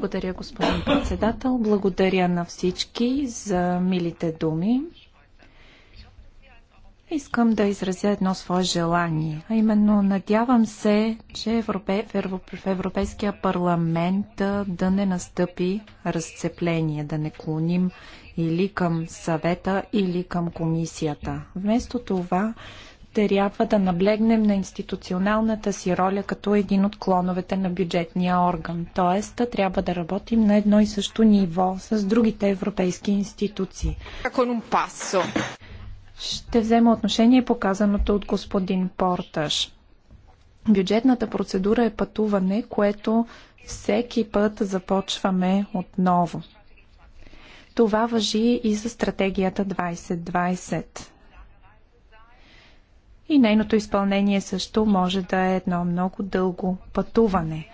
Благодаря, господин председател. Благодаря на всички за милите думи. Искам да изразя едно свое желание, а именно надявам се, че в Европейския парламент да не настъпи разцепление, да не клоним или към съвета, или към комисията. Вместо това трябва да наблегнем на институционалната си роля като един от клоновете на бюджетния орган. Тоест, трябва да работим на едно и също ниво с другите европейски институции. Ще взема отношение по казаното от господин Порташ. Бюджетната процедура е пътуване, което всеки път започваме отново. Това въжи и за стратегията 2020 и нейното изпълнение също може да е едно много дълго пътуване.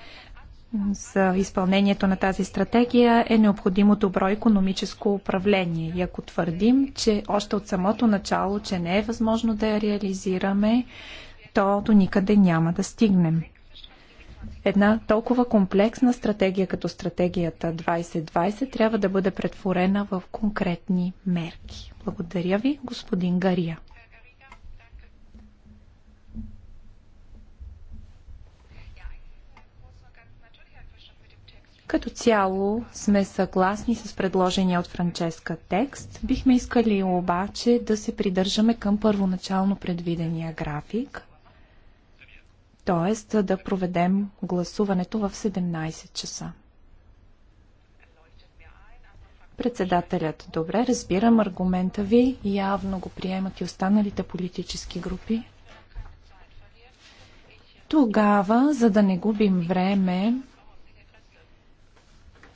За изпълнението на тази стратегия е необходимо добро економическо управление. И ако твърдим, че още от самото начало, че не е възможно да я реализираме, то до никъде няма да стигнем. Една толкова комплексна стратегия като стратегията 2020 трябва да бъде претворена в конкретни мерки. Благодаря ви, господин Гария. Като цяло сме съгласни с предложения от Франческа текст. Бихме искали обаче да се придържаме към първоначално предвидения график, т.е. да проведем гласуването в 17 часа. Председателят, добре, разбирам аргумента ви, явно го приемат и останалите политически групи. Тогава, за да не губим време,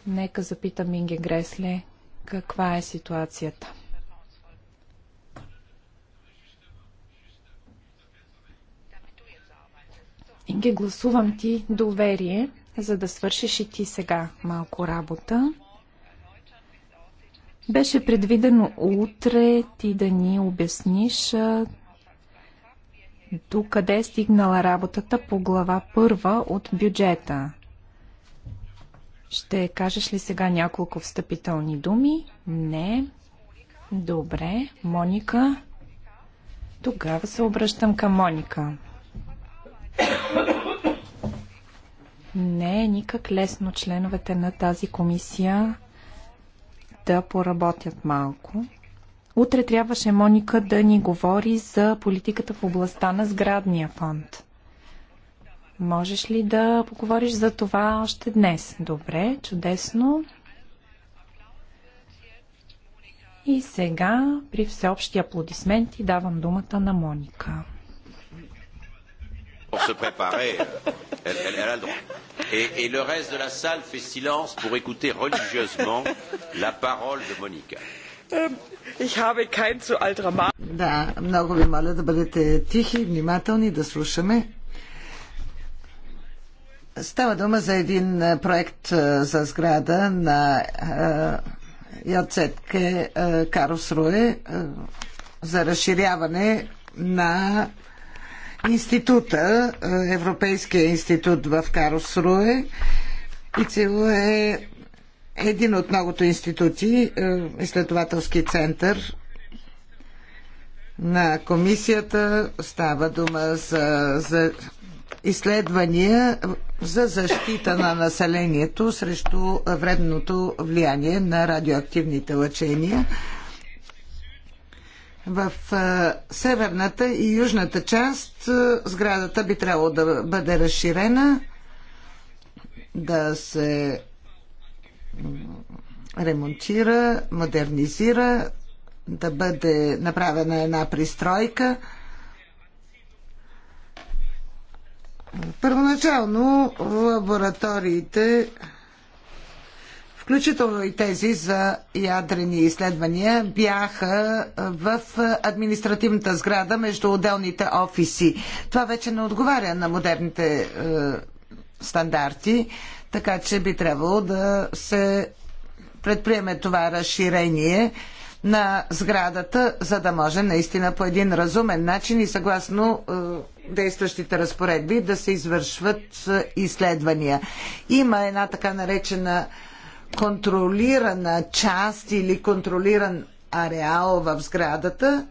Нека запитам Инге Гресле каква е ситуацията. Инге, гласувам ти доверие, за да свършиш и ти сега малко работа. Беше предвидено утре ти да ни обясниш до къде е стигнала работата по глава първа от бюджета. Ще кажеш ли сега няколко встъпителни думи? Не. Добре. Моника. Тогава се обръщам към Моника. Не е никак лесно членовете на тази комисия да поработят малко. Утре трябваше Моника да ни говори за политиката в областта на сградния фонд. Можеш ли да поговориш за това още днес? Добре, чудесно. И сега при всеобщи аплодисменти давам думата на Моника. Pour se préparer, elle, elle, elle a le droit. Et, et le reste de la salle fait silence pour écouter religieusement la parole de Monica. Euh, ich habe kein zu alter Да, много ви моля да бъдете тихи и внимателни да слушаме. Става дума за един проект за сграда на Яцетке Карос Руе за разширяване на института, Европейския институт в Карос Руе. И цело е един от многото институти, изследователски център на комисията. Става дума за, за изследвания за защита на населението срещу вредното влияние на радиоактивните лъчения. В северната и южната част сградата би трябвало да бъде разширена, да се ремонтира, модернизира, да бъде направена една пристройка – Първоначално лабораториите, включително и тези за ядрени изследвания, бяха в административната сграда между отделните офиси. Това вече не отговаря на модерните е, стандарти, така че би трябвало да се предприеме това разширение. Е, на сградата, за да може наистина по един разумен начин и съгласно е, действащите разпоредби да се извършват е, изследвания. Има една така наречена контролирана част или контролиран ареал в сградата,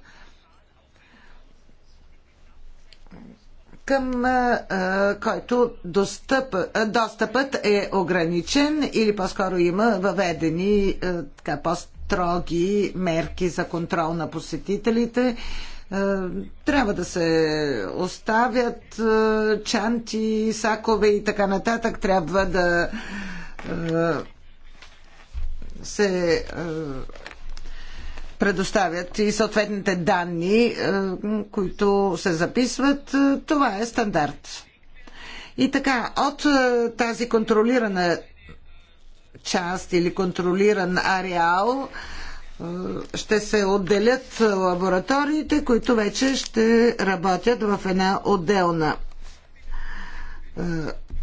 към е, който достъп, достъпът е ограничен или по-скоро има въведени така, пост строги мерки за контрол на посетителите. Е, трябва да се оставят е, чанти, сакове и така нататък. Трябва да е, се предоставят и съответните данни, които се записват. Това е стандарт. И така, от тази контролирана част или контролиран ареал е, ще се отделят лабораториите, които вече ще работят в една отделна е,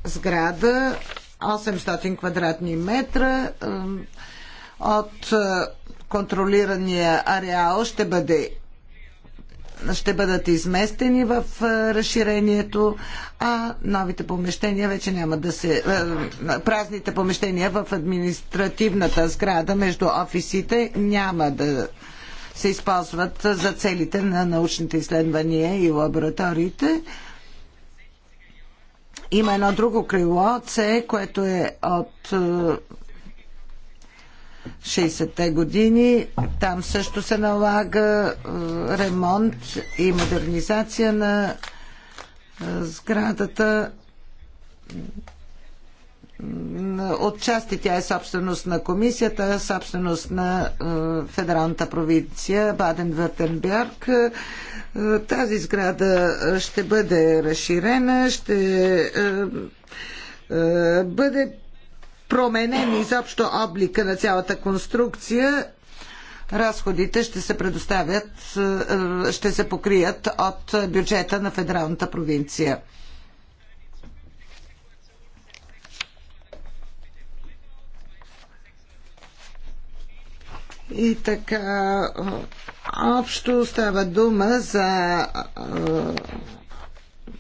сграда 800 квадратни метра е, от контролирания ареал ще бъде ще бъдат изместени в разширението, а новите помещения вече няма да се. Празните помещения в административната сграда между офисите няма да се използват за целите на научните изследвания и лабораториите. Има едно друго крило, С, което е от 60-те години. Там също се налага е, ремонт и модернизация на е, сградата. От части тя е собственост на комисията, собственост на е, федералната провинция Баден-Въртенберг. Тази сграда ще бъде разширена, ще бъде променен изобщо облика на цялата конструкция, разходите ще се предоставят, е, ще се покрият от бюджета на федералната провинция. И така, е, общо става дума за е,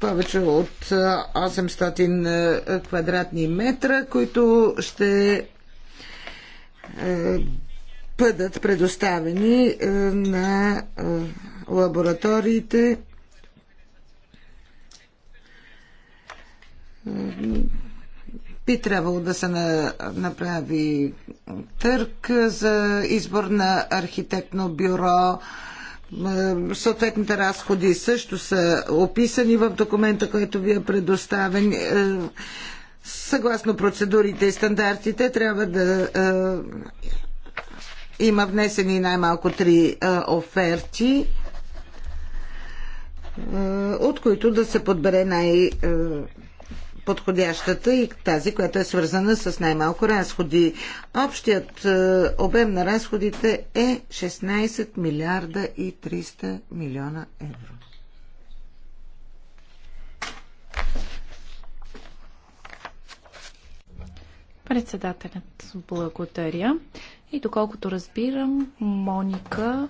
повече от 800 квадратни метра, които ще бъдат предоставени на лабораториите би трябвало да се направи търк за избор на архитектно бюро Съответните разходи също са описани в документа, който ви е предоставен. Е, съгласно процедурите и стандартите трябва да е, има внесени най-малко три е, оферти, от които да се подбере най- подходящата и тази, която е свързана с най-малко разходи. Общият е, обем на разходите е 16 милиарда и 300 милиона евро. Председателят благодаря. И доколкото разбирам, Моника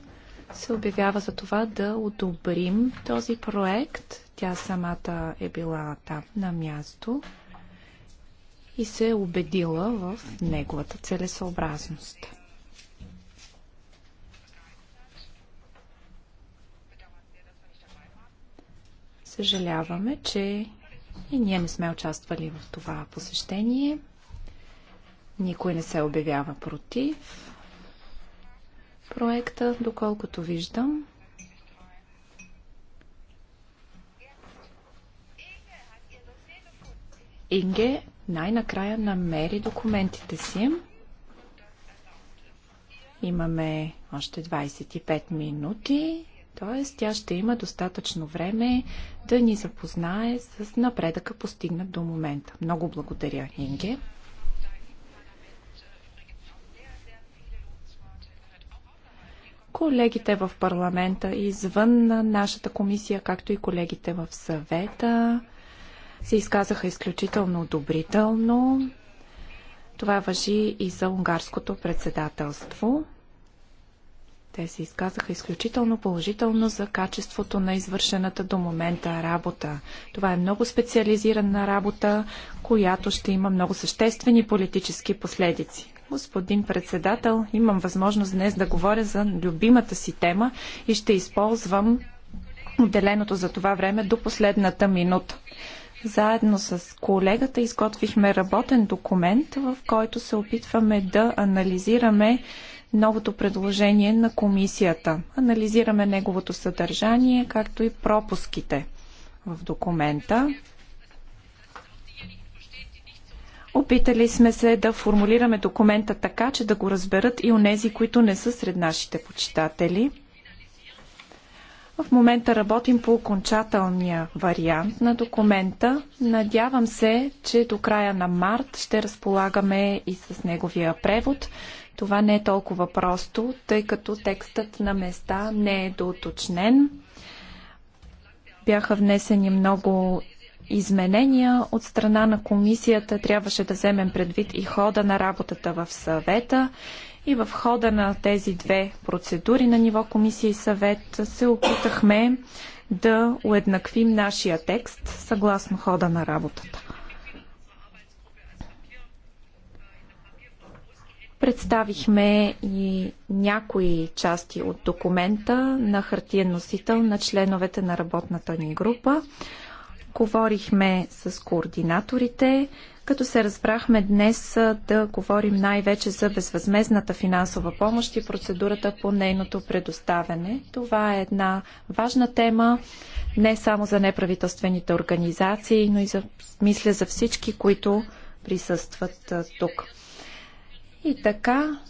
се обявява за това да одобрим този проект тя самата е била там на място и се е убедила в неговата целесообразност. Съжаляваме, че и ние не сме участвали в това посещение. Никой не се обявява против проекта, доколкото виждам. Инге най-накрая намери документите си. Имаме още 25 минути, т.е. тя ще има достатъчно време да ни запознае с напредъка постигнат до момента. Много благодаря, Инге. колегите в парламента, извън нашата комисия, както и колегите в съвета, се изказаха изключително одобрително. Това въжи и за унгарското председателство. Те се изказаха изключително положително за качеството на извършената до момента работа. Това е много специализирана работа, която ще има много съществени политически последици. Господин председател, имам възможност днес да говоря за любимата си тема и ще използвам отделеното за това време до последната минута. Заедно с колегата изготвихме работен документ, в който се опитваме да анализираме новото предложение на комисията. Анализираме неговото съдържание, както и пропуските в документа. Опитали сме се да формулираме документа така, че да го разберат и онези, които не са сред нашите почитатели. В момента работим по окончателния вариант на документа. Надявам се, че до края на март ще разполагаме и с неговия превод. Това не е толкова просто, тъй като текстът на места не е доуточнен. Бяха внесени много изменения от страна на комисията. Трябваше да вземем предвид и хода на работата в съвета и в хода на тези две процедури на ниво комисия и съвет се опитахме да уеднаквим нашия текст съгласно хода на работата. Представихме и някои части от документа на хартиен носител на членовете на работната ни група. Говорихме с координаторите, като се разбрахме днес да говорим най-вече за безвъзмезната финансова помощ и процедурата по нейното предоставяне. Това е една важна тема не само за неправителствените организации, но и за, мисля за всички, които присъстват тук. И така,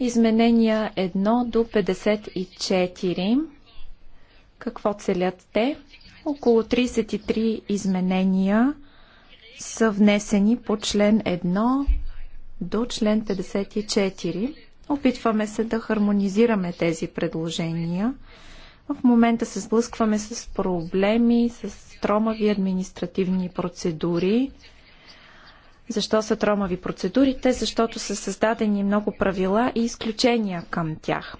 изменения 1 до 54. Какво целят те? Около 33 изменения са внесени по член 1 до член 54. Опитваме се да хармонизираме тези предложения. В момента се сблъскваме с проблеми, с тромави административни процедури. Защо са тромави процедурите? Защото са създадени много правила и изключения към тях.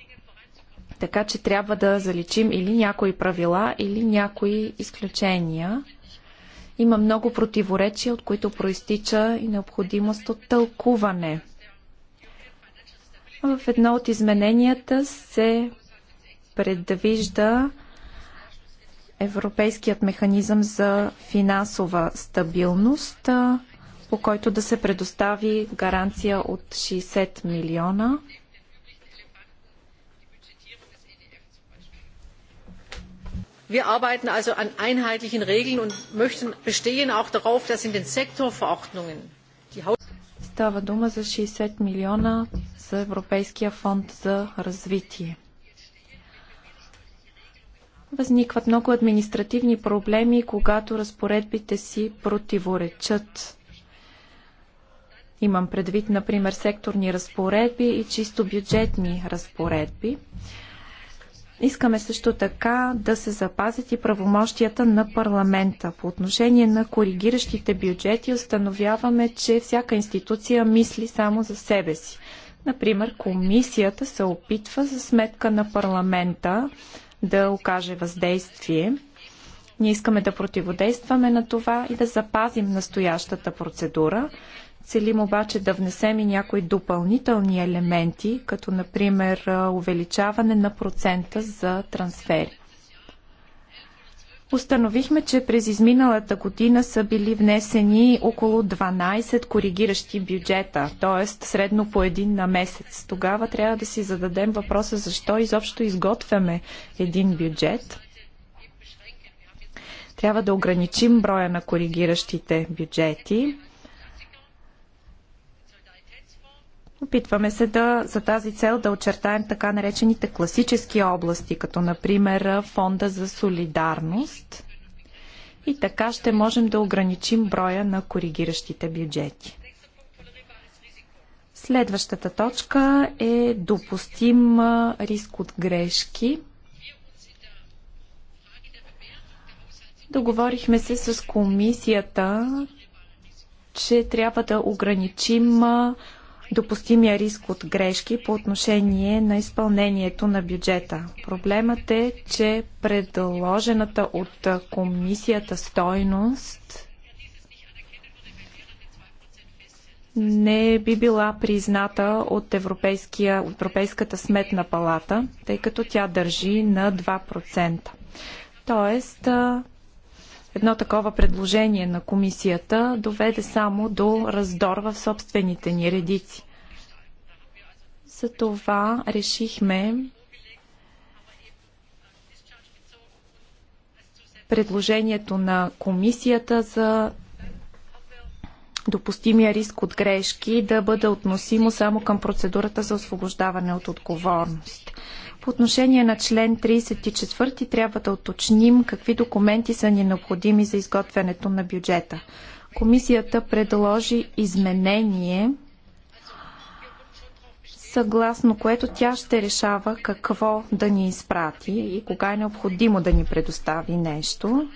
Така че трябва да заличим или някои правила, или някои изключения. Има много противоречия, от които проистича и необходимост от тълкуване. В едно от измененията се предвижда Европейският механизъм за финансова стабилност, по който да се предостави гаранция от 60 милиона wir arbeiten also an einheitlichen regeln und möchten bestehen auch darauf dass in den sektorverordnungen die Става дума за 60 милиона за Европейския фонд за развитие. Възникват много административни проблеми, когато разпоредбите си противоречат. Имам предвид, например, секторни разпоредби и чисто бюджетни разпоредби. Искаме също така да се запазят и правомощията на парламента. По отношение на коригиращите бюджети установяваме, че всяка институция мисли само за себе си. Например, комисията се опитва за сметка на парламента да окаже въздействие. Ние искаме да противодействаме на това и да запазим настоящата процедура. Целим обаче да внесем и някои допълнителни елементи, като например увеличаване на процента за трансфери. Установихме, че през изминалата година са били внесени около 12 коригиращи бюджета, т.е. средно по един на месец. Тогава трябва да си зададем въпроса защо изобщо изготвяме един бюджет. Трябва да ограничим броя на коригиращите бюджети. Опитваме се да, за тази цел да очертаем така наречените класически области, като например Фонда за солидарност. И така ще можем да ограничим броя на коригиращите бюджети. Следващата точка е допустим риск от грешки. Договорихме се с комисията, че трябва да ограничим допустимия риск от грешки по отношение на изпълнението на бюджета. Проблемът е, че предложената от комисията стойност не би била призната от, Европейската сметна палата, тъй като тя държи на 2%. Тоест, Едно такова предложение на комисията доведе само до раздор в собствените ни редици. Затова решихме предложението на комисията за допустимия риск от грешки да бъде относимо само към процедурата за освобождаване от отговорност. По отношение на член 34 трябва да уточним какви документи са ни необходими за изготвянето на бюджета. Комисията предложи изменение, съгласно което тя ще решава какво да ни изпрати и кога е необходимо да ни предостави нещо.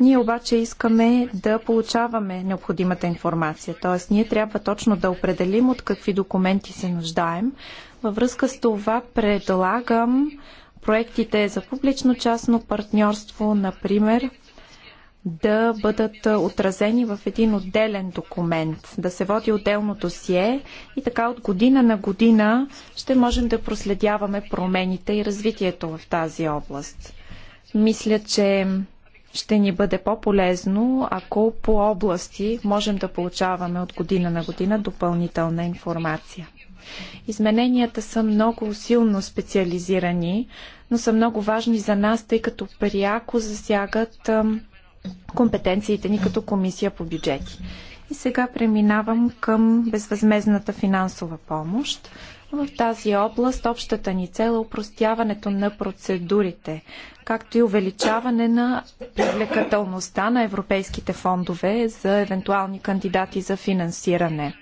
Ние обаче искаме да получаваме необходимата информация, т.е. ние трябва точно да определим от какви документи се нуждаем, във връзка с това предлагам проектите за публично-частно партньорство, например, да бъдат отразени в един отделен документ, да се води отделно досие и така от година на година ще можем да проследяваме промените и развитието в тази област. Мисля, че ще ни бъде по-полезно, ако по области можем да получаваме от година на година допълнителна информация. Измененията са много силно специализирани, но са много важни за нас, тъй като пряко засягат компетенциите ни като комисия по бюджети. И сега преминавам към безвъзмезната финансова помощ. В тази област общата ни цел е упростяването на процедурите, както и увеличаване на привлекателността на европейските фондове за евентуални кандидати за финансиране.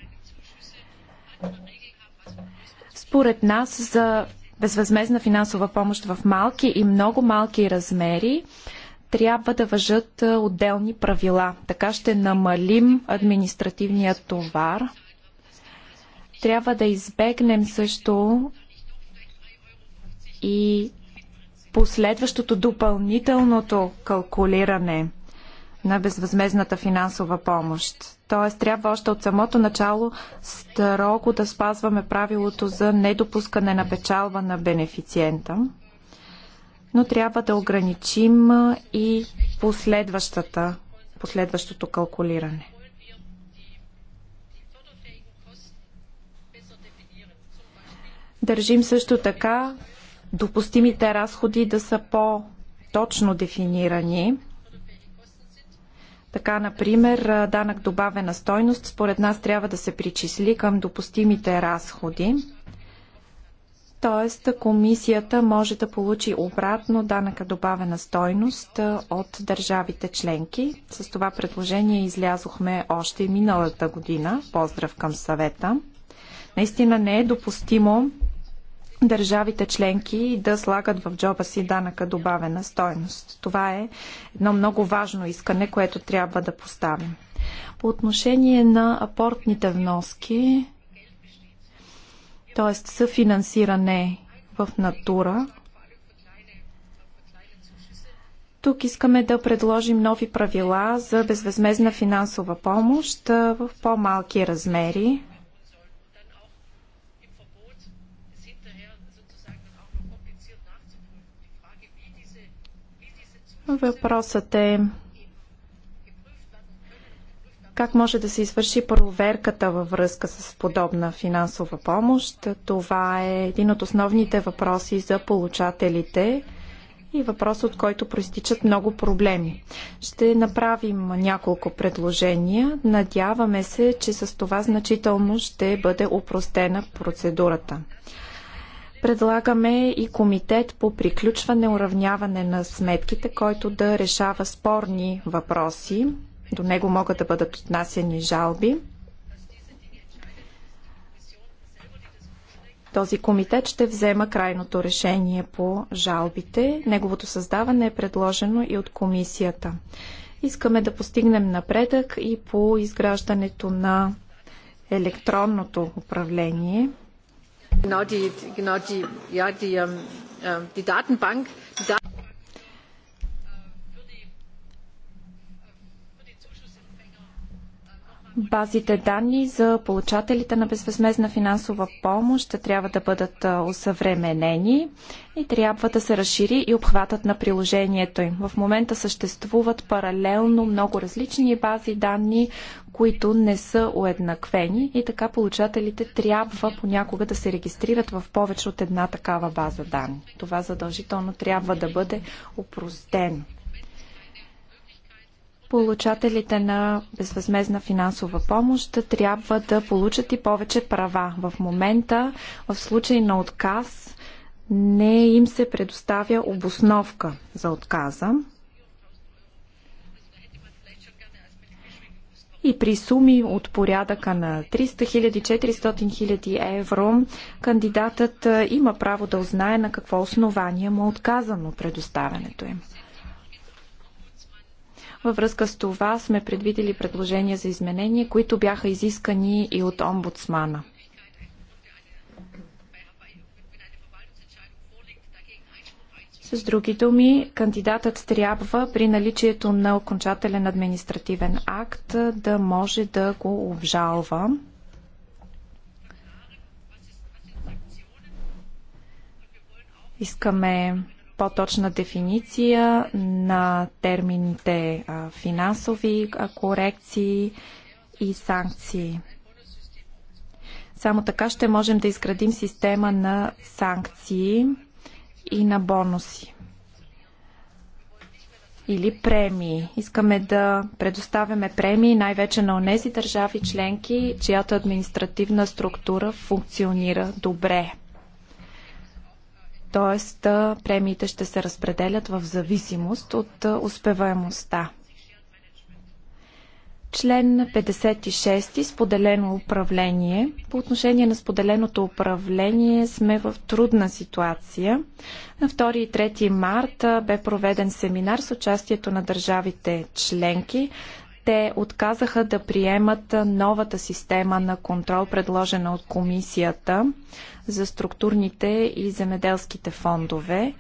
Според нас за безвъзмезна финансова помощ в малки и много малки размери трябва да въжат отделни правила. Така ще намалим административния товар. Трябва да избегнем също и последващото допълнителното калкулиране – на безвъзмезната финансова помощ. Тоест, трябва още от самото начало строго да спазваме правилото за недопускане на печалба на бенефициента, но трябва да ограничим и последващата, последващото калкулиране. Държим също така допустимите разходи да са по-точно дефинирани – така, например, данък добавена стойност според нас трябва да се причисли към допустимите разходи. Тоест, комисията може да получи обратно данъка добавена стойност от държавите членки. С това предложение излязохме още миналата година. Поздрав към съвета. Наистина не е допустимо държавите членки да слагат в джоба си данъка добавена стойност. Това е едно много важно искане, което трябва да поставим. По отношение на апортните вноски, т.е. съфинансиране в натура, тук искаме да предложим нови правила за безвъзмезна финансова помощ в по-малки размери, Въпросът е как може да се извърши проверката във връзка с подобна финансова помощ. Това е един от основните въпроси за получателите и въпрос, от който проистичат много проблеми. Ще направим няколко предложения. Надяваме се, че с това значително ще бъде упростена процедурата. Предлагаме и комитет по приключване, уравняване на сметките, който да решава спорни въпроси. До него могат да бъдат отнасяни жалби. Този комитет ще взема крайното решение по жалбите. Неговото създаване е предложено и от комисията. Искаме да постигнем напредък и по изграждането на електронното управление – Genau die, datenbank die, ja, die, die Datenbank. Базите данни за получателите на безвъзмезна финансова помощ ще трябва да бъдат осъвременени и трябва да се разшири и обхватът на приложението им. В момента съществуват паралелно много различни бази данни, които не са уеднаквени и така получателите трябва понякога да се регистрират в повече от една такава база данни. Това задължително трябва да бъде упростено получателите на безвъзмезна финансова помощ трябва да получат и повече права. В момента, в случай на отказ, не им се предоставя обосновка за отказа. И при суми от порядъка на 300 000, 400 000 евро, кандидатът има право да узнае на какво основание му е отказано предоставянето им. Във връзка с това сме предвидели предложения за изменения, които бяха изискани и от омбудсмана. С други думи, кандидатът трябва при наличието на окончателен административен акт да може да го обжалва. Искаме по-точна дефиниция на термините финансови корекции и санкции. Само така ще можем да изградим система на санкции и на бонуси или премии. Искаме да предоставяме премии най-вече на онези държави членки, чиято административна структура функционира добре т.е. премиите ще се разпределят в зависимост от успеваемостта. Член 56 споделено управление. По отношение на споделеното управление сме в трудна ситуация. На 2 и 3 марта бе проведен семинар с участието на държавите членки. Те отказаха да приемат новата система на контрол, предложена от комисията за структурните и земеделските фондове.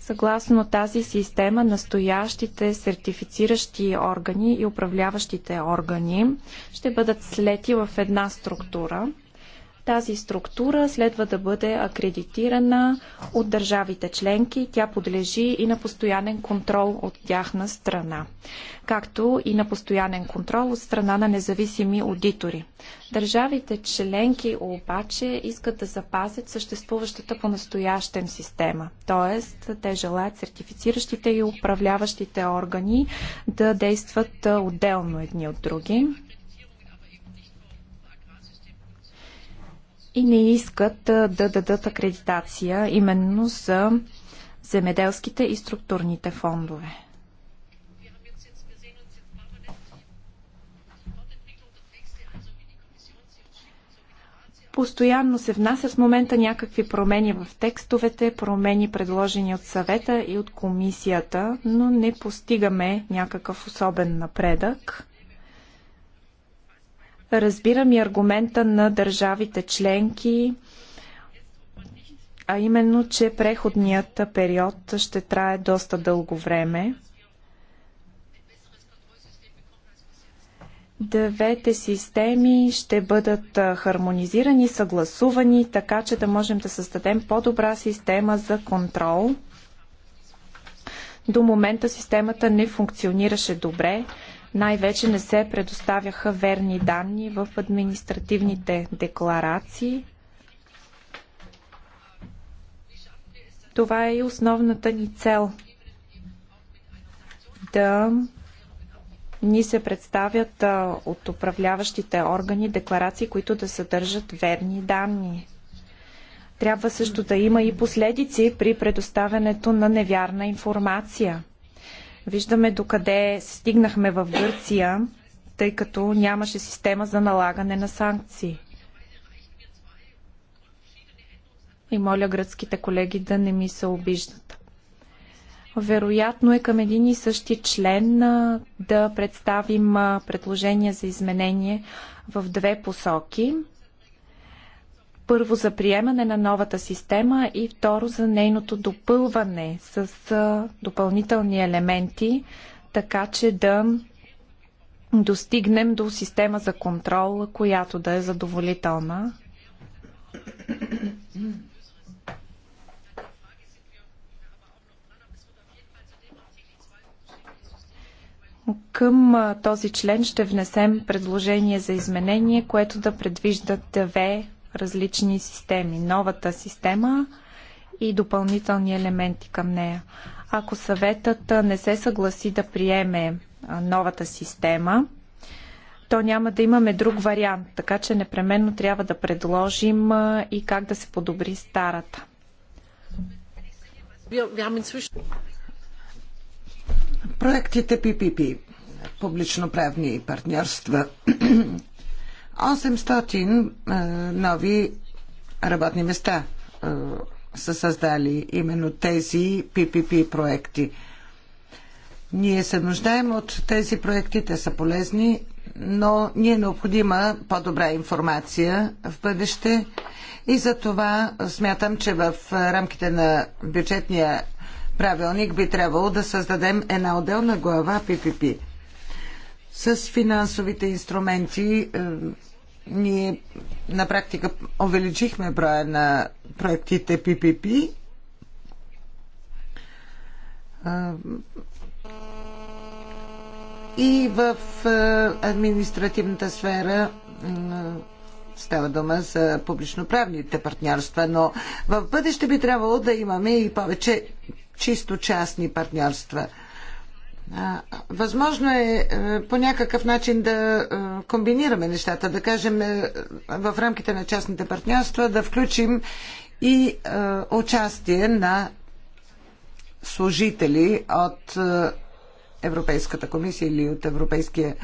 Съгласно тази система, настоящите сертифициращи органи и управляващите органи ще бъдат слети в една структура. Тази структура следва да бъде акредитирана от държавите членки. Тя подлежи и на постоянен контрол от тяхна страна, както и на постоянен контрол от страна на независими аудитори. Държавите членки обаче искат да запазят съществуващата по настоящен система. Тоест, те желаят сертифициращите и управляващите органи да действат отделно едни от други. и не искат да дадат акредитация именно за земеделските и структурните фондове. Постоянно се внасят в момента някакви промени в текстовете, промени предложени от съвета и от комисията, но не постигаме някакъв особен напредък. Разбирам и аргумента на държавите членки, а именно, че преходният период ще трае доста дълго време. Двете системи ще бъдат хармонизирани, съгласувани, така че да можем да създадем по-добра система за контрол. До момента системата не функционираше добре. Най-вече не се предоставяха верни данни в административните декларации. Това е и основната ни цел да ни се представят от управляващите органи декларации, които да съдържат верни данни. Трябва също да има и последици при предоставянето на невярна информация. Виждаме докъде стигнахме в Гърция, тъй като нямаше система за налагане на санкции. И моля гръцките колеги да не ми се обиждат. Вероятно е към един и същи член да представим предложения за изменение в две посоки първо за приемане на новата система и второ за нейното допълване с допълнителни елементи, така че да достигнем до система за контрол, която да е задоволителна. Към този член ще внесем предложение за изменение, което да предвижда две различни системи. Новата система и допълнителни елементи към нея. Ако съветът не се съгласи да приеме новата система, то няма да имаме друг вариант, така че непременно трябва да предложим и как да се подобри старата. Проектите PPP, публично-правни партньорства, 800 нови работни места са създали именно тези PPP проекти. Ние се нуждаем от тези проекти, те са полезни, но ни е необходима по-добра информация в бъдеще и за това смятам, че в рамките на бюджетния правилник би трябвало да създадем една отделна глава PPP. С финансовите инструменти е, ние на практика увеличихме броя на проектите PPP. Е, и в е, административната сфера става дума за публично-правните партньорства, но в бъдеще би трябвало да имаме и повече чисто частни партньорства – Възможно е, е по някакъв начин да е, комбинираме нещата, да кажем е, в рамките на частните партньорства да включим и участие на служители от Европейската комисия или от Европейските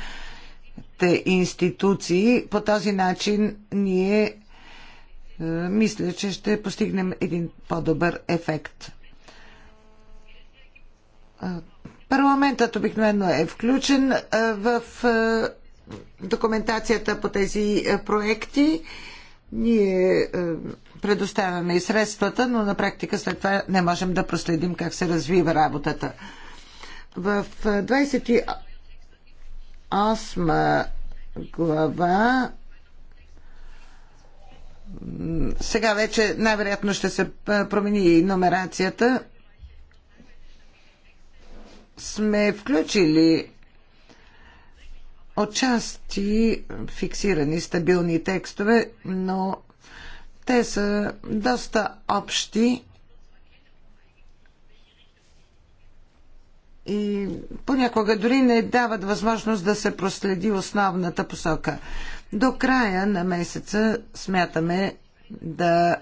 институции. По този начин ние мисля, че ще постигнем един по-добър ефект. Парламентът обикновено е включен в документацията по тези проекти. Ние предоставяме и средствата, но на практика след това не можем да проследим как се развива работата. В 28 глава сега вече най-вероятно ще се промени и номерацията сме включили отчасти фиксирани стабилни текстове, но те са доста общи и понякога дори не дават възможност да се проследи основната посока. До края на месеца смятаме да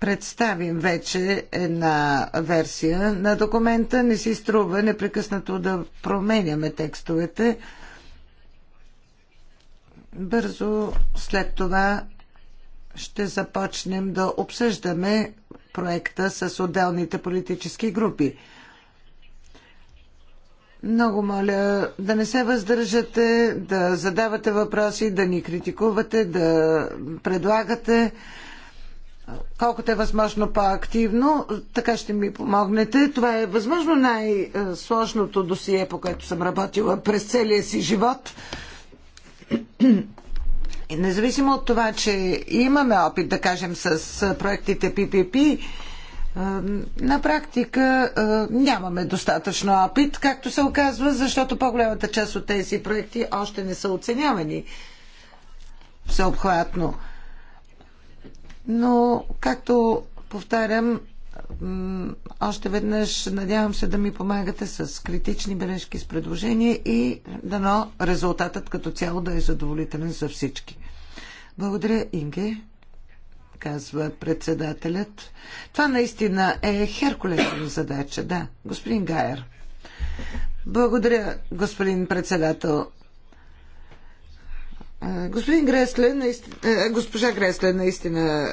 представим вече една версия на документа. Не си струва непрекъснато да променяме текстовете. Бързо след това ще започнем да обсъждаме проекта с отделните политически групи. Много моля да не се въздържате, да задавате въпроси, да ни критикувате, да предлагате колкото е възможно по-активно. Така ще ми помогнете. Това е възможно най-сложното досие, по което съм работила през целия си живот. Независимо от това, че имаме опит, да кажем, с проектите PPP, е, на практика е, нямаме достатъчно опит, както се оказва, защото по-голямата част от тези проекти още не са оценявани всеобхватно. Но, както повтарям, още веднъж надявам се да ми помагате с критични бележки, с предложения и дано резултатът като цяло да е задоволителен за всички. Благодаря, Инге, казва председателят. Това наистина е херкулесна задача, да, господин Гайер. Благодаря, господин председател. Господин Гресле, наистина, госпожа Гресле, наистина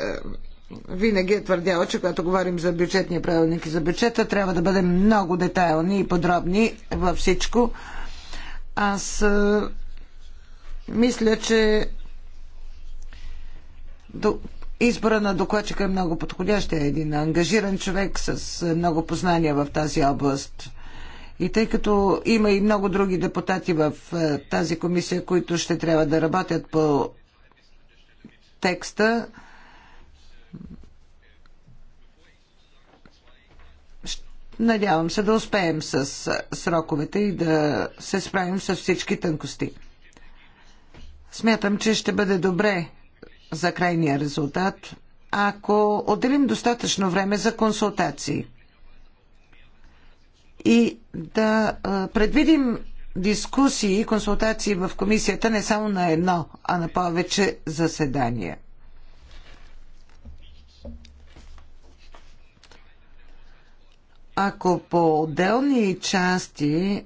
винаги е твърдяла, че когато говорим за бюджетния правилник и за бюджета, трябва да бъдем много детайлни и подробни във всичко. Аз мисля, че избора на докладчика е много подходящ. Е един ангажиран човек с много познания в тази област – и тъй като има и много други депутати в е, тази комисия, които ще трябва да работят по текста, надявам се да успеем с е, сроковете и да се справим с всички тънкости. Смятам, че ще бъде добре за крайния резултат, ако отделим достатъчно време за консултации и да предвидим дискусии и консултации в комисията не само на едно, а на повече заседания. Ако по отделни части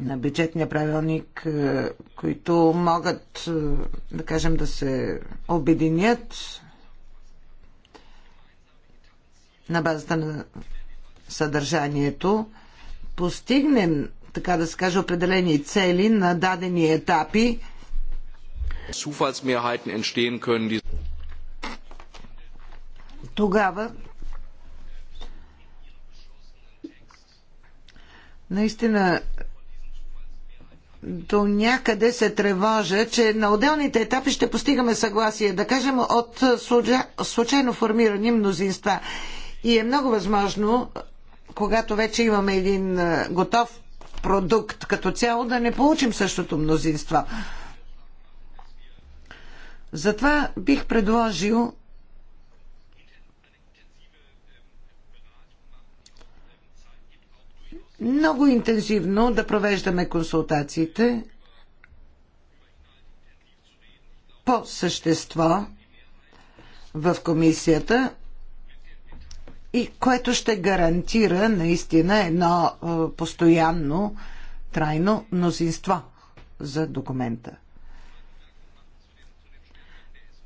на бюджетния правилник, които могат, да кажем, да се обединят на базата на съдържанието, постигнем, така да се каже, определени цели на дадени етапи, тогава наистина до някъде се тревожа, че на отделните етапи ще постигаме съгласие, да кажем, от случайно формирани мнозинства. И е много възможно когато вече имаме един готов продукт като цяло, да не получим същото мнозинство. Затова бих предложил много интензивно да провеждаме консултациите по същество в комисията и което ще гарантира наистина едно е, постоянно, трайно мнозинство за документа.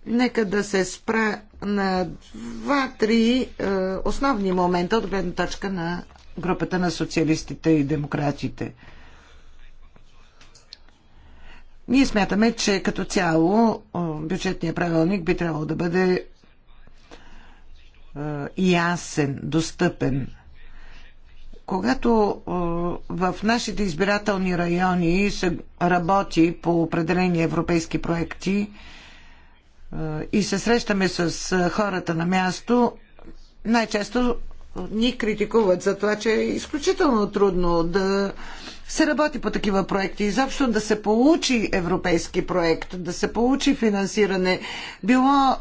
Нека да се спра на два-три е, основни момента от гледна точка на групата на социалистите и демократите. Ние смятаме, че като цяло е, бюджетният правилник би трябвало да бъде е, ясен, достъпен. Когато е, в нашите избирателни райони се работи по определени европейски проекти е, и се срещаме с хората на място, най-често ни критикуват за това, че е изключително трудно да се работи по такива проекти, изобщо да се получи европейски проект, да се получи финансиране, било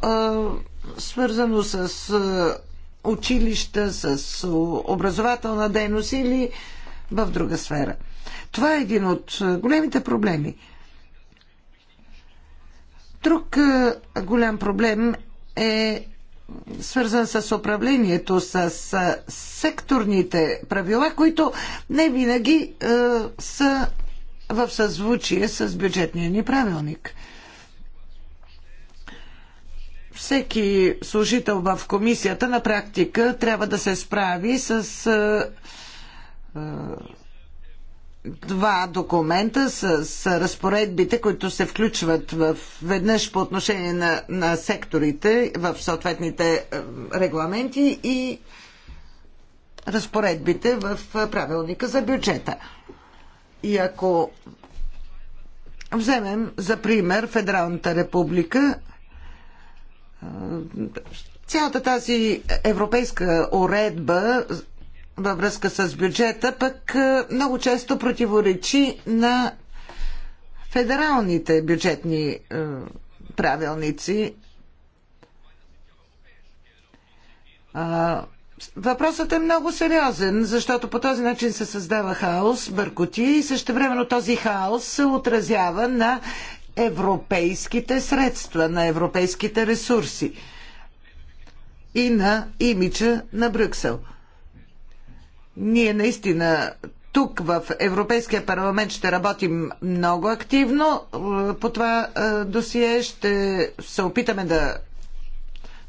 свързано с е, училища, с е, образователна дейност или в друга сфера. Това е един от е, големите проблеми. Друг голям проблем е свързан с управлението, с секторните правила, които не винаги е, са в съзвучие с бюджетния ни правилник всеки служител в комисията на практика трябва да се справи с два документа с, с разпоредбите, които се включват в, веднъж по отношение на, на секторите в съответните регламенти и разпоредбите в правилника за бюджета. И ако вземем за пример Федералната република, Цялата тази европейска уредба във връзка с бюджета пък много често противоречи на федералните бюджетни правилници. Въпросът е много сериозен, защото по този начин се създава хаос, бъркоти и времено този хаос се отразява на европейските средства, на европейските ресурси и на имиджа на Брюксел. Ние наистина тук в Европейския парламент ще работим много активно по това е, досие. Ще се опитаме да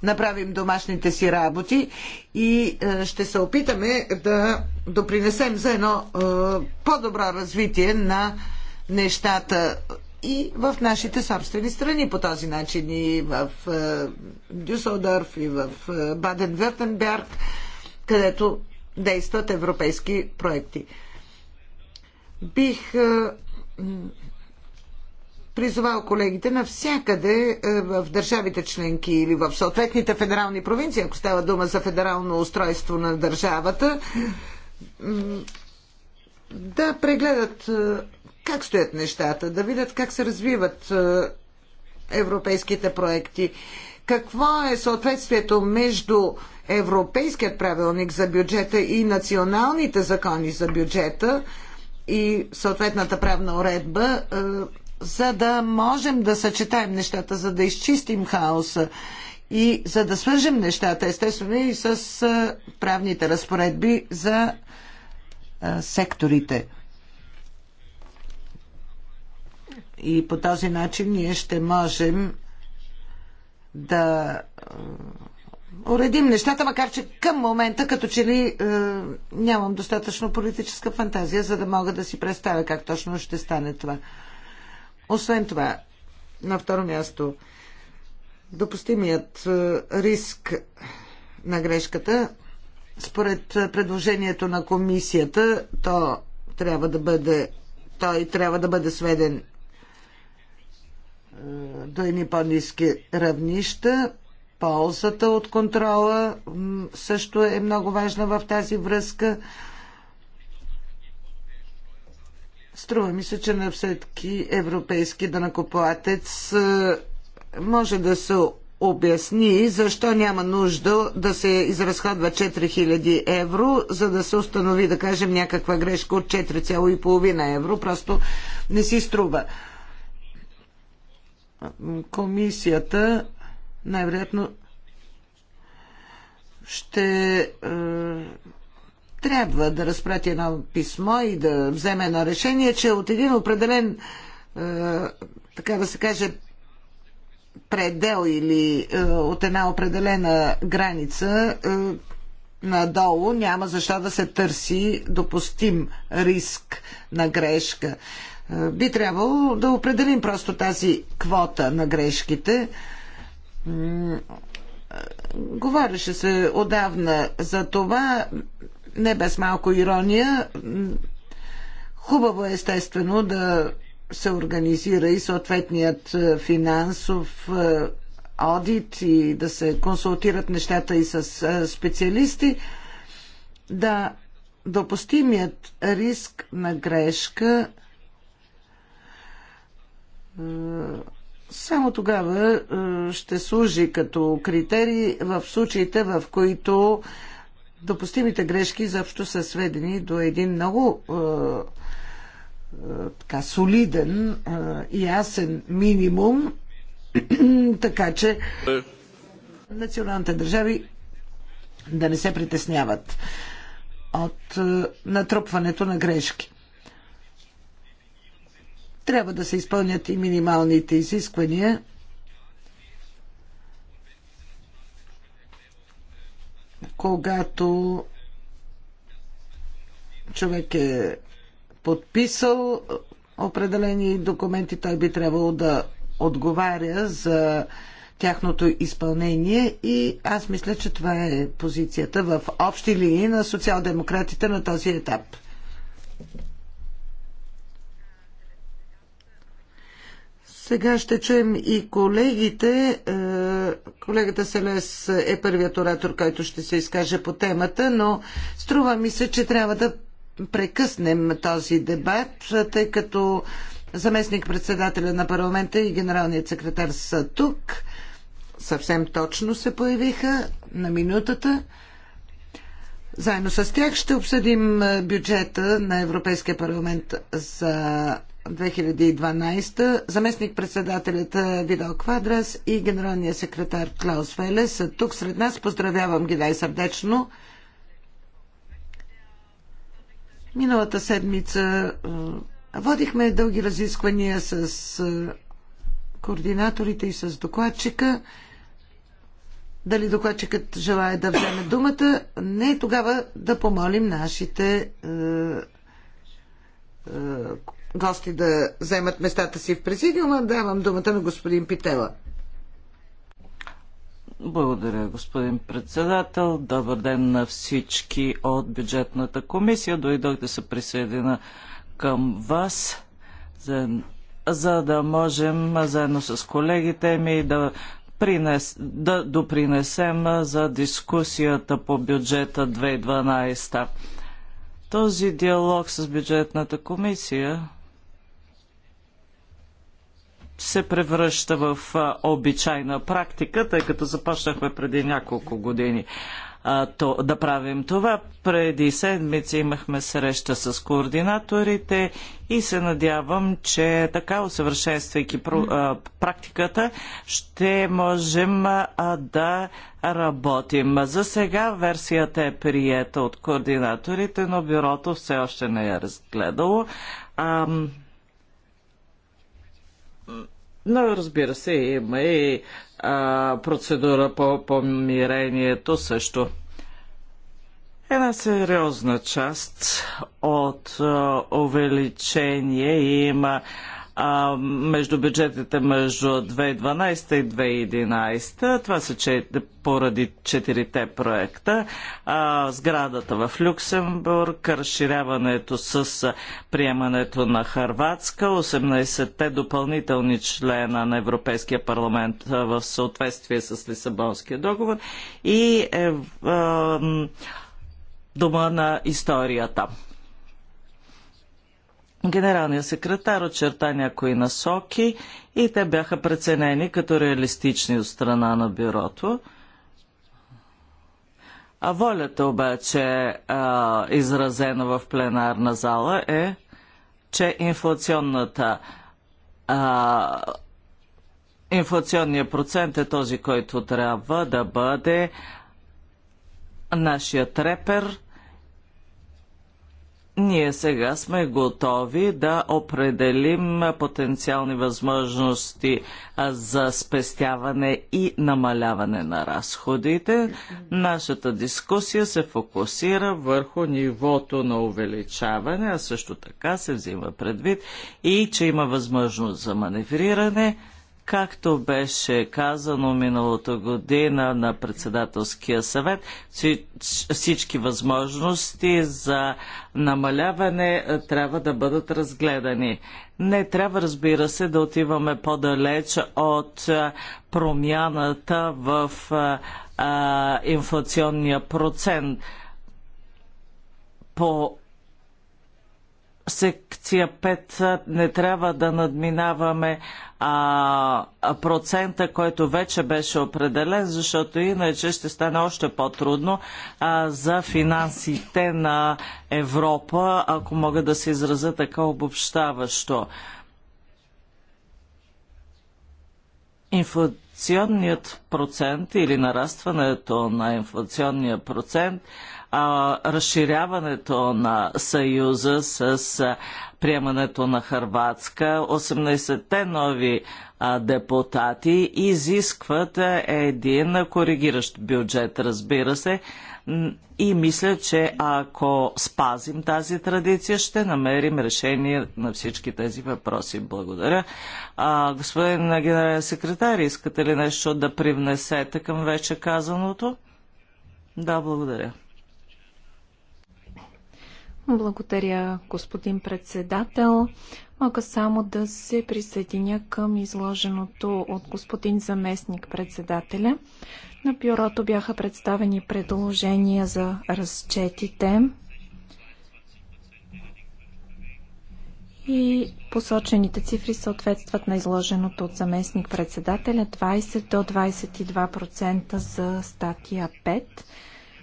направим домашните си работи и е, ще се опитаме да допринесем за едно е, по-добро развитие на нещата и в нашите собствени страни по този начин и в е, Дюсселдорф, и в е, баден вертенберг където действат европейски проекти. Бих е, призовал колегите навсякъде в държавите членки или в съответните федерални провинции, ако става дума за федерално устройство на държавата, да прегледат как стоят нещата, да видят как се развиват е, европейските проекти. Какво е съответствието между Европейският правилник за бюджета и националните закони за бюджета и съответната правна уредба, е, за да можем да съчетаем нещата, за да изчистим хаоса и за да свържем нещата, естествено и с е, правните разпоредби за секторите. И по този начин ние ще можем да е, уредим нещата, макар че към момента, като че ли е, нямам достатъчно политическа фантазия, за да мога да си представя как точно ще стане това. Освен това, на второ място, допустимият е, риск на грешката, според предложението на комисията, то трябва да бъде, той трябва да бъде сведен до едни по-низки равнища. Ползата от контрола също е много важна в тази връзка. Струва ми се, че на всеки европейски данакоплатец може да се обясни защо няма нужда да се изразходва 4000 евро, за да се установи, да кажем, някаква грешка от 4,5 евро. Просто не си струва комисията най-вероятно ще е, трябва да разпрати едно писмо и да вземе едно решение, че от един определен, е, така да се каже, предел или е, от една определена граница е, надолу няма защо да се търси допустим риск на грешка. Е, е, би трябвало да определим просто тази квота на грешките. Е, говореше се отдавна за това, не без малко ирония. Хубаво е естествено да се организира и съответният е, финансов одит и да се консултират нещата и с специалисти. Да, допустимият риск на грешка е, само тогава е, ще служи като критерий в случаите, в които допустимите грешки заобщо са сведени до един много е, така солиден, и ясен минимум, така че националните държави да не се притесняват от натрупването на грешки трябва да се изпълнят и минималните изисквания. Когато човек е подписал определени документи, той би трябвало да отговаря за тяхното изпълнение и аз мисля, че това е позицията в общи линии на социал-демократите на този етап. Сега ще чуем и колегите. Е, колегата Селес е първият оратор, който ще се изкаже по темата, но струва ми се, че трябва да прекъснем този дебат, тъй като заместник-председателя на парламента и генералният секретар са тук. Съвсем точно се появиха на минутата. Заедно с тях ще обсъдим бюджета на Европейския парламент за 2012 заместник-председателят Видал Квадрас и генералният секретар Клаус Феле са тук сред нас. Поздравявам ги най-сърдечно. Миналата седмица водихме дълги разисквания с координаторите и с докладчика. Дали докладчикът желая да вземе думата? Не, тогава да помолим нашите гости да вземат местата си в президиума, давам думата на господин Питела. Благодаря, господин председател. Добър ден на всички от бюджетната комисия. Дойдох да се присъедина към вас, за, за да можем заедно с колегите ми да, принес, да допринесем за дискусията по бюджета 2012. Този диалог с бюджетната комисия се превръща в обичайна практика, тъй като започнахме преди няколко години а, то, да правим това. Преди седмици имахме среща с координаторите и се надявам, че така, усъвършенствайки практиката, ще можем а, да работим. За сега версията е приета от координаторите, но бюрото все още не е разгледало. Но разбира се, има и а, процедура по помирението също. Една сериозна част от а, увеличение има а, между бюджетите между 2012 и 2011. Това са че, поради четирите проекта. А, сградата в Люксембург, разширяването с приемането на Харватска, 18-те допълнителни члена на Европейския парламент в съответствие с Лисабонския договор и е, е, е дума на историята. Генералният секретар очерта някои насоки и те бяха преценени като реалистични от страна на бюрото. А волята обаче, а, изразена в пленарна зала, е, че инфлационната а, инфлационният процент е този, който трябва да бъде нашият репер – ние сега сме готови да определим потенциални възможности за спестяване и намаляване на разходите. Нашата дискусия се фокусира върху нивото на увеличаване, а също така се взима предвид и че има възможност за маневриране – Както беше казано миналото година на председателския съвет, всички възможности за намаляване е, трябва да бъдат разгледани. Не трябва, разбира се, да отиваме по-далеч от е, промяната в е, инфлационния процент по секция 5 не трябва да надминаваме а, процента, който вече беше определен, защото иначе ще стане още по-трудно за финансите на Европа, ако мога да се изразя така обобщаващо. Инфлационният процент или нарастването на инфлационния процент а, разширяването на Съюза с а, приемането на Харватска, 18-те нови а, депутати изискват един коригиращ бюджет, разбира се. И мисля, че ако спазим тази традиция, ще намерим решение на всички тези въпроси. Благодаря. А, господин генерален секретар, искате ли нещо да привнесете към вече казаното? Да, благодаря. Благодаря, господин председател. Мога само да се присъединя към изложеното от господин заместник председателя. На бюрото бяха представени предложения за разчетите и посочените цифри съответстват на изложеното от заместник председателя 20 до 22% за статия 5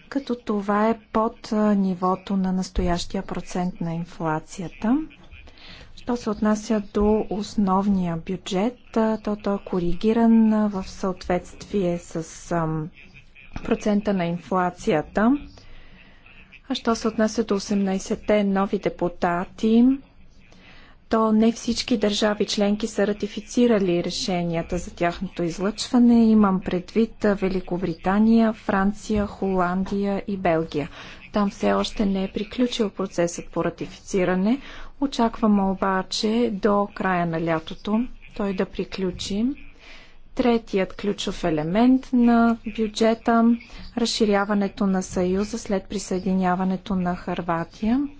като това е под нивото на настоящия процент на инфлацията. Що се отнася до основния бюджет, то той е коригиран в съответствие с процента на инфлацията. А що се отнася до 18-те нови депутати, то не всички държави членки са ратифицирали решенията за тяхното излъчване. Имам предвид Великобритания, Франция, Холандия и Белгия. Там все още не е приключил процесът по ратифициране. Очакваме обаче до края на лятото той да приключи. Третият ключов елемент на бюджета – разширяването на Съюза след присъединяването на Харватия –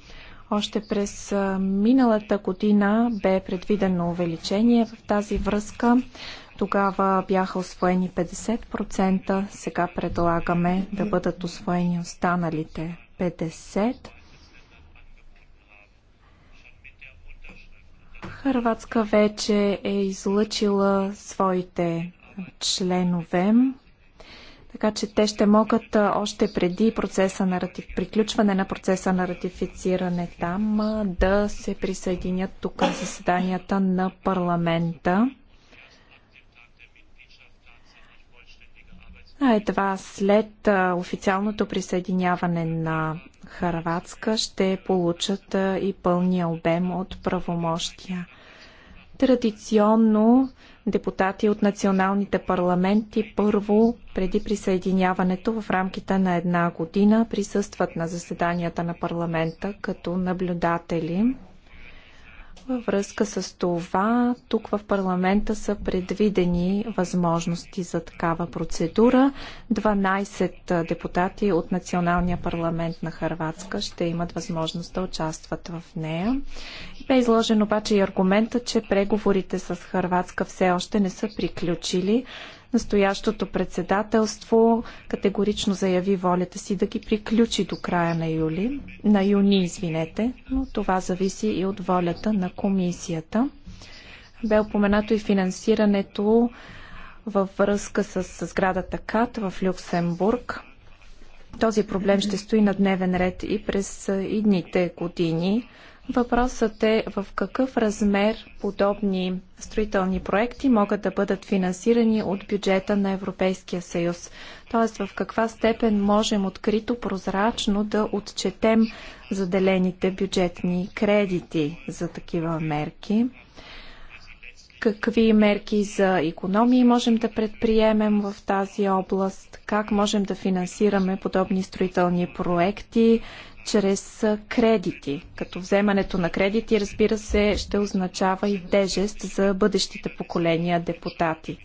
още през миналата година бе предвидено увеличение в тази връзка. Тогава бяха освоени 50%, сега предлагаме да бъдат освоени останалите 50%. Хърватска вече е излъчила своите членове така че те ще могат още преди процеса на ратиф... приключване на процеса на ратифициране там да се присъединят тук към заседанията на парламента. А едва след официалното присъединяване на Харватска ще получат и пълния обем от правомощия. Традиционно депутати от националните парламенти първо, преди присъединяването в рамките на една година, присъстват на заседанията на парламента като наблюдатели. Във връзка с това, тук в парламента са предвидени възможности за такава процедура. 12 депутати от Националния парламент на Харватска ще имат възможност да участват в нея. Бе изложен обаче и аргумента, че преговорите с Харватска все още не са приключили. Настоящото председателство категорично заяви волята си да ги приключи до края на юли, на юни, извинете, но това зависи и от волята на комисията. Бе упоменато и финансирането във връзка с сградата КАТ в Люксембург. Този проблем ще стои на дневен ред и през идните години. Въпросът е в какъв размер подобни строителни проекти могат да бъдат финансирани от бюджета на Европейския съюз. Тоест в каква степен можем открито, прозрачно да отчетем заделените бюджетни кредити за такива мерки. Какви мерки за економии можем да предприемем в тази област? Как можем да финансираме подобни строителни проекти? чрез кредити. Като вземането на кредити, разбира се, ще означава и тежест за бъдещите поколения депутати.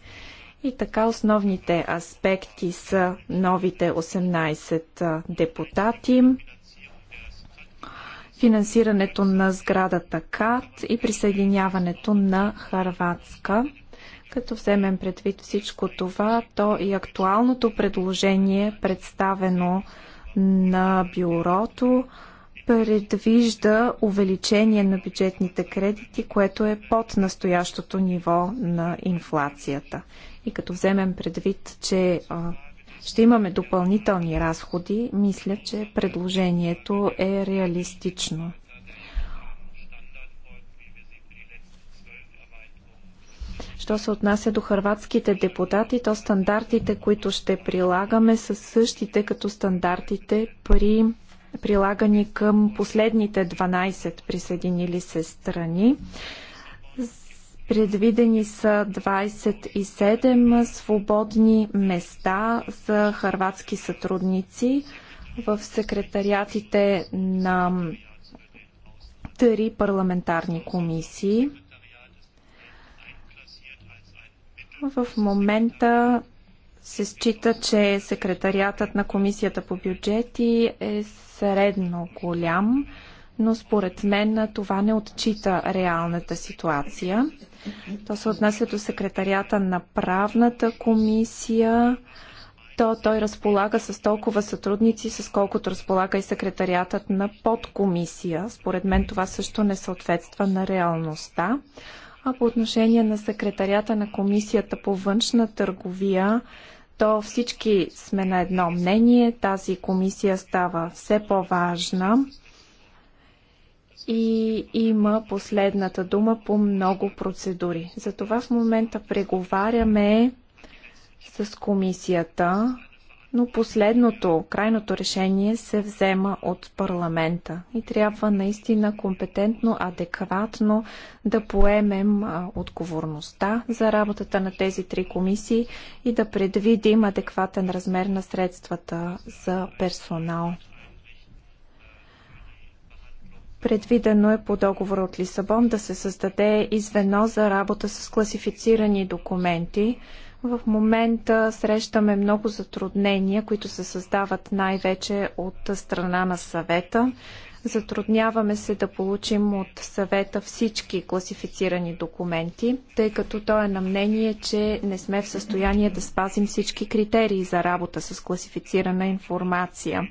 И така основните аспекти са новите 18 депутати, финансирането на сградата КАТ и присъединяването на Харватска. Като вземем предвид всичко това, то и актуалното предложение, представено на бюрото предвижда увеличение на бюджетните кредити, което е под настоящото ниво на инфлацията. И като вземем предвид, че ще имаме допълнителни разходи, мисля, че предложението е реалистично. Що се отнася до хърватските депутати, то стандартите, които ще прилагаме, са същите като стандартите при прилагани към последните 12 присъединили се страни. Предвидени са 27 свободни места за хърватски сътрудници в секретариатите на три парламентарни комисии. В момента се счита, че секретариатът на Комисията по бюджети е средно голям, но според мен това не отчита реалната ситуация. То се отнася до секретарията на правната комисия. То той разполага с толкова сътрудници, с колкото разполага и секретариатът на подкомисия. Според мен това също не съответства на реалността. А по отношение на секретарията на Комисията по външна търговия, то всички сме на едно мнение. Тази комисия става все по-важна и има последната дума по много процедури. Затова в момента преговаряме с комисията но последното, крайното решение се взема от парламента и трябва наистина компетентно, адекватно да поемем отговорността за работата на тези три комисии и да предвидим адекватен размер на средствата за персонал. Предвидено е по договора от Лисабон да се създаде извено за работа с класифицирани документи – в момента срещаме много затруднения, които се създават най-вече от страна на съвета. Затрудняваме се да получим от съвета всички класифицирани документи, тъй като той е на мнение, че не сме в състояние да спазим всички критерии за работа с класифицирана информация.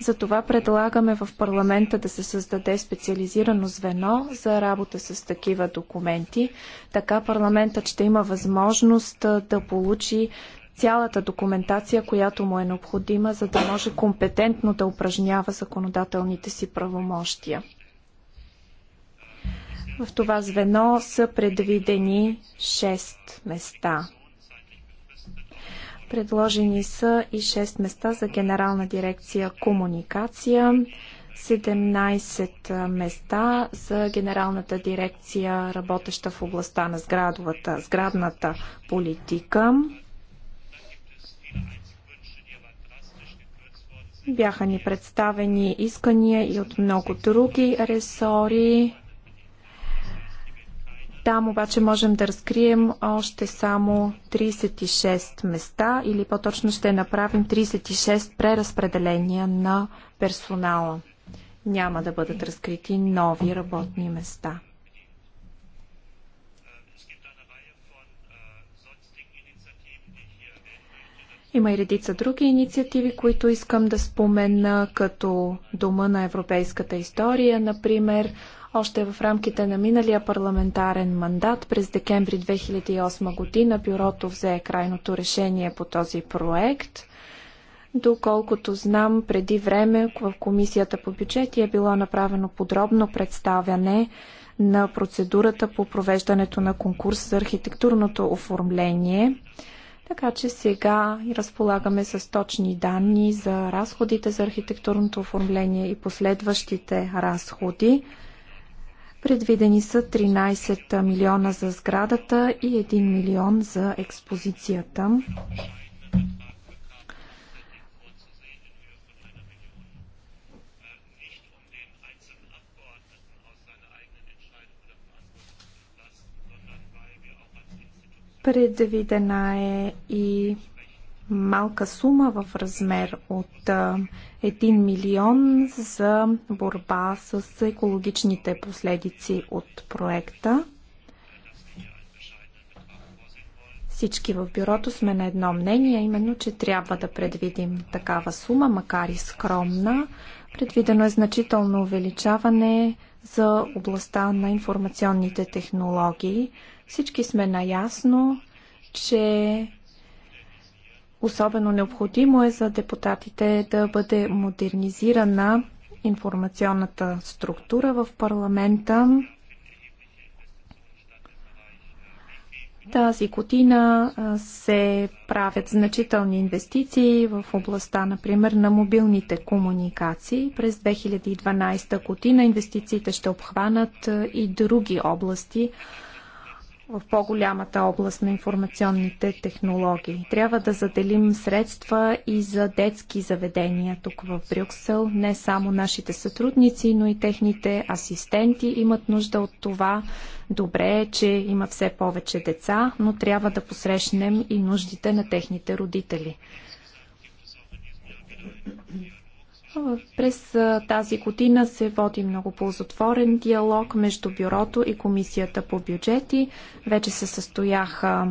Затова предлагаме в парламента да се създаде специализирано звено за работа с такива документи. Така парламентът ще има възможност да получи цялата документация, която му е необходима, за да може компетентно да упражнява законодателните си правомощия. В това звено са предвидени 6 места Предложени са и 6 места за Генерална дирекция комуникация, 17 места за Генералната дирекция, работеща в областта на сградовата, сградната политика. Бяха ни представени искания и от много други ресори. Там обаче можем да разкрием още само 36 места или по-точно ще направим 36 преразпределения на персонала. Няма да бъдат разкрити нови работни места. Има и редица други инициативи, които искам да спомена, като Дома на европейската история, например, още в рамките на миналия парламентарен мандат през декември 2008 година бюрото взе крайното решение по този проект. Доколкото знам, преди време в Комисията по бюджети е било направено подробно представяне на процедурата по провеждането на конкурс за архитектурното оформление. Така че сега разполагаме с точни данни за разходите за архитектурното оформление и последващите разходи. Предвидени са 13 милиона за сградата и 1 милион за експозицията. Предвидена е и малка сума в размер от 1 милион за борба с екологичните последици от проекта. Всички в бюрото сме на едно мнение, именно, че трябва да предвидим такава сума, макар и скромна. Предвидено е значително увеличаване за областта на информационните технологии. Всички сме наясно, че Особено необходимо е за депутатите да бъде модернизирана информационната структура в парламента. Тази година се правят значителни инвестиции в областта, например, на мобилните комуникации. През 2012 година инвестициите ще обхванат и други области, в по-голямата област на информационните технологии. Трябва да заделим средства и за детски заведения тук в Брюксел. Не само нашите сътрудници, но и техните асистенти имат нужда от това. Добре е, че има все повече деца, но трябва да посрещнем и нуждите на техните родители. През тази година се води много ползотворен диалог между бюрото и комисията по бюджети. Вече се състояха,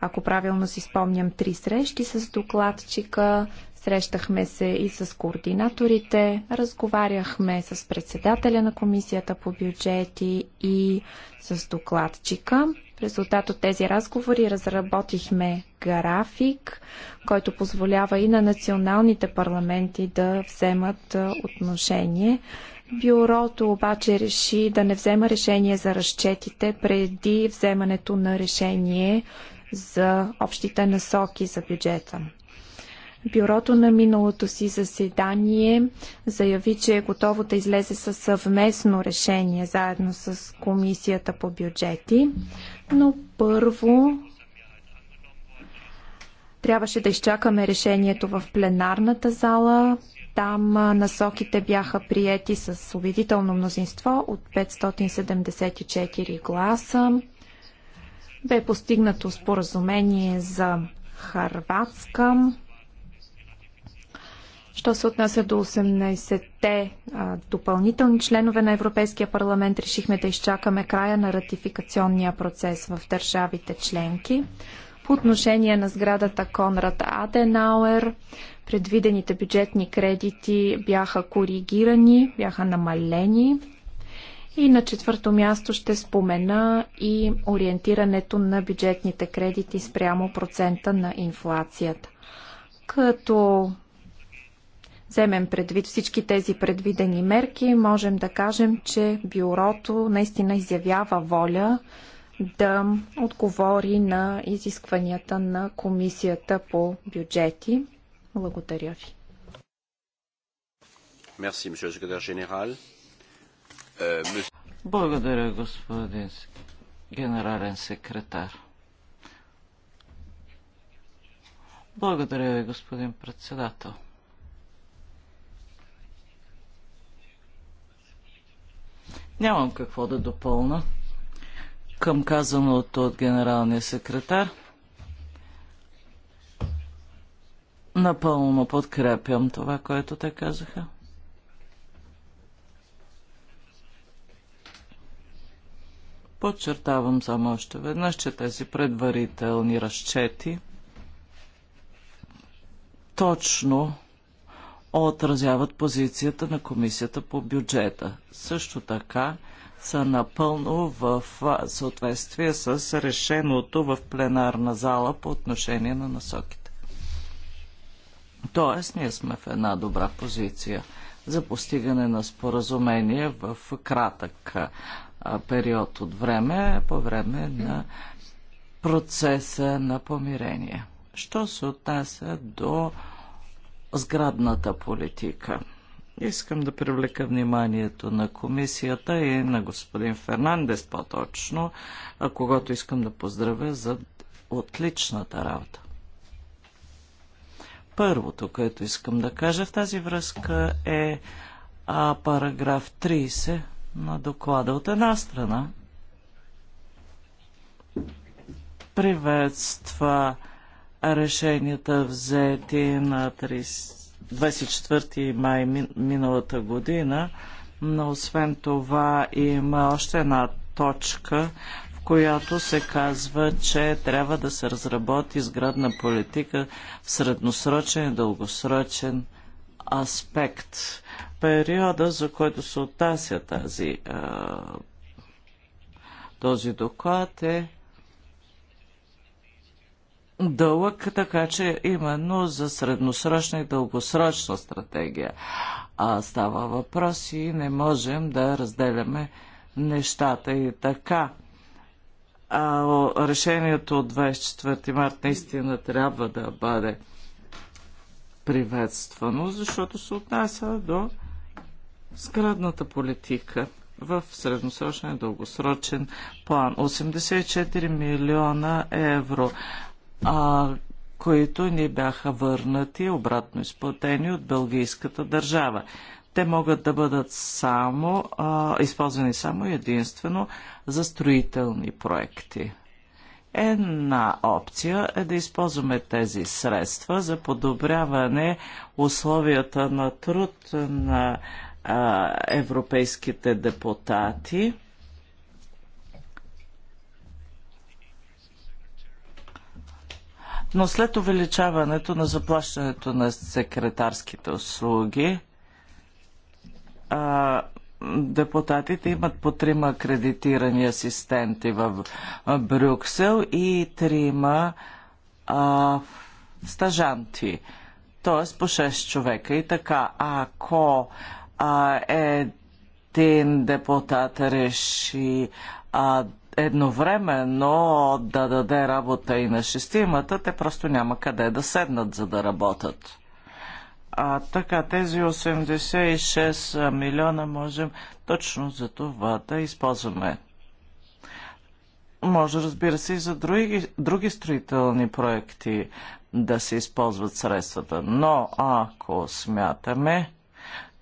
ако правилно си спомням, три срещи с докладчика. Срещахме се и с координаторите, разговаряхме с председателя на комисията по бюджети и с докладчика. В резултат от тези разговори разработихме график, който позволява и на националните парламенти да вземат отношение. Бюрото обаче реши да не взема решение за разчетите преди вземането на решение за общите насоки за бюджета. Бюрото на миналото си заседание заяви, че е готово да излезе със съвместно решение заедно с Комисията по бюджети но първо трябваше да изчакаме решението в пленарната зала. Там насоките бяха приети с убедително мнозинство от 574 гласа. Бе постигнато споразумение за Харватска. Що се отнася до 18-те допълнителни членове на Европейския парламент, решихме да изчакаме края на ратификационния процес в държавите членки. По отношение на сградата Конрад Аденауер, предвидените бюджетни кредити бяха коригирани, бяха намалени. И на четвърто място ще спомена и ориентирането на бюджетните кредити спрямо процента на инфлацията. Като вземем предвид всички тези предвидени мерки, можем да кажем, че бюрото наистина изявява воля да отговори на изискванията на комисията по бюджети. Благодаря ви. Euh, Благодаря, господин генерален секретар. Благодаря ви, господин председател. Нямам какво да допълна към казаното от генералния секретар. Напълно подкрепям това, което те казаха. Подчертавам само още веднъж, че тези предварителни разчети точно отразяват позицията на комисията по бюджета. Също така са напълно в съответствие с решеното в пленарна зала по отношение на насоките. Тоест, ние сме в една добра позиция за постигане на споразумение в кратък период от време, по време на процеса на помирение. Що се отнася до сградната политика. Искам да привлека вниманието на комисията и на господин Фернандес по-точно, когато искам да поздравя за отличната работа. Първото, което искам да кажа в тази връзка е параграф 30 на доклада. От една страна приветства решенията взети на 30, 24 май миналата година, но освен това има още една точка, в която се казва, че трябва да се разработи сградна политика в средносрочен и дългосрочен аспект. Периода, за който се отнася тази, този доклад е дълъг, така че именно за средносрочна и дългосрочна стратегия а, става въпрос и не можем да разделяме нещата и така. А, решението от 24 март наистина трябва да бъде приветствано, защото се отнася до сградната политика в средносрочен и дългосрочен план. 84 милиона евро а, които ни бяха върнати, обратно изплатени от бългийската държава. Те могат да бъдат само, а, използвани само единствено за строителни проекти. Една опция е да използваме тези средства за подобряване условията на труд на а, европейските депутати – Но след увеличаването на заплащането на секретарските услуги, а, депутатите имат по трима акредитирани асистенти в Брюксел и трима а, стажанти, т.е. по 6 човека. И така, ако а, един депутат реши а, едновременно да даде работа и на шестимата, те просто няма къде да седнат, за да работят. А така, тези 86 милиона можем точно за това да използваме. Може, разбира се, и за други, други строителни проекти да се използват средствата. Но ако смятаме,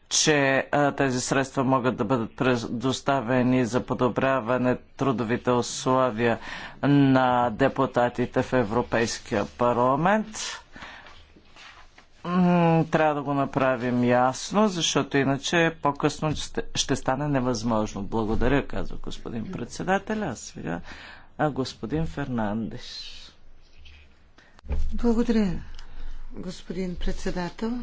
че а, тези средства могат да бъдат предоставени за подобряване трудовите условия на депутатите в Европейския парламент. Трябва да го направим ясно, защото иначе по-късно ще, стане невъзможно. Благодаря, казва господин председател. А сега а господин Фернандеш. Благодаря, господин председател.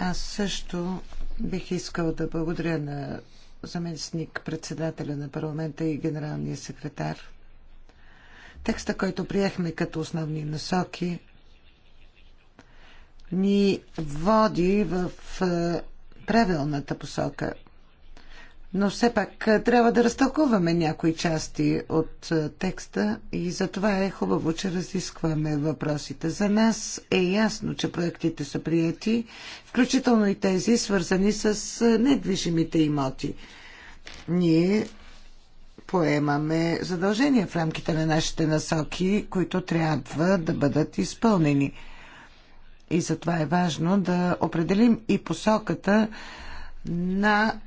Аз също бих искал да благодаря на заместник председателя на парламента и генералния секретар. Текста, който приехме като основни насоки, ни води в е, правилната посока – но все пак трябва да разтълкуваме някои части от текста и затова е хубаво, че разискваме въпросите. За нас е ясно, че проектите са прияти, включително и тези, свързани с недвижимите имоти. Ние поемаме задължения в рамките на нашите насоки, които трябва да бъдат изпълнени. И затова е важно да определим и посоката на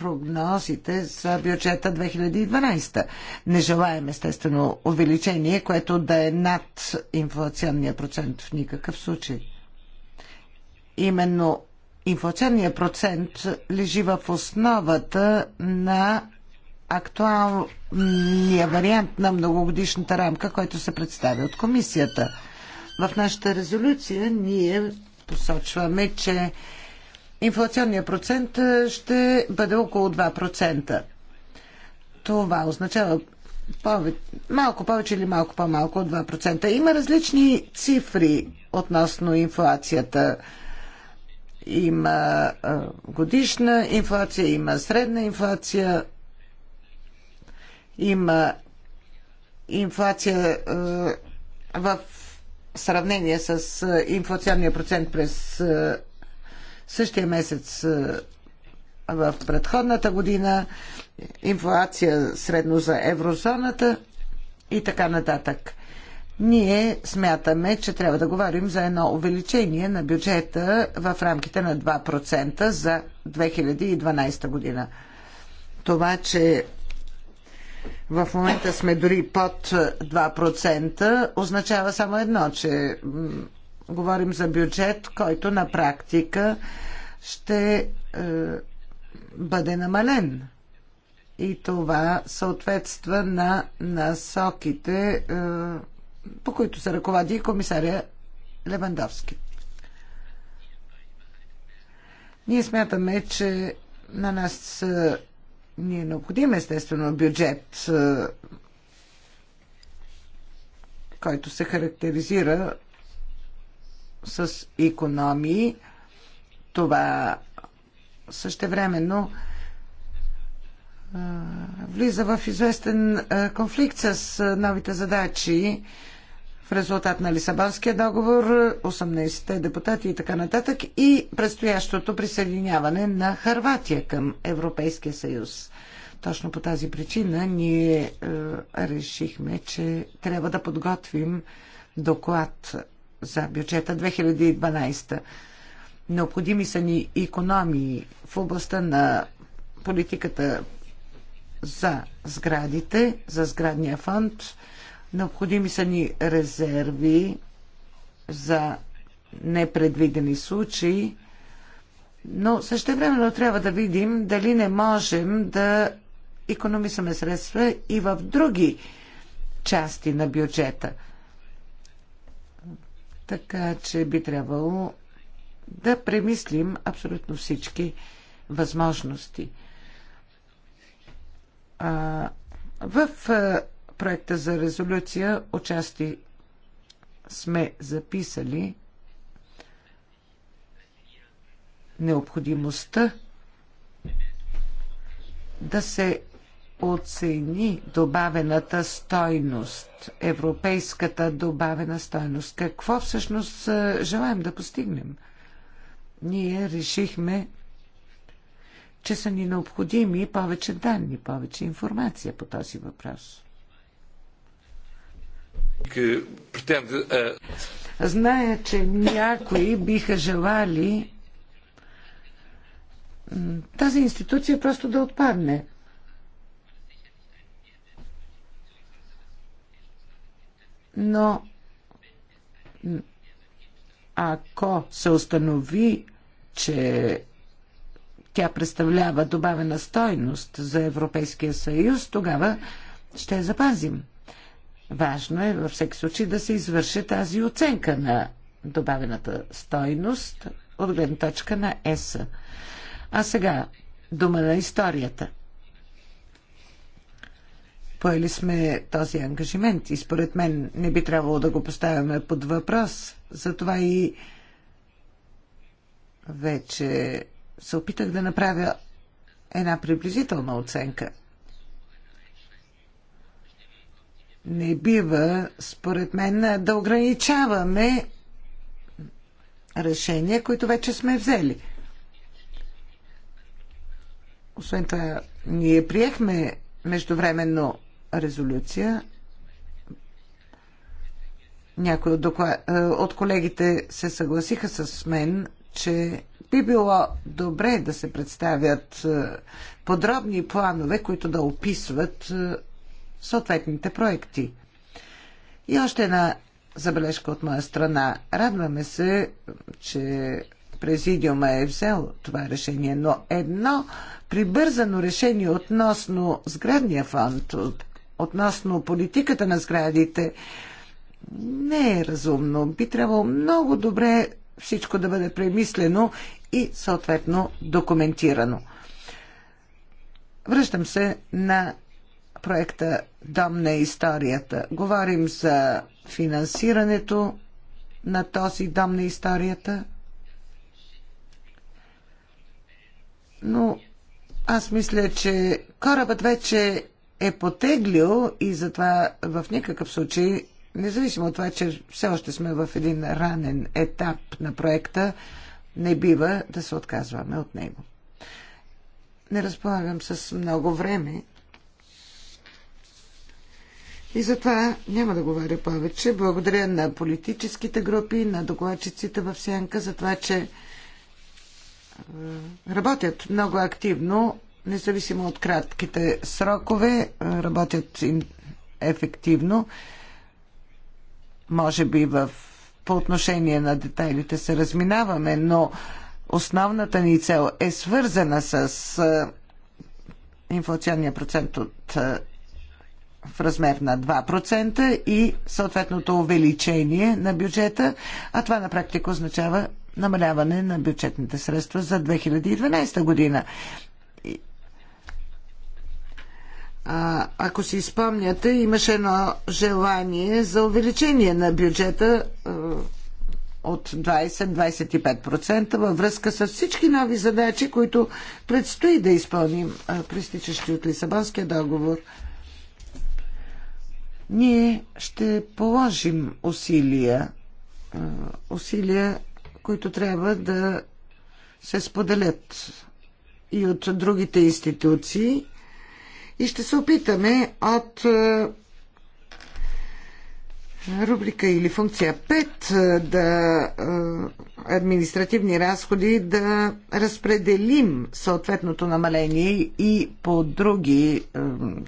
прогнозите за бюджета 2012. Не желаем естествено увеличение, което да е над инфлационния процент в никакъв случай. Именно инфлационният процент лежи в основата на актуалния вариант на многогодишната рамка, който се представя от комисията. В нашата резолюция ние посочваме, че инфлационният процент ще бъде около 2%. Това означава повече, малко повече или малко по-малко от 2%. Има различни цифри относно инфлацията. Има годишна инфлация, има средна инфлация, има инфлация в сравнение с инфлационния процент през същия месец в предходната година, инфлация средно за еврозоната и така нататък. Ние смятаме, че трябва да говорим за едно увеличение на бюджета в рамките на 2% за 2012 година. Това, че в момента сме дори под 2%, означава само едно, че Говорим за бюджет, който на практика ще е, бъде намален. И това съответства на насоките, е, по които се ръководи и комисаря Левандовски. Ние смятаме, че на нас е, ни е необходим естествено бюджет, който се характеризира с економии. Това същевременно влиза в известен конфликт с новите задачи в резултат на Лисабонския договор, 18-те депутати и така нататък и предстоящото присъединяване на Харватия към Европейския съюз. Точно по тази причина ние решихме, че трябва да подготвим доклад за бюджета 2012. Необходими са ни економии в областта на политиката за сградите, за сградния фонд. Необходими са ни резерви за непредвидени случаи. Но също времено трябва да видим дали не можем да економисаме средства и в други части на бюджета – така че би трябвало да премислим абсолютно всички възможности. в проекта за резолюция участи сме записали необходимостта да се оцени добавената стойност, европейската добавена стойност. Какво всъщност желаем да постигнем? Ние решихме, че са ни необходими повече данни, повече информация по този въпрос. Зная, че някои биха желали тази институция просто да отпадне. но ако се установи, че тя представлява добавена стойност за Европейския съюз, тогава ще я запазим. Важно е във всеки случай да се извърши тази оценка на добавената стойност от гледна точка на ЕС. А сега дума на историята – Поели сме този ангажимент и според мен не би трябвало да го поставяме под въпрос. Затова и вече се опитах да направя една приблизителна оценка. Не бива, според мен, да ограничаваме решения, които вече сме взели. Освен това, ние приехме междувременно резолюция. Някои от, е, от колегите се съгласиха с мен, че би било добре да се представят е, подробни планове, които да описват е, съответните проекти. И още една забележка от моя страна. Радваме се, че президиума е взел това решение, но едно прибързано решение относно сградния фонд, от относно политиката на сградите не е разумно. Би трябвало много добре всичко да бъде премислено и съответно документирано. Връщам се на проекта Дом на историята. Говорим за финансирането на този Дом на историята. Но аз мисля, че корабът вече е потеглил и затова в никакъв случай, независимо от това, че все още сме в един ранен етап на проекта, не бива да се отказваме от него. Не разполагам с много време. И затова няма да говоря повече. Благодаря на политическите групи, на докладчиците в Сянка за това, че е, работят много активно независимо от кратките срокове, работят им ефективно. Може би в, по отношение на детайлите се разминаваме, но основната ни цел е свързана с инфлационния процент от, в размер на 2% и съответното увеличение на бюджета, а това на практика означава намаляване на бюджетните средства за 2012 година. А, ако си спомняте, имаше едно желание за увеличение на бюджета от 20-25% във връзка с всички нови задачи, които предстои да изпълним, пристичащи от Лисабонския договор. Ние ще положим усилия, усилия, които трябва да се споделят и от другите институции – и ще се опитаме от е, рубрика или функция 5 е, да е, административни разходи да разпределим съответното намаление и по други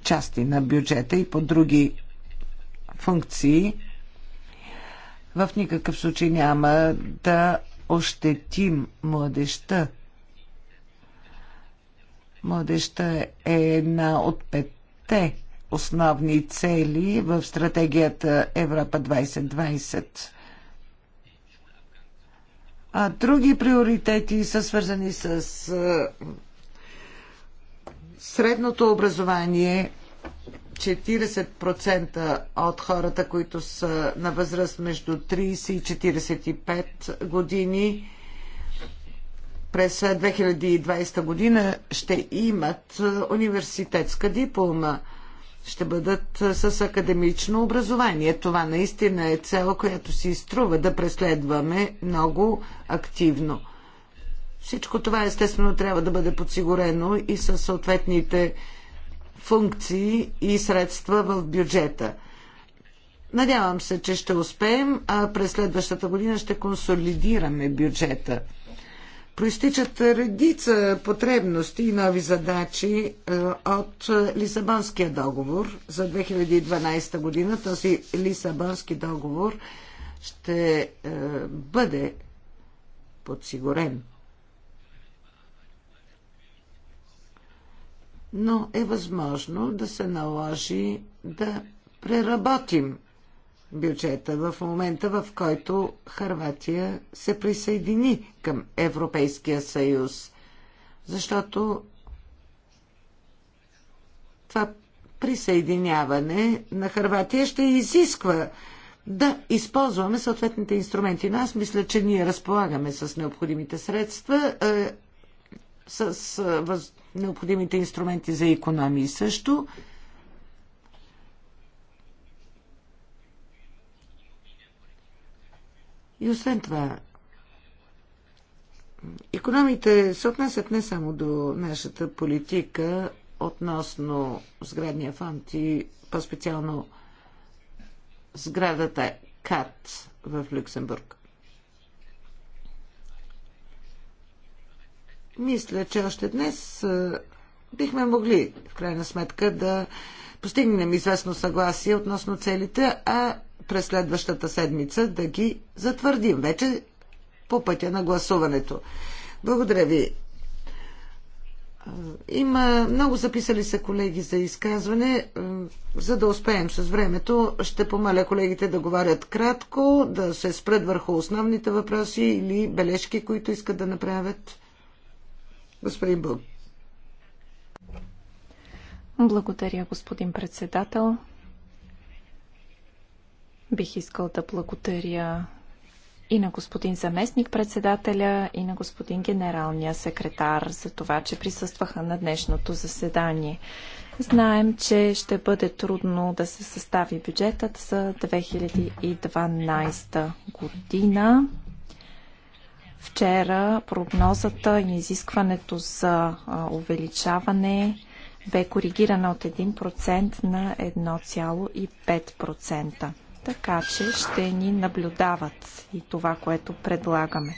части на бюджета и по други функции. В никакъв случай няма да ощетим младеща Младеща е една от петте основни цели в стратегията Европа 2020. А други приоритети са свързани с средното образование. 40% от хората, които са на възраст между 30 и 45 години, през 2020 година ще имат университетска диплома, ще бъдат с академично образование. Това наистина е цел, която си изтрува да преследваме много активно. Всичко това естествено трябва да бъде подсигурено и със съответните функции и средства в бюджета. Надявам се, че ще успеем, а през следващата година ще консолидираме бюджета проистичат редица потребности и нови задачи е, от Лисабонския договор за 2012 година. Този Лисабонски договор ще е, бъде подсигурен. Но е възможно да се наложи да преработим бюджета в момента, в който Харватия се присъедини към Европейския съюз. Защото това присъединяване на Харватия ще изисква да използваме съответните инструменти. Но аз мисля, че ние разполагаме с необходимите средства, е, с необходимите инструменти за економии също. И освен това, економите се отнасят не само до нашата политика относно сградния фонд и по-специално сградата КАТ в Люксембург. Мисля, че още днес бихме могли, в крайна сметка, да постигнем известно съгласие относно целите, а през следващата седмица да ги затвърдим вече по пътя на гласуването. Благодаря ви. Има много записали се колеги за изказване. За да успеем с времето, ще помаля колегите да говорят кратко, да се спред върху основните въпроси или бележки, които искат да направят. Господин Бълг. Благодаря, господин председател. Бих искал да благодаря и на господин заместник председателя, и на господин генералния секретар за това, че присъстваха на днешното заседание. Знаем, че ще бъде трудно да се състави бюджетът за 2012 година. Вчера прогнозата и изискването за увеличаване бе коригирана от 1% на 1,5% така че ще ни наблюдават и това, което предлагаме.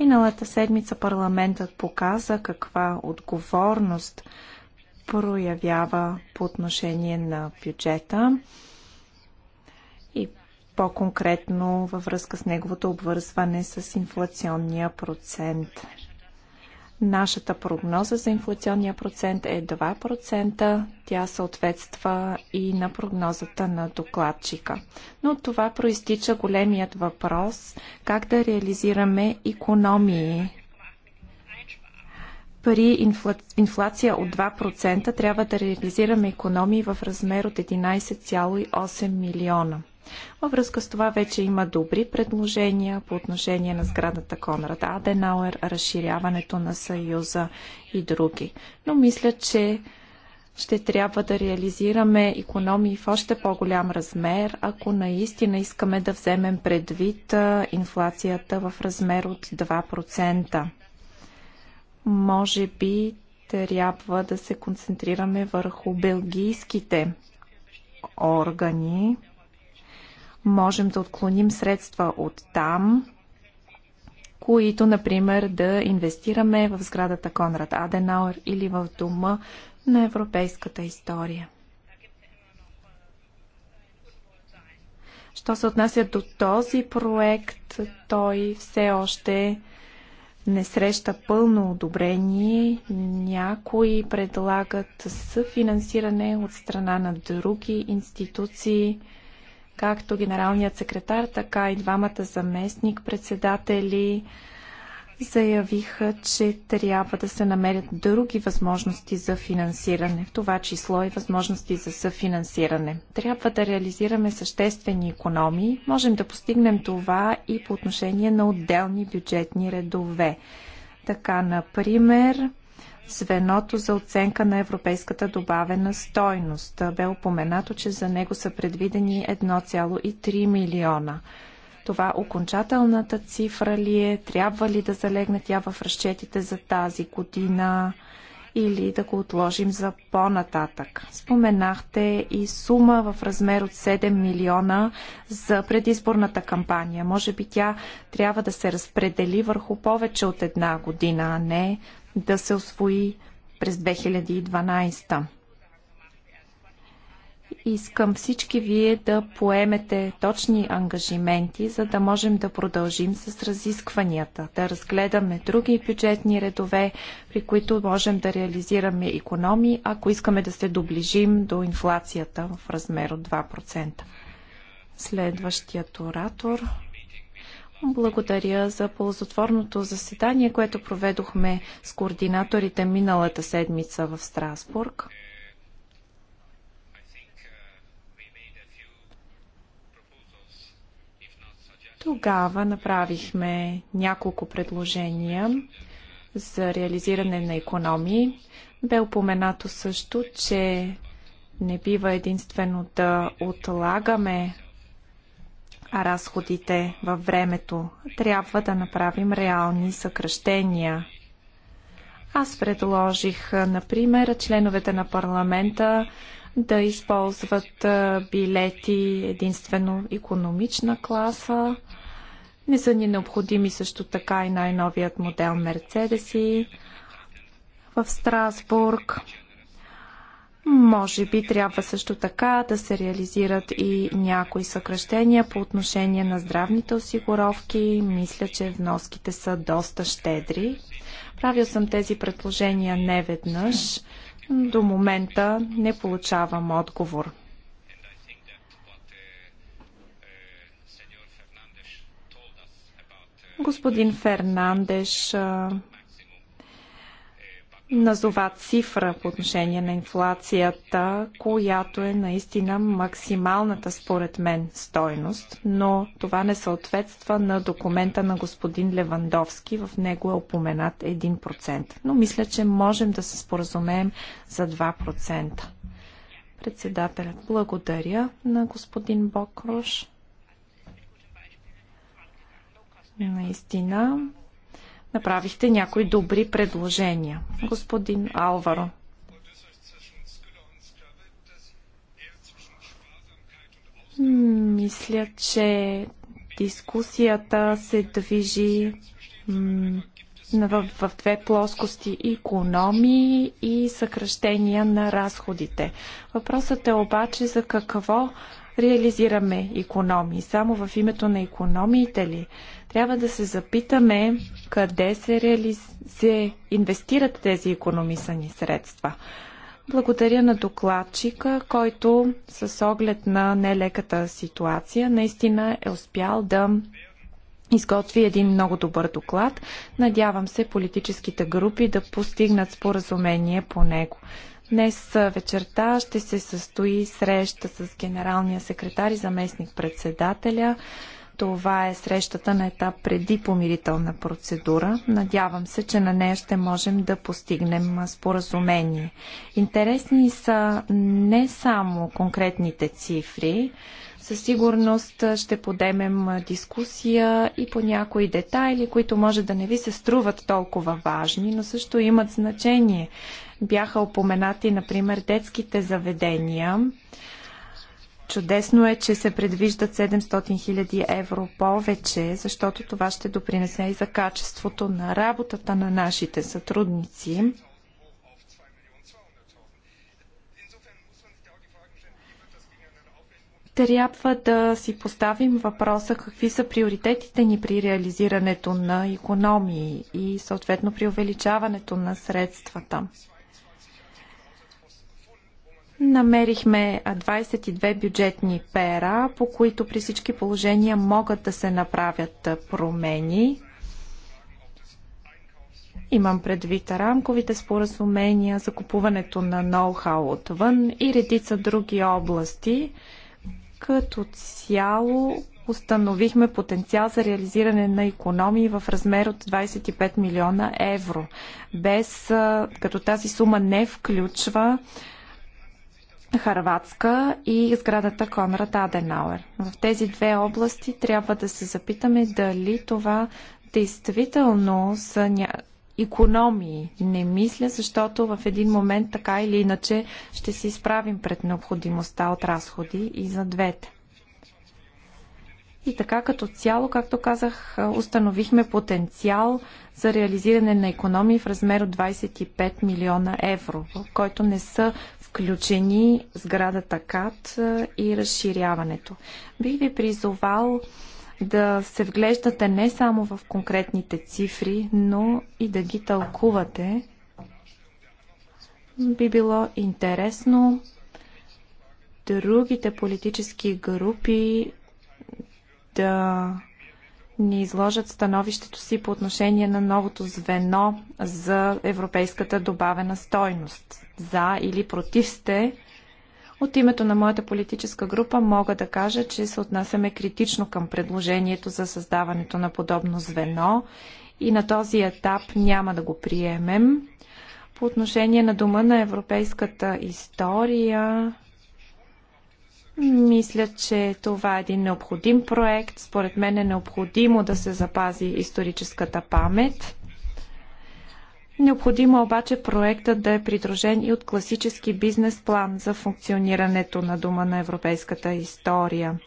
Миналата седмица парламентът показа каква отговорност проявява по отношение на бюджета и по-конкретно във връзка с неговото обвързване с инфлационния процент. Нашата прогноза за инфлационния процент е 2%. Тя съответства и на прогнозата на докладчика. Но от това проистича големият въпрос как да реализираме економии. При инфла... инфлация от 2% трябва да реализираме економии в размер от 11,8 милиона. Във връзка с това вече има добри предложения по отношение на сградата Конрад Аденауер, разширяването на Съюза и други. Но мисля, че ще трябва да реализираме економии в още по-голям размер, ако наистина искаме да вземем предвид инфлацията в размер от 2%. Може би трябва да се концентрираме върху белгийските органи можем да отклоним средства от там, които, например, да инвестираме в сградата Конрад Аденауер или в дома на европейската история. Що се отнася до този проект, той все още не среща пълно одобрение. Някои предлагат съфинансиране от страна на други институции както генералният секретар, така и двамата заместник-председатели заявиха, че трябва да се намерят други възможности за финансиране, в това число и възможности за съфинансиране. Трябва да реализираме съществени економии. Можем да постигнем това и по отношение на отделни бюджетни редове. Така, например, звеното за оценка на европейската добавена стойност. Бе упоменато, че за него са предвидени 1,3 милиона. Това окончателната цифра ли е? Трябва ли да залегне тя в разчетите за тази година? или да го отложим за по-нататък. Споменахте и сума в размер от 7 милиона за предизборната кампания. Може би тя трябва да се разпредели върху повече от една година, а не да се освои през 2012. Искам всички вие да поемете точни ангажименти, за да можем да продължим с разискванията, да разгледаме други бюджетни редове, при които можем да реализираме економии, ако искаме да се доближим до инфлацията в размер от 2%. Следващият оратор. Благодаря за ползотворното заседание, което проведохме с координаторите миналата седмица в Страсбург. Тогава направихме няколко предложения за реализиране на економии. Бе упоменато също, че не бива единствено да отлагаме разходите във времето. Трябва да направим реални съкръщения. Аз предложих, например, членовете на парламента да използват билети единствено економична класа. Не са ни необходими също така и най-новият модел Мерцедеси в Страсбург. Може би трябва също така да се реализират и някои съкръщения по отношение на здравните осигуровки. Мисля, че вноските са доста щедри. Правил съм тези предложения не веднъж. До момента не получавам отговор. Господин Фернандеш назова цифра по отношение на инфлацията, която е наистина максималната според мен стойност, но това не съответства на документа на господин Левандовски. В него е упоменат 1%. Но мисля, че можем да се споразумеем за 2%. Председателят благодаря на господин Бокрош. Наистина, направихте някои добри предложения. Господин Алваро. Мисля, че дискусията се движи в, в две плоскости економии и съкръщения на разходите. Въпросът е обаче за какво реализираме економии. Само в името на економиите ли? Трябва да се запитаме къде се, реали... се инвестират тези економисани средства. Благодаря на докладчика, който с оглед на нелеката ситуация наистина е успял да изготви един много добър доклад. Надявам се политическите групи да постигнат споразумение по него. Днес вечерта ще се състои среща с генералния секретар и заместник председателя. Това е срещата на етап преди помирителна процедура. Надявам се, че на нея ще можем да постигнем споразумение. Интересни са не само конкретните цифри, със сигурност ще подемем дискусия и по някои детайли, които може да не ви се струват толкова важни, но също имат значение. Бяха упоменати, например, детските заведения. Чудесно е, че се предвиждат 700 000 евро повече, защото това ще допринесе и за качеството на работата на нашите сътрудници. трябва да си поставим въпроса какви са приоритетите ни при реализирането на економии и съответно при увеличаването на средствата. Намерихме 22 бюджетни пера, по които при всички положения могат да се направят промени. Имам предвид рамковите споразумения, закупуването на ноу-хау отвън и редица други области. Като цяло установихме потенциал за реализиране на економии в размер от 25 милиона евро, без като тази сума не включва Харватска и сградата Конрад Аденауер. В тези две области трябва да се запитаме дали това действително са ня... економии. Не мисля, защото в един момент така или иначе ще се изправим пред необходимостта от разходи и за двете. И така като цяло, както казах, установихме потенциал за реализиране на економии в размер от 25 милиона евро, в който не са включени сградата КАТ и разширяването. Бих ви призовал да се вглеждате не само в конкретните цифри, но и да ги тълкувате. Би било интересно другите политически групи да ни изложат становището си по отношение на новото звено за европейската добавена стойност. За или против сте. От името на моята политическа група мога да кажа, че се отнасяме критично към предложението за създаването на подобно звено и на този етап няма да го приемем. По отношение на Дома на европейската история, мисля, че това е един необходим проект. Според мен е необходимо да се запази историческата памет. Необходимо е обаче проектът да е придружен и от класически бизнес план за функционирането на Дома на европейската история.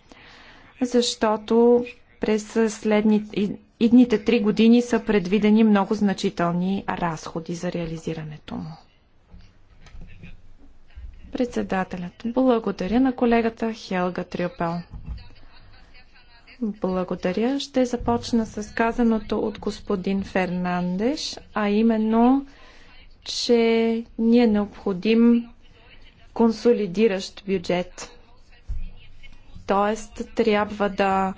Защото през следните идните три години са предвидени много значителни разходи за реализирането му. Председателят. Благодаря на колегата Хелга Триопел. Благодаря. Ще започна с казаното от господин Фернандеш, а именно, че ни е необходим консолидиращ бюджет. Тоест, трябва да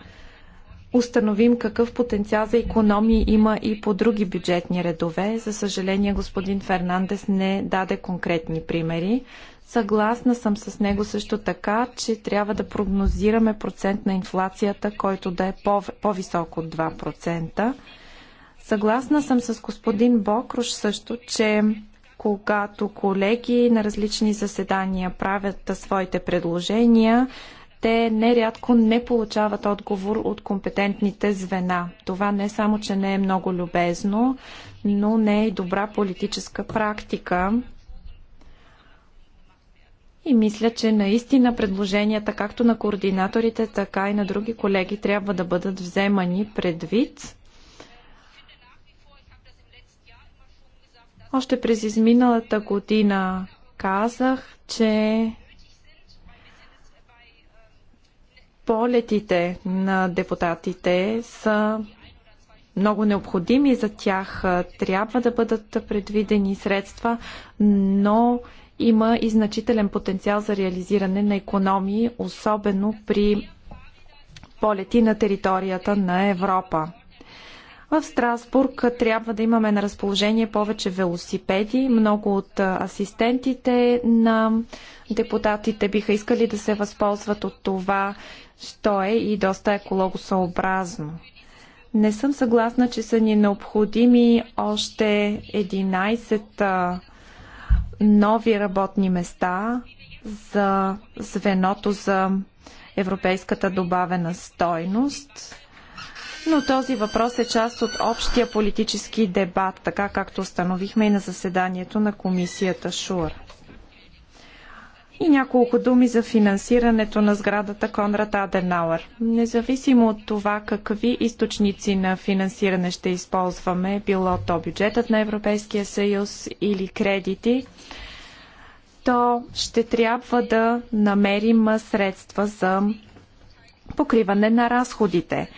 установим какъв потенциал за економии има и по други бюджетни редове. За съжаление, господин Фернандес не даде конкретни примери. Съгласна съм с него също така, че трябва да прогнозираме процент на инфлацията, който да е по-висок от 2%. Съгласна съм с господин Бокруш също, че когато колеги на различни заседания правят своите предложения, те нерядко не получават отговор от компетентните звена. Това не само, че не е много любезно, но не е и добра политическа практика. И мисля, че наистина предложенията както на координаторите, така и на други колеги трябва да бъдат вземани предвид. Още през изминалата година казах, че полетите на депутатите са много необходими за тях. Трябва да бъдат предвидени средства, но има и значителен потенциал за реализиране на економии, особено при полети на територията на Европа. В Страсбург трябва да имаме на разположение повече велосипеди. Много от асистентите на депутатите биха искали да се възползват от това, що е и доста екологосъобразно. Не съм съгласна, че са ни необходими още 11 нови работни места за звеното за европейската добавена стойност. Но този въпрос е част от общия политически дебат, така както установихме и на заседанието на комисията ШУР. И няколко думи за финансирането на сградата Конрад Аденауър. Независимо от това какви източници на финансиране ще използваме, било то бюджетът на Европейския съюз или кредити, то ще трябва да намерим средства за покриване на разходите.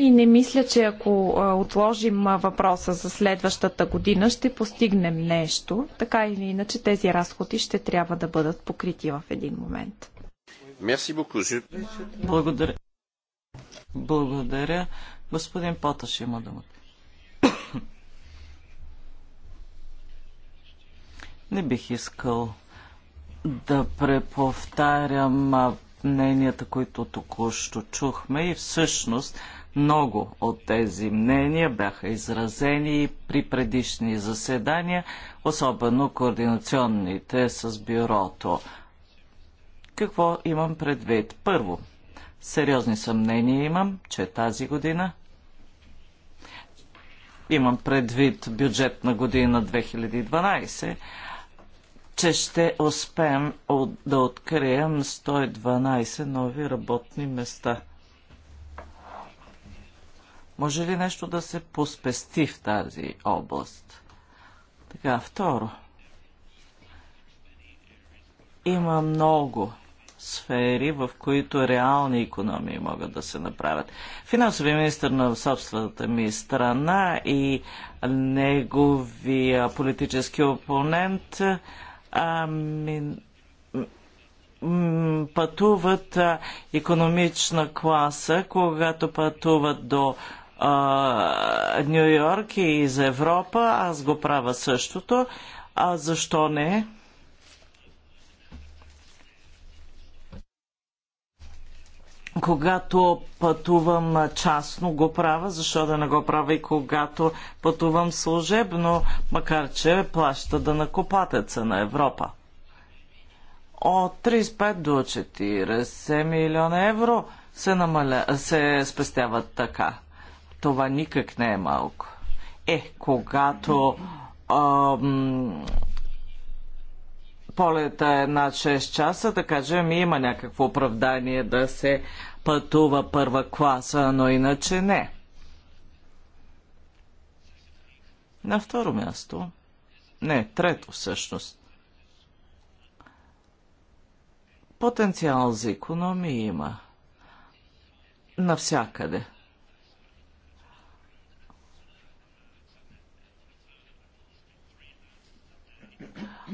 И не мисля, че ако отложим въпроса за следващата година, ще постигнем нещо. Така или иначе, тези разходи ще трябва да бъдат покрити в един момент. Благодаря. Благодаря. Господин Поташ има думата. Не бих искал да преповтарям мненията, които току-що чухме и всъщност много от тези мнения бяха изразени при предишни заседания, особено координационните с бюрото. Какво имам предвид? Първо, сериозни съмнения имам, че тази година имам предвид бюджет на година 2012, че ще успеем да открием 112 нови работни места. Може ли нещо да се поспести в тази област? Така, второ. Има много сфери, в които реални економии могат да се направят. Финансовият министр на собствената ми страна и неговия политически опонент м, пътуват економична класа, когато пътуват до Нью Йорк и за Европа, аз го правя същото. А защо не? Когато пътувам частно го правя, защо да не го правя и когато пътувам служебно, макар че плаща да накопатеца на Европа. От 35 до 40 милиона евро се, намаля, се спестяват така. Това никак не е малко. Е, когато ам, полета е над 6 часа, да кажем, има някакво оправдание да се пътува първа класа, но иначе не. На второ място. Не, трето всъщност. Потенциал за економия има. Навсякъде.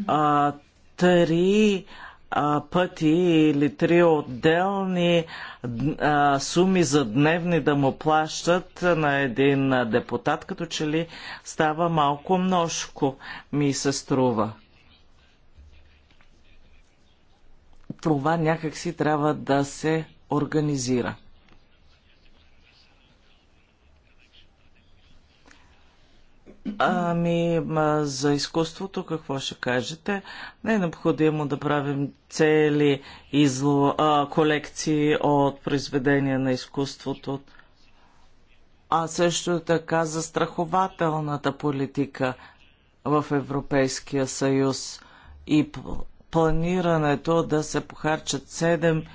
а, три а, пъти или три отделни а, суми за дневни да му плащат на един депутат, като че ли става малко множко, ми се струва. Това някакси трябва да се организира. Ами, за изкуството какво ще кажете? Не е необходимо да правим цели изло, а, колекции от произведения на изкуството. А също така за страхователната политика в Европейския съюз и планирането да се похарчат 7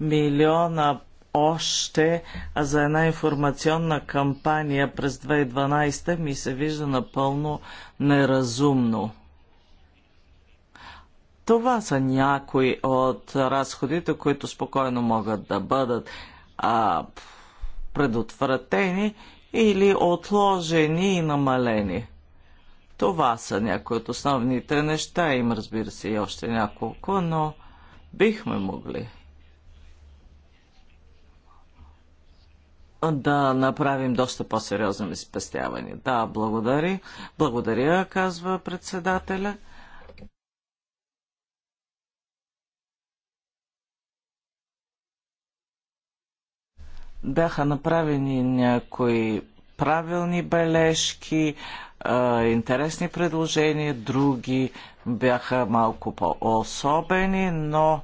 милиона още за една информационна кампания през 2012 ми се вижда напълно неразумно. Това са някои от разходите, които спокойно могат да бъдат а, предотвратени или отложени и намалени. Това са някои от основните неща. Им разбира се и още няколко, но бихме могли. да направим доста по-сериозни спестявания. Да, благодари. Благодаря, казва председателя. Бяха направени някои правилни бележки, интересни предложения, други бяха малко по-особени, но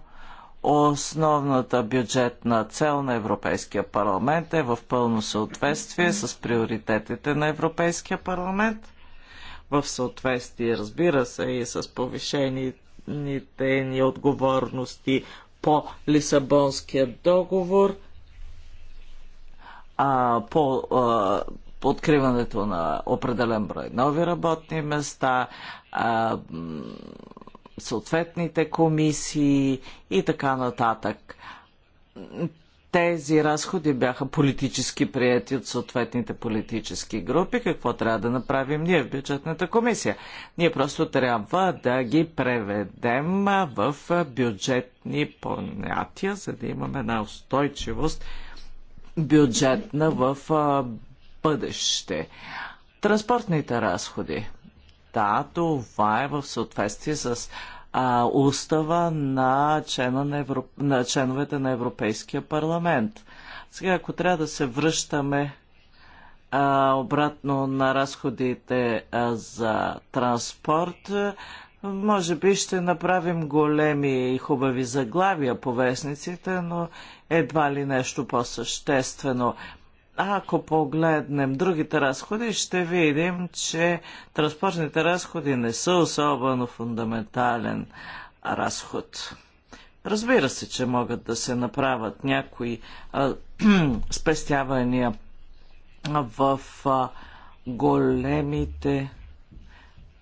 Основната бюджетна цел на Европейския парламент е в пълно съответствие с приоритетите на Европейския парламент, в съответствие, разбира се, и с повишените ни отговорности по Лисабонския договор, а, по а, откриването на определен брой нови работни места, а, съответните комисии и така нататък. Тези разходи бяха политически прияти от съответните политически групи. Какво трябва да направим ние в бюджетната комисия? Ние просто трябва да ги преведем в бюджетни понятия, за да имаме една устойчивост бюджетна в бъдеще. Транспортните разходи. Да, това е в съответствие с а, устава на, члена на, Европ... на членовете на Европейския парламент. Сега, ако трябва да се връщаме а, обратно на разходите а, за транспорт, може би ще направим големи и хубави заглавия по вестниците, но едва ли нещо по-съществено ако погледнем другите разходи, ще видим, че транспортните разходи не са особено фундаментален разход. Разбира се, че могат да се направят някои а, спестявания в а, големите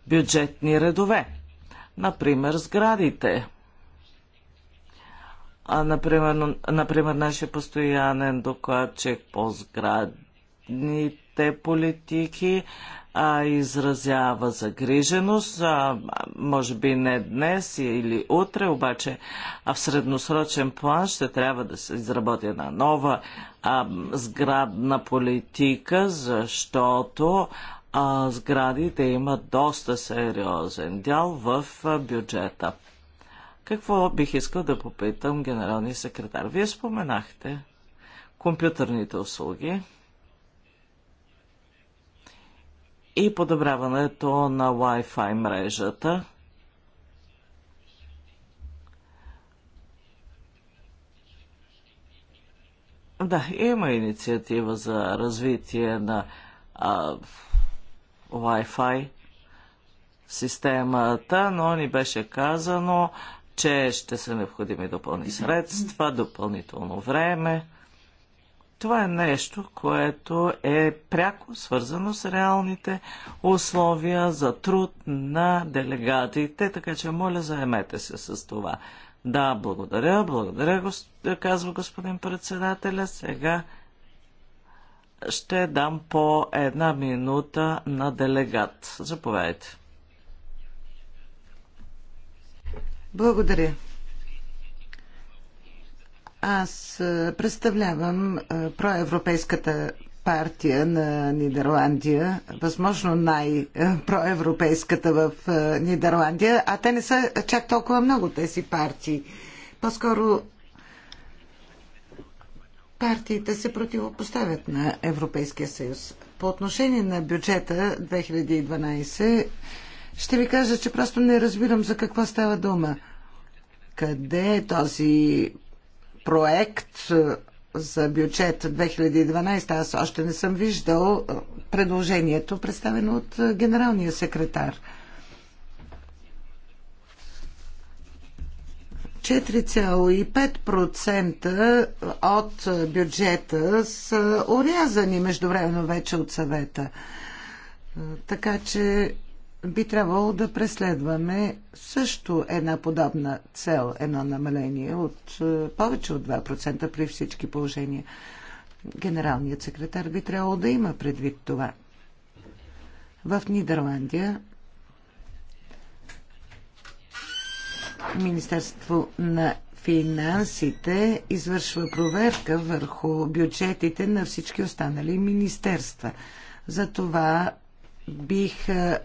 бюджетни редове. Например, сградите – а, например, например, нашия постоянен докладчик по сградните политики а, изразява загриженост, а, може би не днес или утре, обаче а в средносрочен план ще трябва да се изработи една нова а, сградна политика, защото а, сградите имат доста сериозен дял в бюджета. Какво бих искал да попитам генералния секретар? Вие споменахте компютърните услуги и подобряването на Wi-Fi мрежата. Да, има инициатива за развитие на а, Wi-Fi системата, но ни беше казано, че ще са необходими допълни средства, допълнително време. Това е нещо, което е пряко свързано с реалните условия за труд на делегатите, така че моля заемете се с това. Да, благодаря, благодаря, казва господин председателя. Сега ще дам по една минута на делегат. Заповядайте. Благодаря. Аз представлявам проевропейската партия на Нидерландия, възможно най-проевропейската в Нидерландия, а те не са чак толкова много тези партии. По-скоро партиите се противопоставят на Европейския съюз. По отношение на бюджета 2012 ще ви кажа, че просто не разбирам за какво става дума. Къде е този проект е, за бюджет 2012? Аз още не съм виждал е, предложението, представено от е, генералния секретар. 4,5% от бюджета са урязани междувременно вече от съвета. Така че би трябвало да преследваме също една подобна цел, едно намаление от е, повече от 2% при всички положения. Генералният секретар би трябвало да има предвид това. В Нидерландия Министерство на финансите извършва проверка върху бюджетите на всички останали министерства. За това бих е,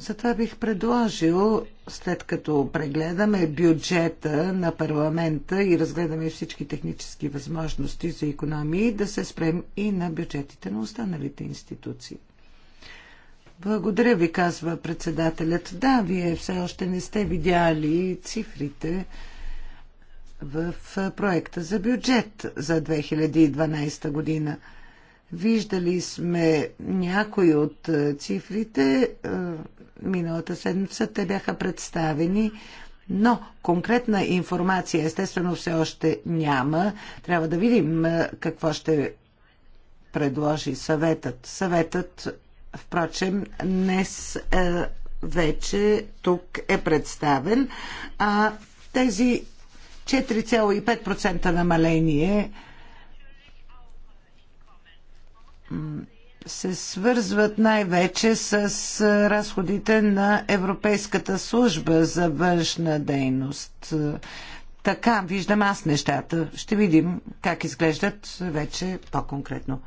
Затова бих предложил, след като прегледаме бюджета на парламента и разгледаме всички технически възможности за економии, да се спрем и на бюджетите на останалите институции. Благодаря ви, казва председателят. Да, вие все още не сте видяли цифрите в проекта за бюджет за 2012 година. Виждали сме някои от цифрите миналата седмица те бяха представени, но конкретна информация естествено все още няма. Трябва да видим какво ще предложи съветът. Съветът, впрочем, днес е, вече тук е представен. А тези 4,5% намаление се свързват най-вече с разходите на Европейската служба за външна дейност. Така виждам аз нещата. Ще видим как изглеждат вече по-конкретно.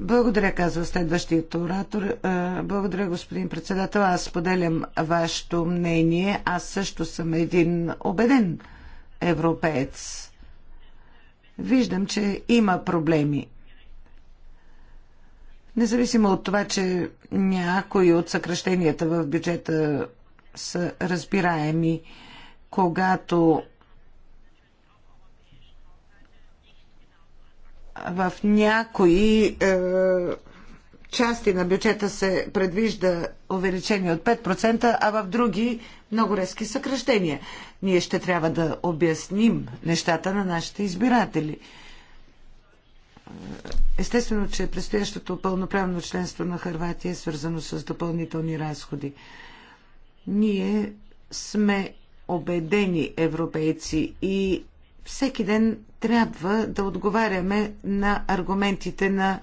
Благодаря, казва следващият оратор. Благодаря, господин председател. Аз споделям вашето мнение. Аз също съм един убеден европеец. Виждам, че има проблеми Независимо от това, че някои от съкръщенията в бюджета са разбираеми, когато в някои е, части на бюджета се предвижда увеличение от 5%, а в други много резки съкръщения. Ние ще трябва да обясним нещата на нашите избиратели. Естествено, че предстоящото пълноправно членство на Харватия е свързано с допълнителни разходи. Ние сме обедени европейци и всеки ден трябва да отговаряме на аргументите на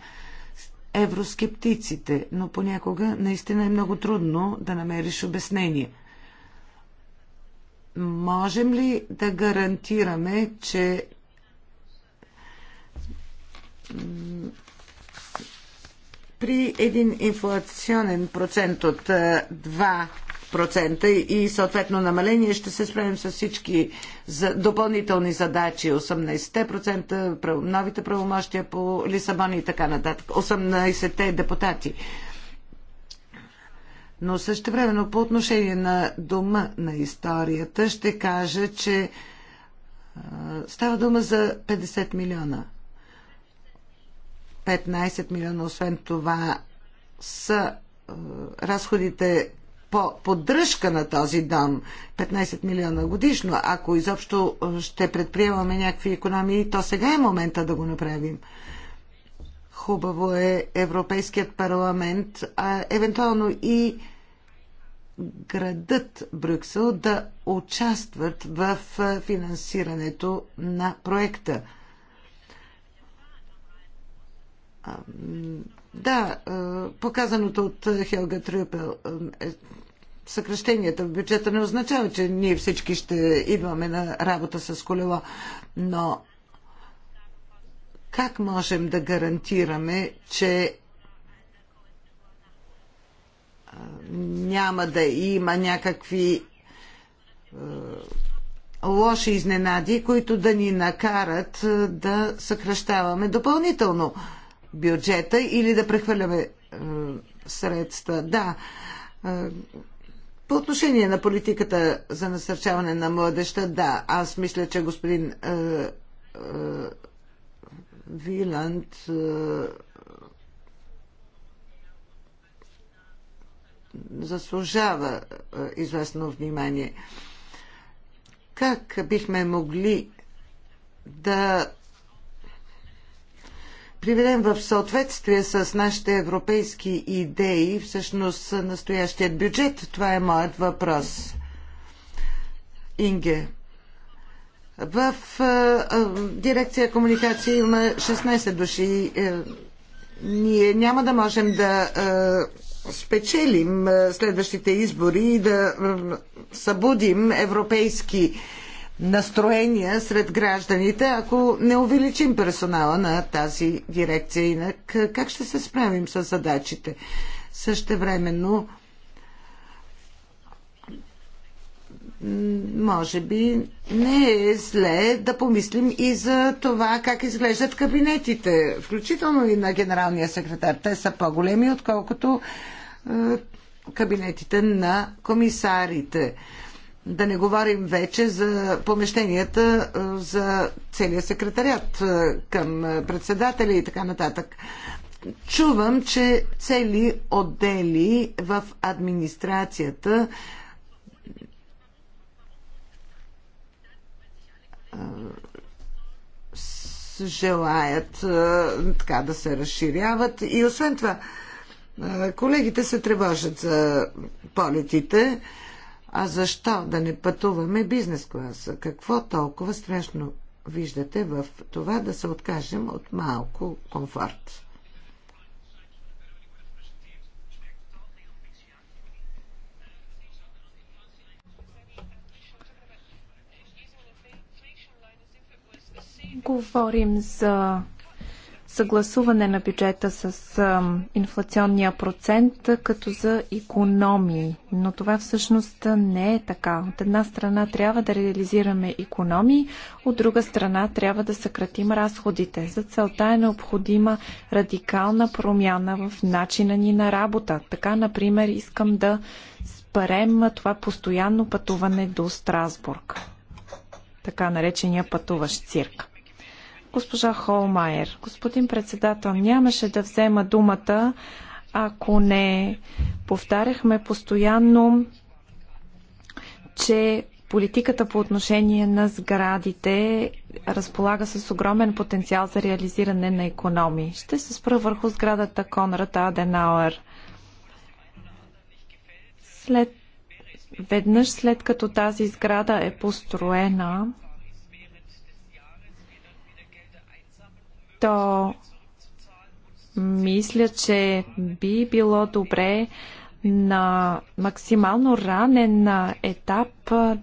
евроскептиците, но понякога наистина е много трудно да намериш обяснение. Можем ли да гарантираме, че при един инфлационен процент от 2% и съответно намаление ще се справим с всички допълнителни задачи 18%, новите правомощия по Лисабон и така нататък, 18-те депутати. Но също времено по отношение на дома на историята ще кажа, че става дума за 50 милиона 15 милиона, освен това, са е, разходите по поддръжка на този дом 15 милиона годишно, ако изобщо е, ще предприемаме някакви економии, то сега е момента да го направим. Хубаво е Европейският парламент, а евентуално и градът Брюксел да участват в е, финансирането на проекта. Да, показаното от Хелга Трюпел е, съкръщенията в бюджета не означава, че ние всички ще идваме на работа с колело, но как можем да гарантираме, че няма да има някакви лоши изненади, които да ни накарат да съкръщаваме допълнително бюджета или да прехвърляме е, средства. Да. Е, по отношение на политиката за насърчаване на младеща, да, аз мисля, че господин е, е, Виланд е, заслужава е, известно внимание. Как бихме могли да приведен в съответствие с нашите европейски идеи, всъщност настоящият бюджет? Това е моят въпрос. Инге. В дирекция комуникация има 16 души. Е, ние няма да можем да спечелим следващите избори и да събудим европейски настроения сред гражданите, ако не увеличим персонала на тази дирекция. Инак как ще се справим с задачите? Същевременно, може би не е зле да помислим и за това как изглеждат кабинетите, включително и на генералния секретар. Те са по-големи, отколкото е, кабинетите на комисарите. Е, да не говорим вече за помещенията е, за целия секретарят е, към председателя и така нататък. Чувам, че цели отдели в администрацията е, желаят така да се разширяват и освен това колегите се тревожат за полетите. А защо да не пътуваме бизнес класа? Какво толкова страшно виждате в това да се откажем от малко комфорт? Говорим за съгласуване на бюджета с инфлационния процент като за економии. Но това всъщност не е така. От една страна трябва да реализираме економии, от друга страна трябва да съкратим разходите. За целта е необходима радикална промяна в начина ни на работа. Така, например, искам да спрем това постоянно пътуване до Страсбург. Така наречения пътуващ цирк. Госпожа Холмайер, господин председател, нямаше да взема думата, ако не повтаряхме постоянно, че политиката по отношение на сградите разполага с огромен потенциал за реализиране на економии. Ще се спра върху сградата Конрад Аденауер. След Веднъж след като тази сграда е построена, то мисля, че би било добре на максимално ранен етап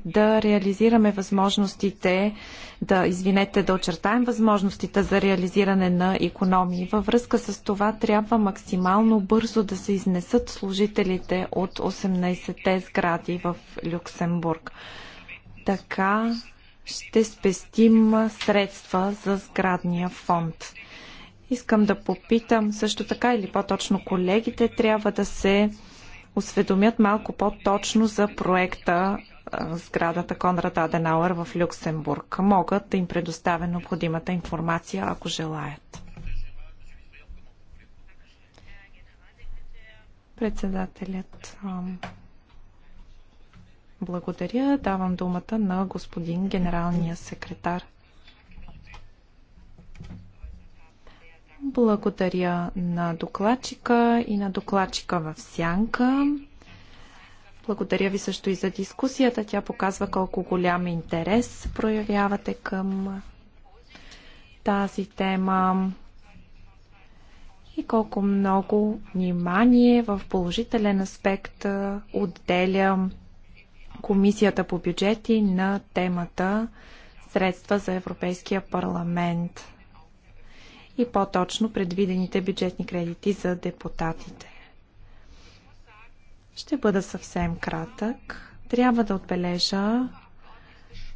да реализираме възможностите, да, извинете, да очертаем възможностите за реализиране на економии. Във връзка с това трябва максимално бързо да се изнесат служителите от 18-те сгради в Люксембург. Така ще спестим средства за сградния фонд. Искам да попитам също така или по-точно колегите трябва да се осведомят малко по-точно за проекта сградата Конрад Аденауер в Люксембург. Могат да им предоставя необходимата информация, ако желаят. Председателят благодаря. Давам думата на господин генералния секретар. Благодаря на докладчика и на докладчика в сянка. Благодаря ви също и за дискусията. Тя показва колко голям интерес проявявате към тази тема и колко много внимание в положителен аспект отделя Комисията по бюджети на темата Средства за Европейския парламент и по-точно предвидените бюджетни кредити за депутатите. Ще бъда съвсем кратък. Трябва да отбележа,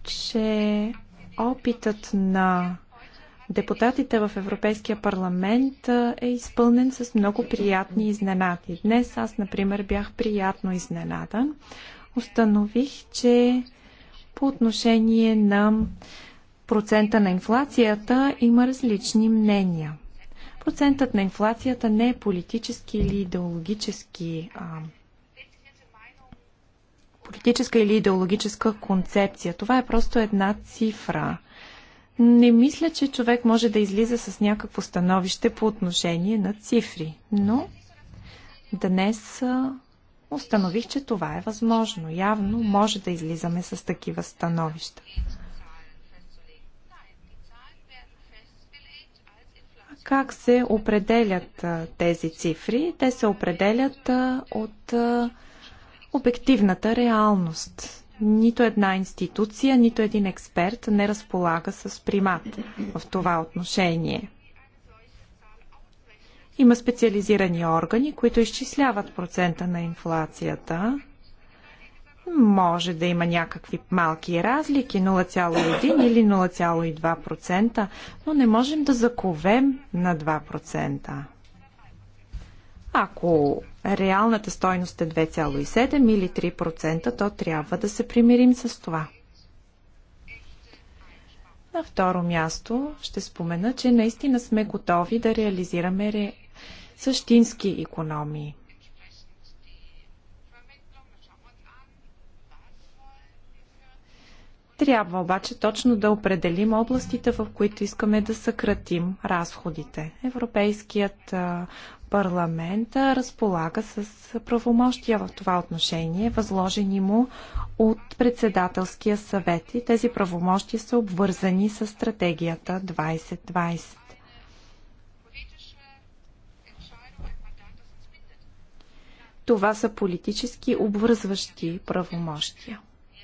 че опитът на депутатите в Европейския парламент е изпълнен с много приятни изненади. Днес аз, например, бях приятно изненадан установих, че по отношение на процента на инфлацията има различни мнения. Процентът на инфлацията не е политически или идеологически а, политическа или идеологическа концепция. Това е просто една цифра. Не мисля, че човек може да излиза с някакво становище по отношение на цифри, но днес установих, че това е възможно. Явно може да излизаме с такива становища. как се определят тези цифри? Те се определят от обективната реалност. Нито една институция, нито един експерт не разполага с примат в това отношение. Има специализирани органи, които изчисляват процента на инфлацията. Може да има някакви малки разлики, 0,1 или 0,2%, но не можем да заковем на 2%. Ако реалната стойност е 2,7 или 3%, то трябва да се примирим с това. На второ място ще спомена, че наистина сме готови да реализираме същински економии. Трябва обаче точно да определим областите, в които искаме да съкратим разходите. Европейският парламент разполага с правомощия в това отношение, възложени му от председателския съвет и тези правомощия са обвързани с стратегията 2020. Това са политически обвързващи правомощия.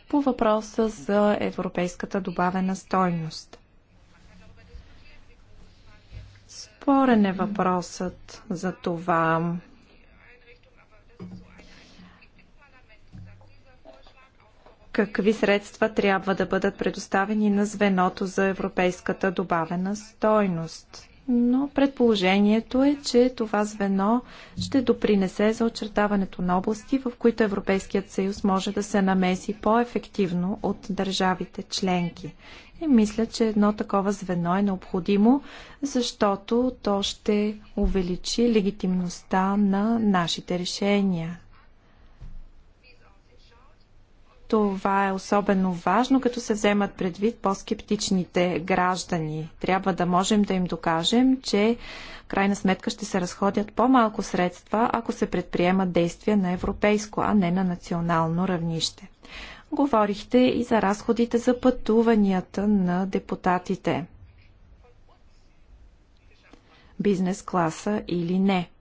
По въпроса за европейската добавена стойност. Спорен е въпросът за това какви средства трябва да бъдат предоставени на звеното за европейската добавена стойност но предположението е, че това звено ще допринесе за очертаването на области, в които Европейският съюз може да се намеси по-ефективно от държавите членки. И мисля, че едно такова звено е необходимо, защото то ще увеличи легитимността на нашите решения, това е особено важно, като се вземат предвид по-скептичните граждани. Трябва да можем да им докажем, че в крайна сметка ще се разходят по-малко средства, ако се предприемат действия на европейско, а не на национално равнище. Говорихте и за разходите за пътуванията на депутатите. Бизнес класа или не –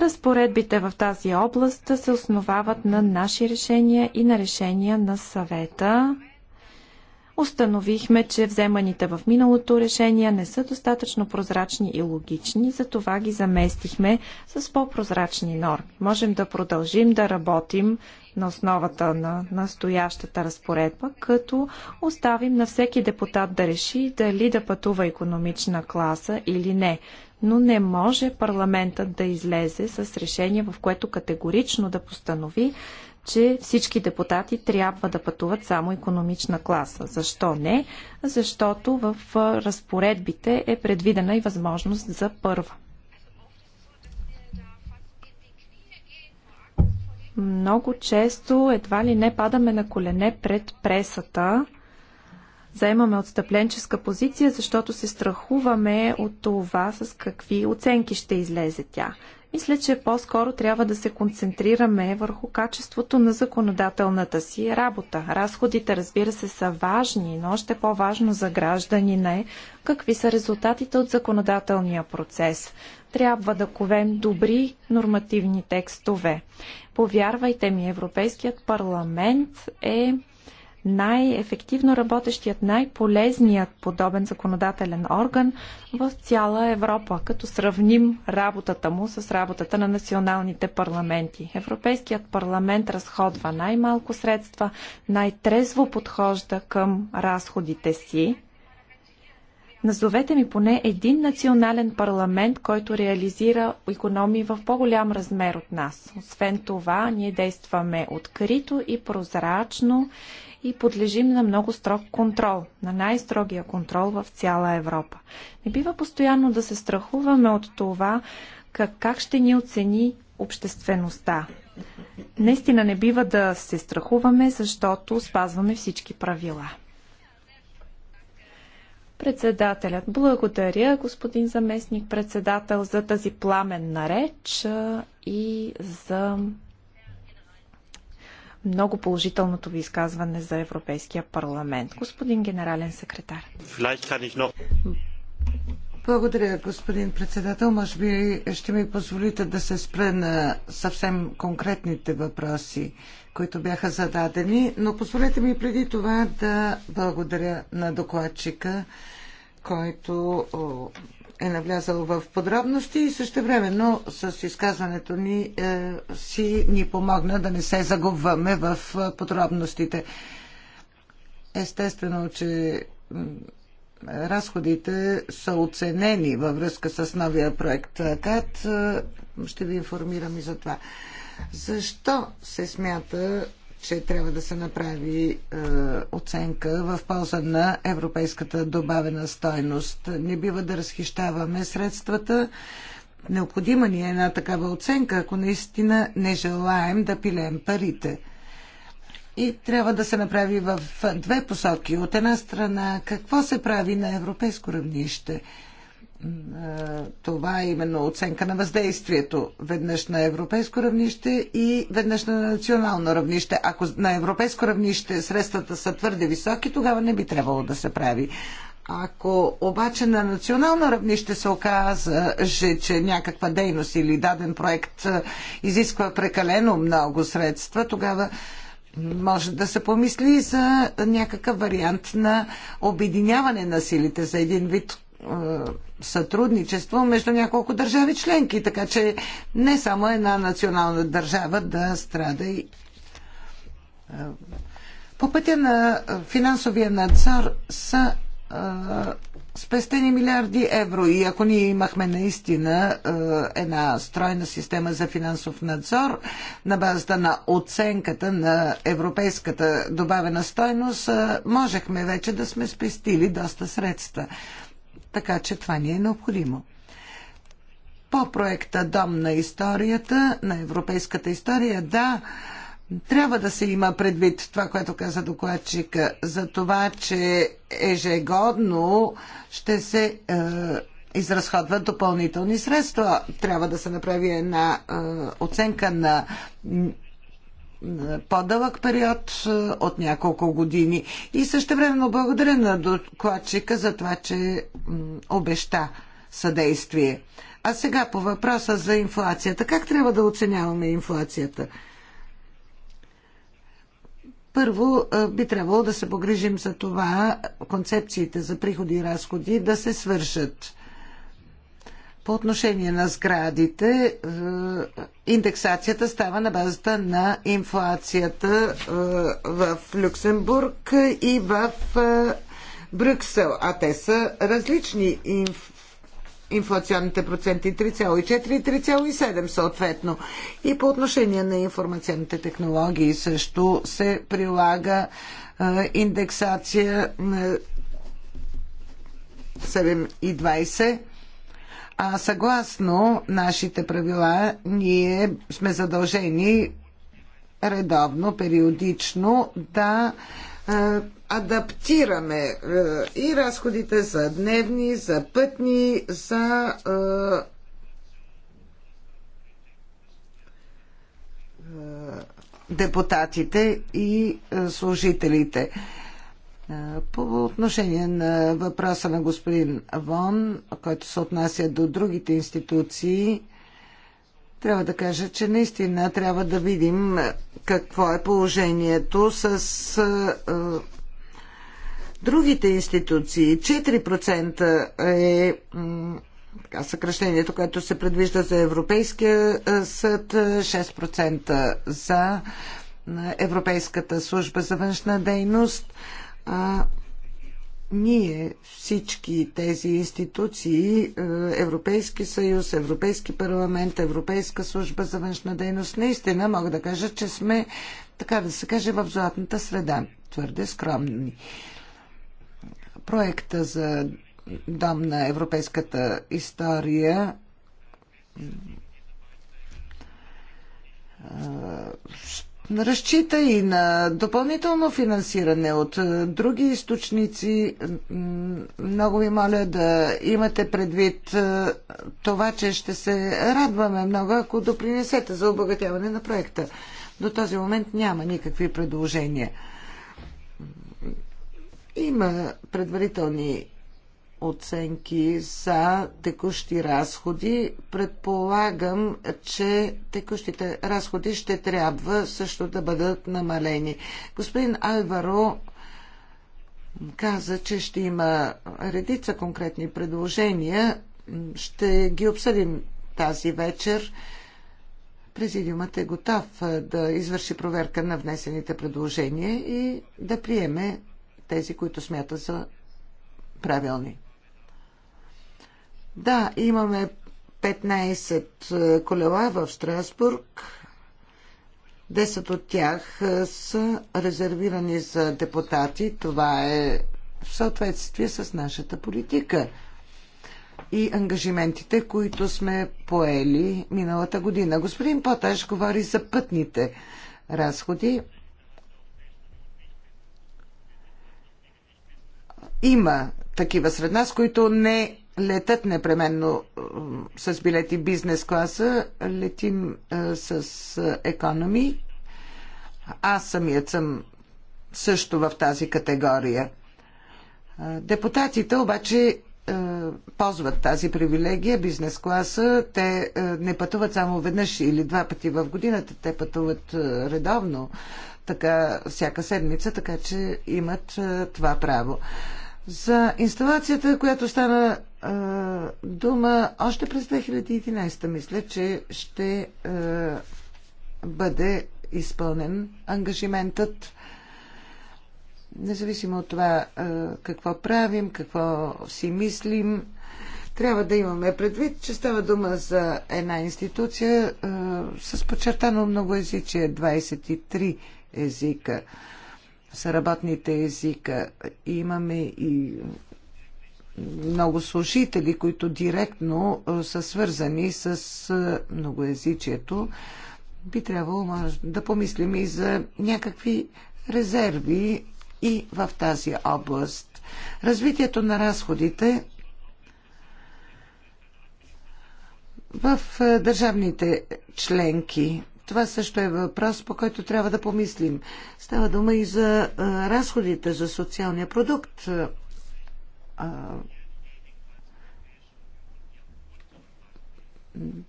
Разпоредбите в тази област се основават на наши решения и на решения на съвета. Установихме, че вземаните в миналото решения не са достатъчно прозрачни и логични, затова ги заместихме с по-прозрачни норми. Можем да продължим да работим на основата на настоящата разпоредба, като оставим на всеки депутат да реши дали да пътува економична класа или не. Но не може парламентът да излезе с решение, в което категорично да постанови, че всички депутати трябва да пътуват само економична класа. Защо не? Защото в разпоредбите е предвидена и възможност за първа. Много често едва ли не падаме на колене пред пресата, заемаме отстъпленческа позиция, защото се страхуваме от това с какви оценки ще излезе тя. Мисля, че по-скоро трябва да се концентрираме върху качеството на законодателната си работа. Разходите, разбира се, са важни, но още по-важно за гражданина е какви са резултатите от законодателния процес. Трябва да ковем добри нормативни текстове. Повярвайте ми, Европейският парламент е най-ефективно работещият, най-полезният подобен законодателен орган в цяла Европа, като сравним работата му с работата на националните парламенти. Европейският парламент разходва най-малко средства, най-трезво подхожда към разходите си, Назовете ми поне един национален парламент, който реализира економии в по-голям размер от нас. Освен това, ние действаме открито и прозрачно и подлежим на много строг контрол, на най-строгия контрол в цяла Европа. Не бива постоянно да се страхуваме от това как, как ще ни оцени обществеността. Наистина не бива да се страхуваме, защото спазваме всички правила. Председателят, благодаря господин заместник председател за тази пламенна реч и за много положителното ви изказване за Европейския парламент. Господин генерален секретар. Благодаря, господин председател. Може би ще ми позволите да се спре на съвсем конкретните въпроси, които бяха зададени, но позволете ми преди това да благодаря на докладчика, който е навлязал в подробности и също но с изказването ни е, си ни помогна да не се загубваме в е, подробностите. Естествено, че разходите са оценени във връзка с новия проект КАТ. Е, ще ви информирам и за това. Защо се смята че трябва да се направи е, оценка в полза на европейската добавена стойност. Не бива да разхищаваме средствата. Необходима ни е една такава оценка, ако наистина не желаем да пилем парите. И трябва да се направи в две посоки. От една страна, какво се прави на европейско равнище – е, това е именно оценка на въздействието веднъж на европейско равнище и веднъж на национално равнище. Ако на европейско равнище средствата са твърде високи, тогава не би трябвало да се прави. Ако обаче на национално равнище се оказа, че някаква дейност или даден проект е, изисква прекалено много средства, тогава може да се помисли за някакъв вариант на обединяване на силите, за един вид сътрудничество между няколко държави членки, така че не само една национална държава да страда и по пътя на финансовия надзор са спестени милиарди евро и ако ние имахме наистина една стройна система за финансов надзор на базата на оценката на европейската добавена стойност, можехме вече да сме спестили доста средства така че това ни е необходимо. По проекта Дом на историята, на европейската история, да, трябва да се има предвид това, което каза докладчика, за това, че ежегодно ще се е, изразходват допълнителни средства. Трябва да се направи една е, оценка на по-дълъг период от няколко години. И също времено благодаря на докладчика за това, че обеща съдействие. А сега по въпроса за инфлацията. Как трябва да оценяваме инфлацията? Първо, би трябвало да се погрижим за това концепциите за приходи и разходи да се свършат. По отношение на сградите, е, индексацията става на базата на инфлацията е, в Люксембург и в е, Брюксел, а те са различни инф... инфлационните проценти 3,4 и 3,7 съответно. И по отношение на информационните технологии също се прилага индексация на 7,20 а съгласно нашите правила, ние сме задължени редовно, периодично да е, адаптираме е, и разходите за дневни, за пътни, за е, депутатите и служителите. По отношение на въпроса на господин Вон, който се отнася до другите институции, трябва да кажа, че наистина трябва да видим какво е положението с другите институции. 4% е така, съкръщението, което се предвижда за Европейския съд, 6% за Европейската служба за външна дейност а ние всички тези институции, е, Европейски съюз, Европейски парламент, Европейска служба за външна дейност, наистина мога да кажа, че сме, така да се каже, в златната среда. Твърде скромни. Проекта за дом на европейската история ще разчита и на допълнително финансиране от е, други източници. Много ви моля да имате предвид е, това, че ще се радваме много, ако допринесете за обогатяване на проекта. До този момент няма никакви предложения. Има предварителни оценки за текущи разходи. Предполагам, че текущите разходи ще трябва също да бъдат намалени. Господин Альваро каза, че ще има редица конкретни предложения. Ще ги обсъдим тази вечер. Президиумът е готов да извърши проверка на внесените предложения и да приеме тези, които смята за правилни. Да, имаме 15 е, колела в Страсбург. 10 от тях е, са резервирани за депутати. Това е в съответствие с нашата политика и ангажиментите, които сме поели миналата година. Господин Поташ говори за пътните разходи. Има такива сред нас, които не летат непременно с билети бизнес класа, летим с економи. Аз самият съм също в тази категория. Депутатите обаче ползват тази привилегия, бизнес класа. Те не пътуват само веднъж или два пъти в годината, те пътуват редовно, така всяка седмица, така че имат това право. За инсталацията, която стана а, дума още през 2011, мисля, че ще а, бъде изпълнен ангажиментът. Независимо от това а, какво правим, какво си мислим, трябва да имаме предвид, че става дума за една институция а, с подчертано много езичие, 23 езика са работните езика. Имаме и много служители, които директно са свързани с многоязичието, би трябвало да помислим и за някакви резерви и в тази област. Развитието на разходите в държавните членки. Това също е въпрос, по който трябва да помислим. Става дума и за разходите за социалния продукт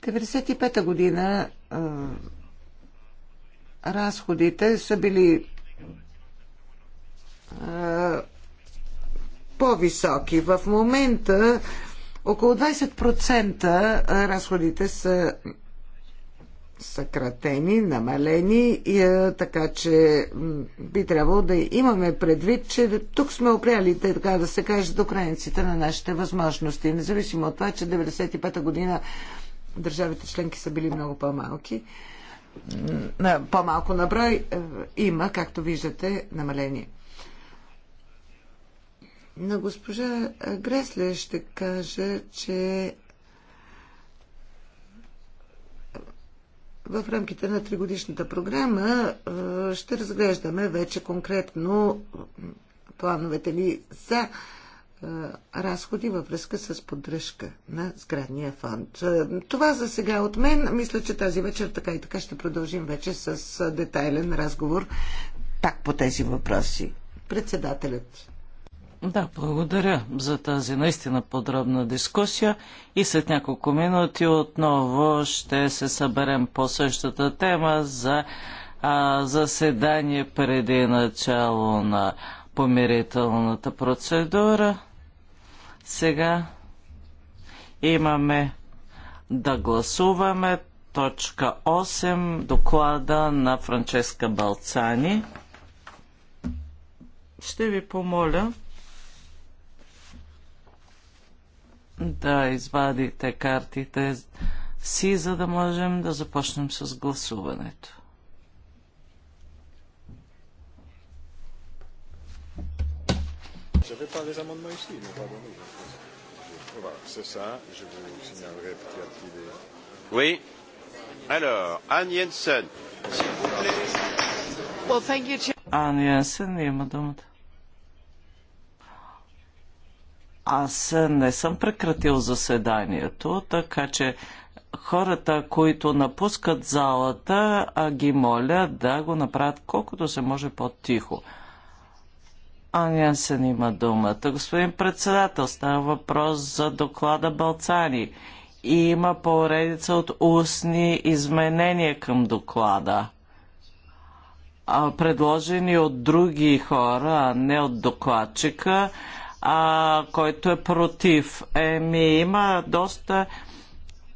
95-та година разходите са били по-високи. В момента около 20% разходите са съкратени, намалени, е, така че би трябвало да имаме предвид, че тук сме опряли, така да се каже, до границите на нашите възможности. Независимо от това, че 95-та година държавите членки са били много по-малки, по-малко на брой, е, има, както виждате, намаление. На госпожа Гресле ще кажа, че В рамките на тригодишната програма ще разглеждаме вече конкретно плановете ни за разходи във връзка с поддръжка на сградния фонд. Това за сега от мен. Мисля, че тази вечер така и така ще продължим вече с детайлен разговор пак по тези въпроси. Председателят. Да, благодаря за тази наистина подробна дискусия и след няколко минути отново ще се съберем по същата тема за а, заседание преди начало на помирителната процедура. Сега имаме да гласуваме точка 8, доклада на Франческа Балцани. Ще ви помоля да извадите картите си, за да можем да започнем с гласуването. J'avais pas les amendements ici, ils n'ont pas donné. Voilà, c'est ça. Je vous signalerai petit à petit les. Oui. Alors, Anne Jensen, s'il vous plaît. Well, thank you, Anne Jensen, има думата. Аз не съм прекратил заседанието, така че хората, които напускат залата, а ги моля да го направят колкото се може по-тихо. А се има думата. Господин председател, става въпрос за доклада Балцани. И има поредица от устни изменения към доклада. А, предложени от други хора, а не от докладчика а, който е против. Еми, има доста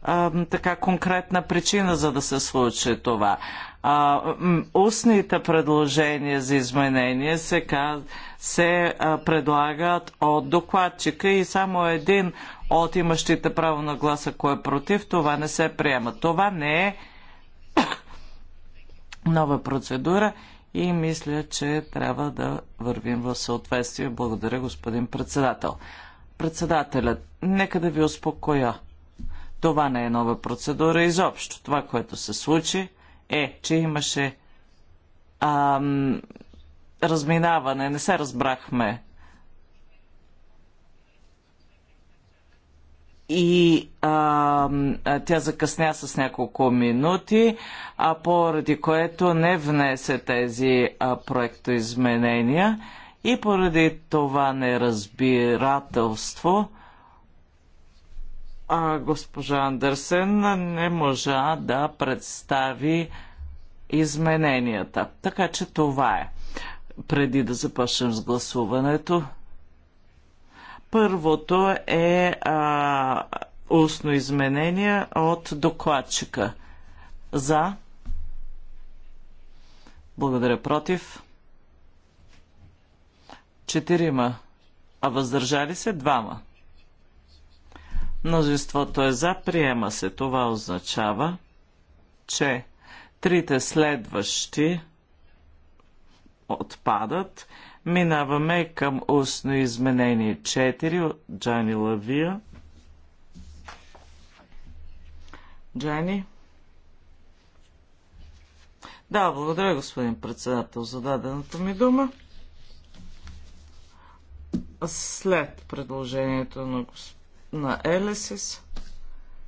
а, така конкретна причина за да се случи това. А, устните предложения за изменение се, се а, предлагат от докладчика и само един от имащите право на гласа, кой е против, това не се приема. Това не е нова процедура и мисля, че трябва да вървим в съответствие. Благодаря, господин председател. Председателят, нека да ви успокоя. Това не е нова процедура изобщо. Това, което се случи, е, че имаше ам, разминаване, не се разбрахме и а, тя закъсня с няколко минути, а поради което не внесе тези а, проектоизменения и поради това неразбирателство а, госпожа Андерсен не можа да представи измененията. Така че това е. Преди да започнем с гласуването, Първото е а, устно изменение от докладчика. За. Благодаря. Против. Четирима. А въздържали се двама. Множеството е за, приема се. Това означава, че трите следващи отпадат Минаваме към устно изменение 4 от Джани Лавия. Джани? Да, благодаря, господин председател, за дадената ми дума. След предложението на, госп... на Елесис,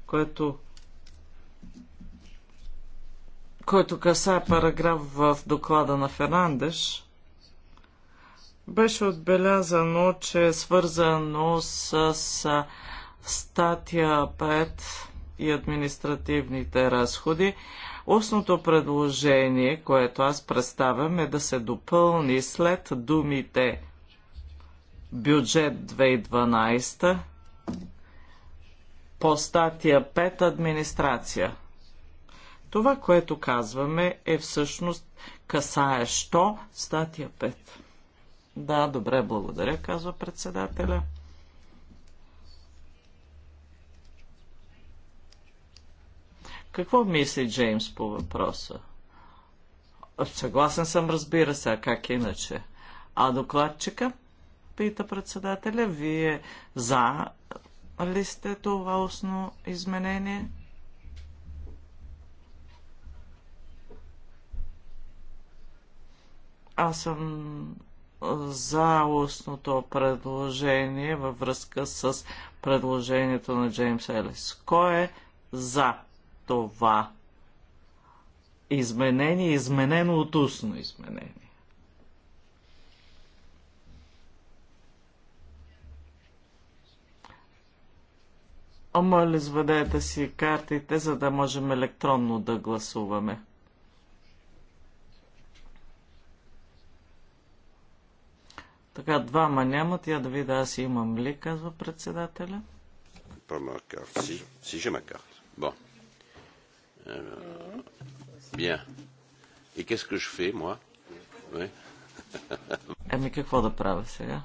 което който каса параграф в доклада на Фернандеш, беше отбелязано, че е свързано с статия 5 и административните разходи. Устното предложение, което аз представям, е да се допълни след думите бюджет 2012 по статия 5 администрация. Това, което казваме, е всъщност касаещо статия 5. Да, добре, благодаря, казва председателя. Какво мисли Джеймс по въпроса? Съгласен съм, разбира се, а как иначе? А докладчика? Пита председателя, вие за ли сте това основно изменение? Аз съм за устното предложение във връзка с предложението на Джеймс Елис. Кой е за това изменение, изменено от устно изменение? Моля, изведете си картите, за да можем електронно да гласуваме. Така, двама нямат. Я да видя, аз имам ли, казва председателя. Пърма карта. си, си si j'ai Бо. carte. Е, И къс къш фе, quest Еми, какво да правя сега?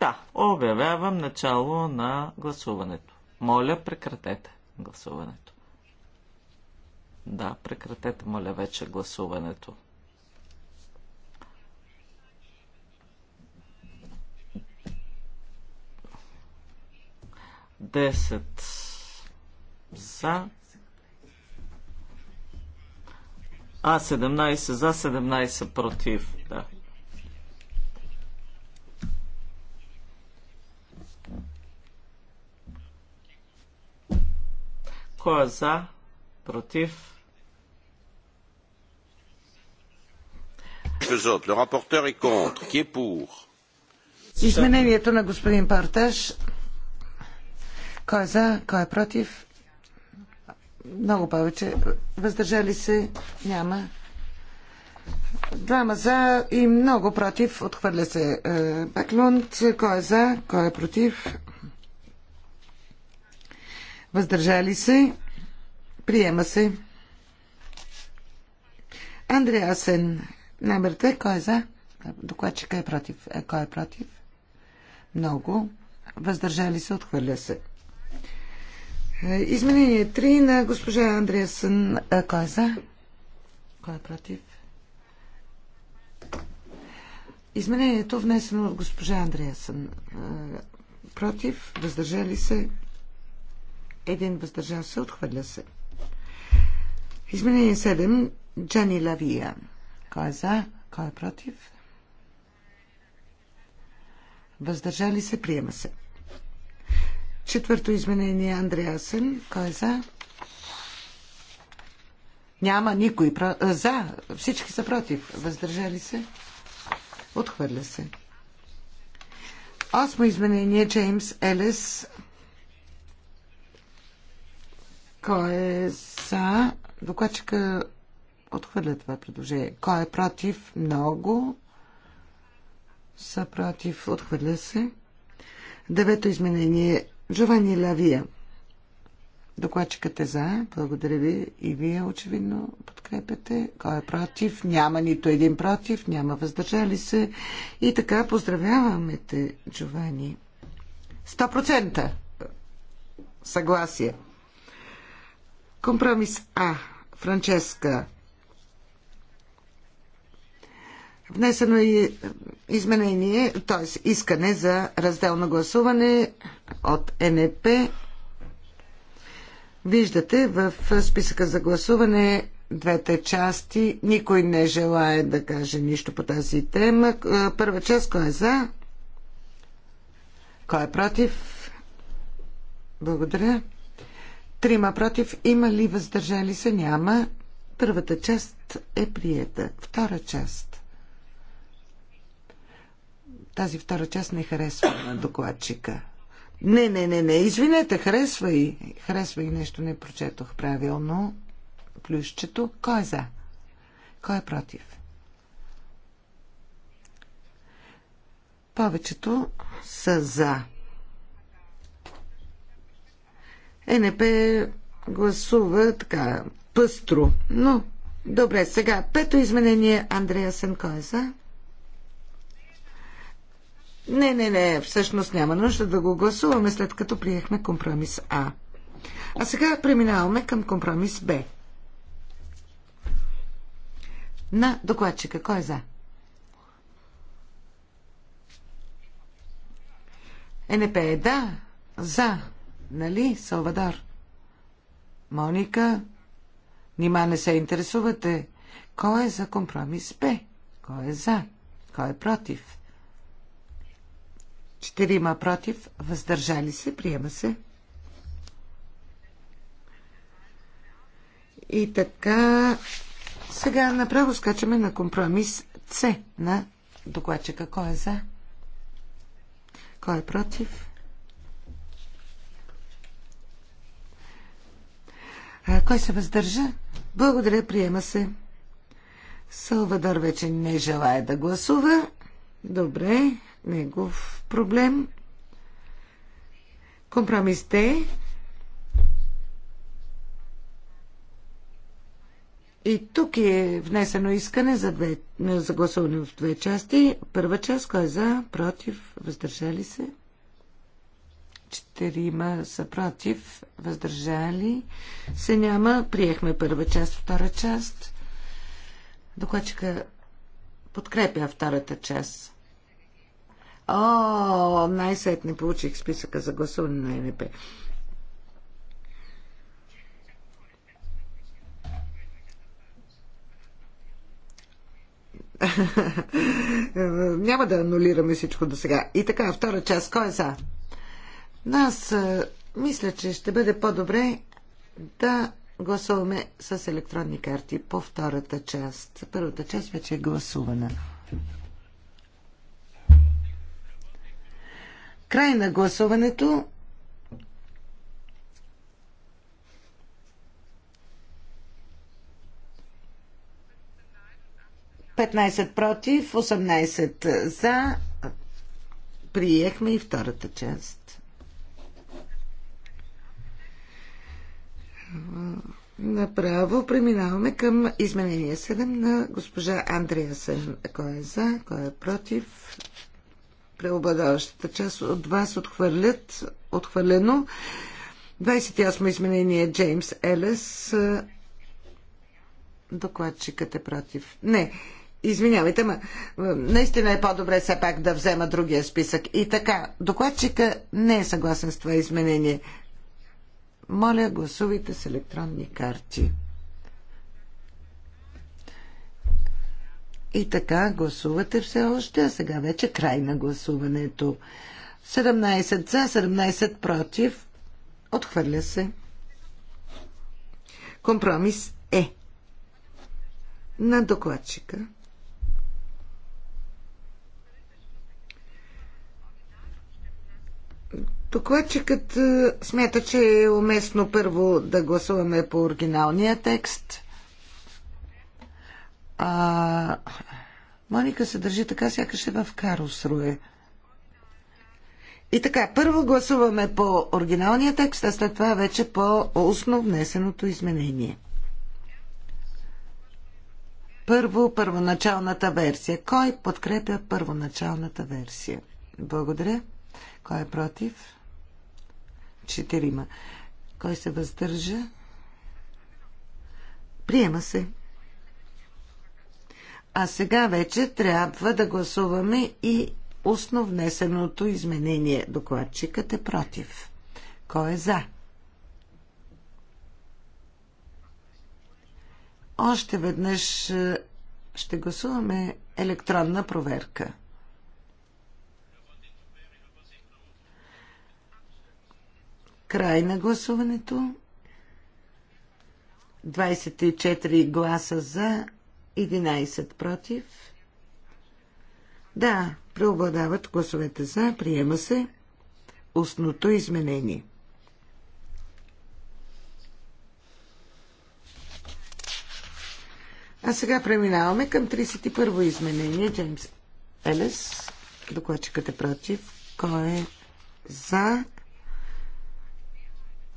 Да, обявявам начало на гласуването. Моля, прекратете гласуването. Да, прекратете, моля, вече гласуването. 10 за. А, 17 за, 17 против. Да. Кой е за? Против? Изменението на господин Парташ кой е за, кой е против? Много повече. Въздържали се? Няма. Двама за и много против. Отхвърля се е, Баклунд. Кой е за, кой е против? Въздържали се? Приема се. Андреасен, номер 2, кой е за? Докладчика е против. Е, кой е против? Много. Въздържали се, отхвърля се. Изменение 3 на госпожа Андреасън. Кой е за? Кой е против? Изменението внесено от госпожа Андреасън. Против, въздържали се. Един въздържал се, отхвърля се. Изменение 7. Джани Лавия. Кой е за? Кой е против? Въздържали се, приема се. Четвърто изменение Андреасен. Кой е за? Няма никой. За. Всички са против. Въздържали се? Отхвърля се. Осмо изменение Джеймс Елес. Кой е за? Докладчика отхвърля това предложение. Кой е против? Много. Са против. Отхвърля се. Девето изменение Джованни Лавия. Докладчикът е за. Благодаря ви. И вие очевидно подкрепяте. Кой е против? Няма нито един против. Няма въздържали се. И така поздравяваме те, Джовани. 100% съгласие. Компромис А. Франческа. Внесено е изменение, т.е. искане за разделно гласуване от НЕП. Виждате в списъка за гласуване двете части. Никой не желая да каже нищо по тази тема. Първа част, кой е за? Кой е против? Благодаря. Трима против. Има ли въздържали се? Няма. Първата част е приета. Втора част. Тази втора част не харесва на докладчика. Не, не, не, не, извинете, харесва и, харесва и нещо не прочетох правилно. Плюсчето, кой е за? Кой е против? Повечето са за. ЕНП гласува така пъстро, но добре, сега пето изменение Андрея Сенко е за. Не, не, не, всъщност няма нужда да го гласуваме след като приехме компромис А. А сега преминаваме към компромис Б. На докладчика, кой е за? Е, НП е да, за, нали, Салвадор? Моника, нима не се интересувате. Кой е за компромис Б? Кой е за? Кой е против? 4 против, въздържали се, приема се. И така, сега направо скачаме на компромис С на докладчика. Кой е за? Кой е против? А, кой се въздържа? Благодаря, приема се. Салвадор вече не желая да гласува. Добре, негов проблем. Компромис Д. И тук е внесено искане за, две, за гласуване в две части. Първа част, кой е за, против, въздържали се. Четирима са против, въздържали се няма. Приехме първа част, втора част. Докладчика подкрепя втората част. О, най-сетне получих списъка за гласуване на НП. Няма да анулираме всичко до сега. И така, втора част, кой е за? Аз мисля, че ще бъде по-добре да гласуваме с електронни карти по втората част. Първата част вече е гласувана. Край на гласуването. Петнайсет против, 18 за. Приехме и втората част. Направо преминаваме към изменение 7 на госпожа Андрея Сен. Кой е за, кой е против, преобладаващата част от вас отхвърлят, отхвърлено. 28 изменение Джеймс Елес. Докладчикът е против. Не, извинявайте, ма наистина е по-добре все пак да взема другия списък. И така, докладчика не е съгласен с това изменение. Моля, гласувайте с електронни карти. И така, гласувате все още, а сега вече край на гласуването. 17 за, 17 против. Отхвърля се. Компромис е на докладчика. Докладчикът е, смята, че е уместно първо да гласуваме по оригиналния текст – а Моника се държи така, сякаш е в Карлсруе. И така, първо гласуваме по оригиналния текст, а след това вече по устно внесеното изменение. Първо, първоначалната версия. Кой подкрепя първоначалната версия? Благодаря. Кой е против? Четирима. Кой се въздържа? Приема се. А сега вече трябва да гласуваме и устно внесеното изменение. Докладчикът е против. Кой е за? Още веднъж е, ще гласуваме електронна проверка. Край на гласуването. 24 гласа за, 11 против. Да, преобладават гласовете за, приема се устното изменение. А сега преминаваме към 31-во изменение. Джеймс Елес, докладчикът е против. Кой е за?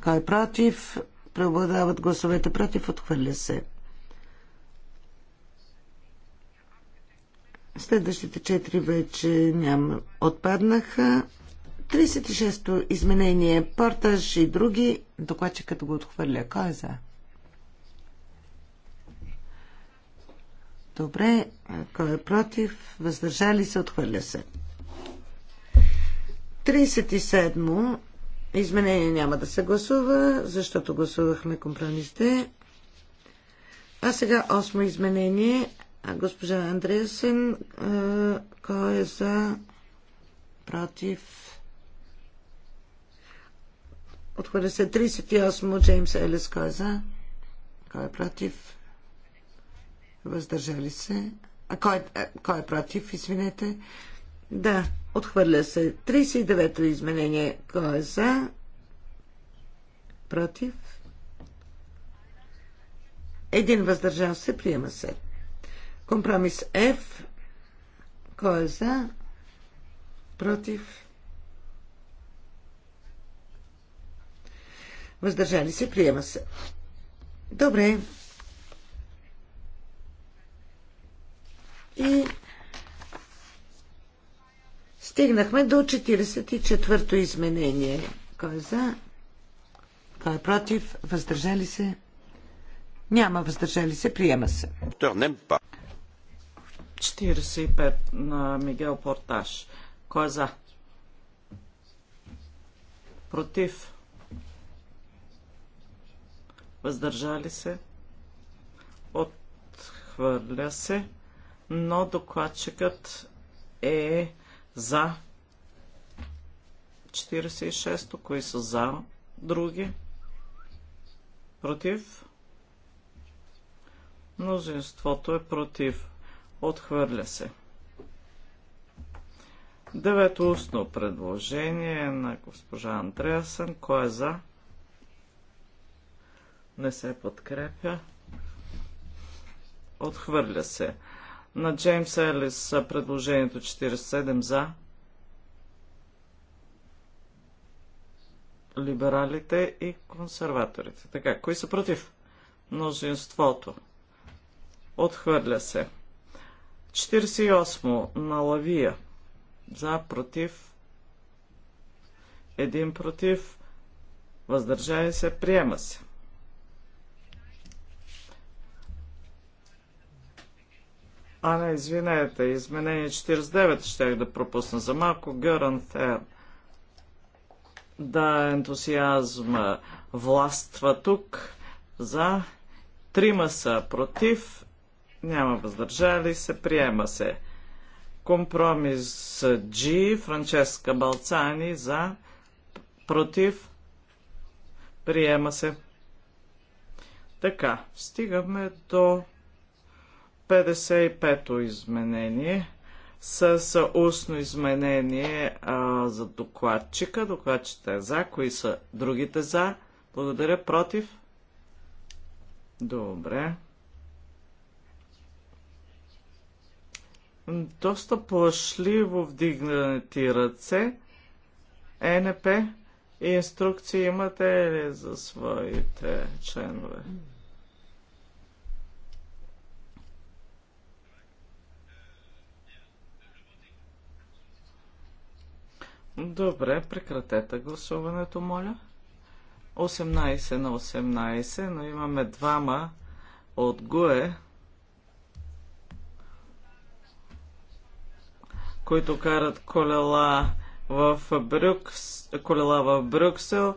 Кой е против? Преобладават гласовете против. Отхвърля се. Следващите четири вече няма. Отпаднаха. 36-то изменение. Портаж и други. Докладчикът го отхвърля. Кой е за? Добре. Кой е против? Въздържали се? Отхвърля се. 37-мо. Изменение няма да се гласува, защото гласувахме компромисите. А сега 8-мо изменение. Госпожа Андресен, кой е за, против, Отхвърля се 38 Джеймс Елис. Кой е за? Кой е против? Въздържали се. А кой, а, кой е против? Извинете. Да, отхвърля се. 39-то изменение. Кой е за? Против? Един въздържал се. Приема се. Компромис F. Кой е за? Против? Въздържали се, приема се. Добре. И стигнахме до 44-то изменение. Кой е за? Кой е против? Въздържали се? Няма въздържали се, приема се. 45 на Мигел Порташ. Кой е за? Против? Въздържали се? Отхвърля се, но докладчикът е за 46-то, кои са за други? Против? Мнозинството е против. Отхвърля се. Девето устно предложение на госпожа Андреасън. Кой е за? Не се подкрепя. Отхвърля се. На Джеймс Елис предложението 47 за. Либералите и консерваторите. Така, кои са против? Мнозинството. Отхвърля се. 48 на лавия. За, против, един против, въздържали се, приема се. А не, извинете, изменение 49 ще да пропусна за малко. Гърън Фер. Да, ентусиазма властва тук. За трима са против, няма въздържали се. Приема се. Компромис G. Франческа Балцани за. Против. Приема се. Така, стигаме до 55-то изменение с устно изменение а, за докладчика. Докладчите е за. Кои са другите за? Благодаря. Против? Добре. доста плашливо вдигнати ръце. ЕНП инструкции имате ли за своите членове? Добре, прекратете гласуването, моля. 18 на 18, но имаме двама от ГУЕ, които карат колела в, Брюкс, колела в Брюксел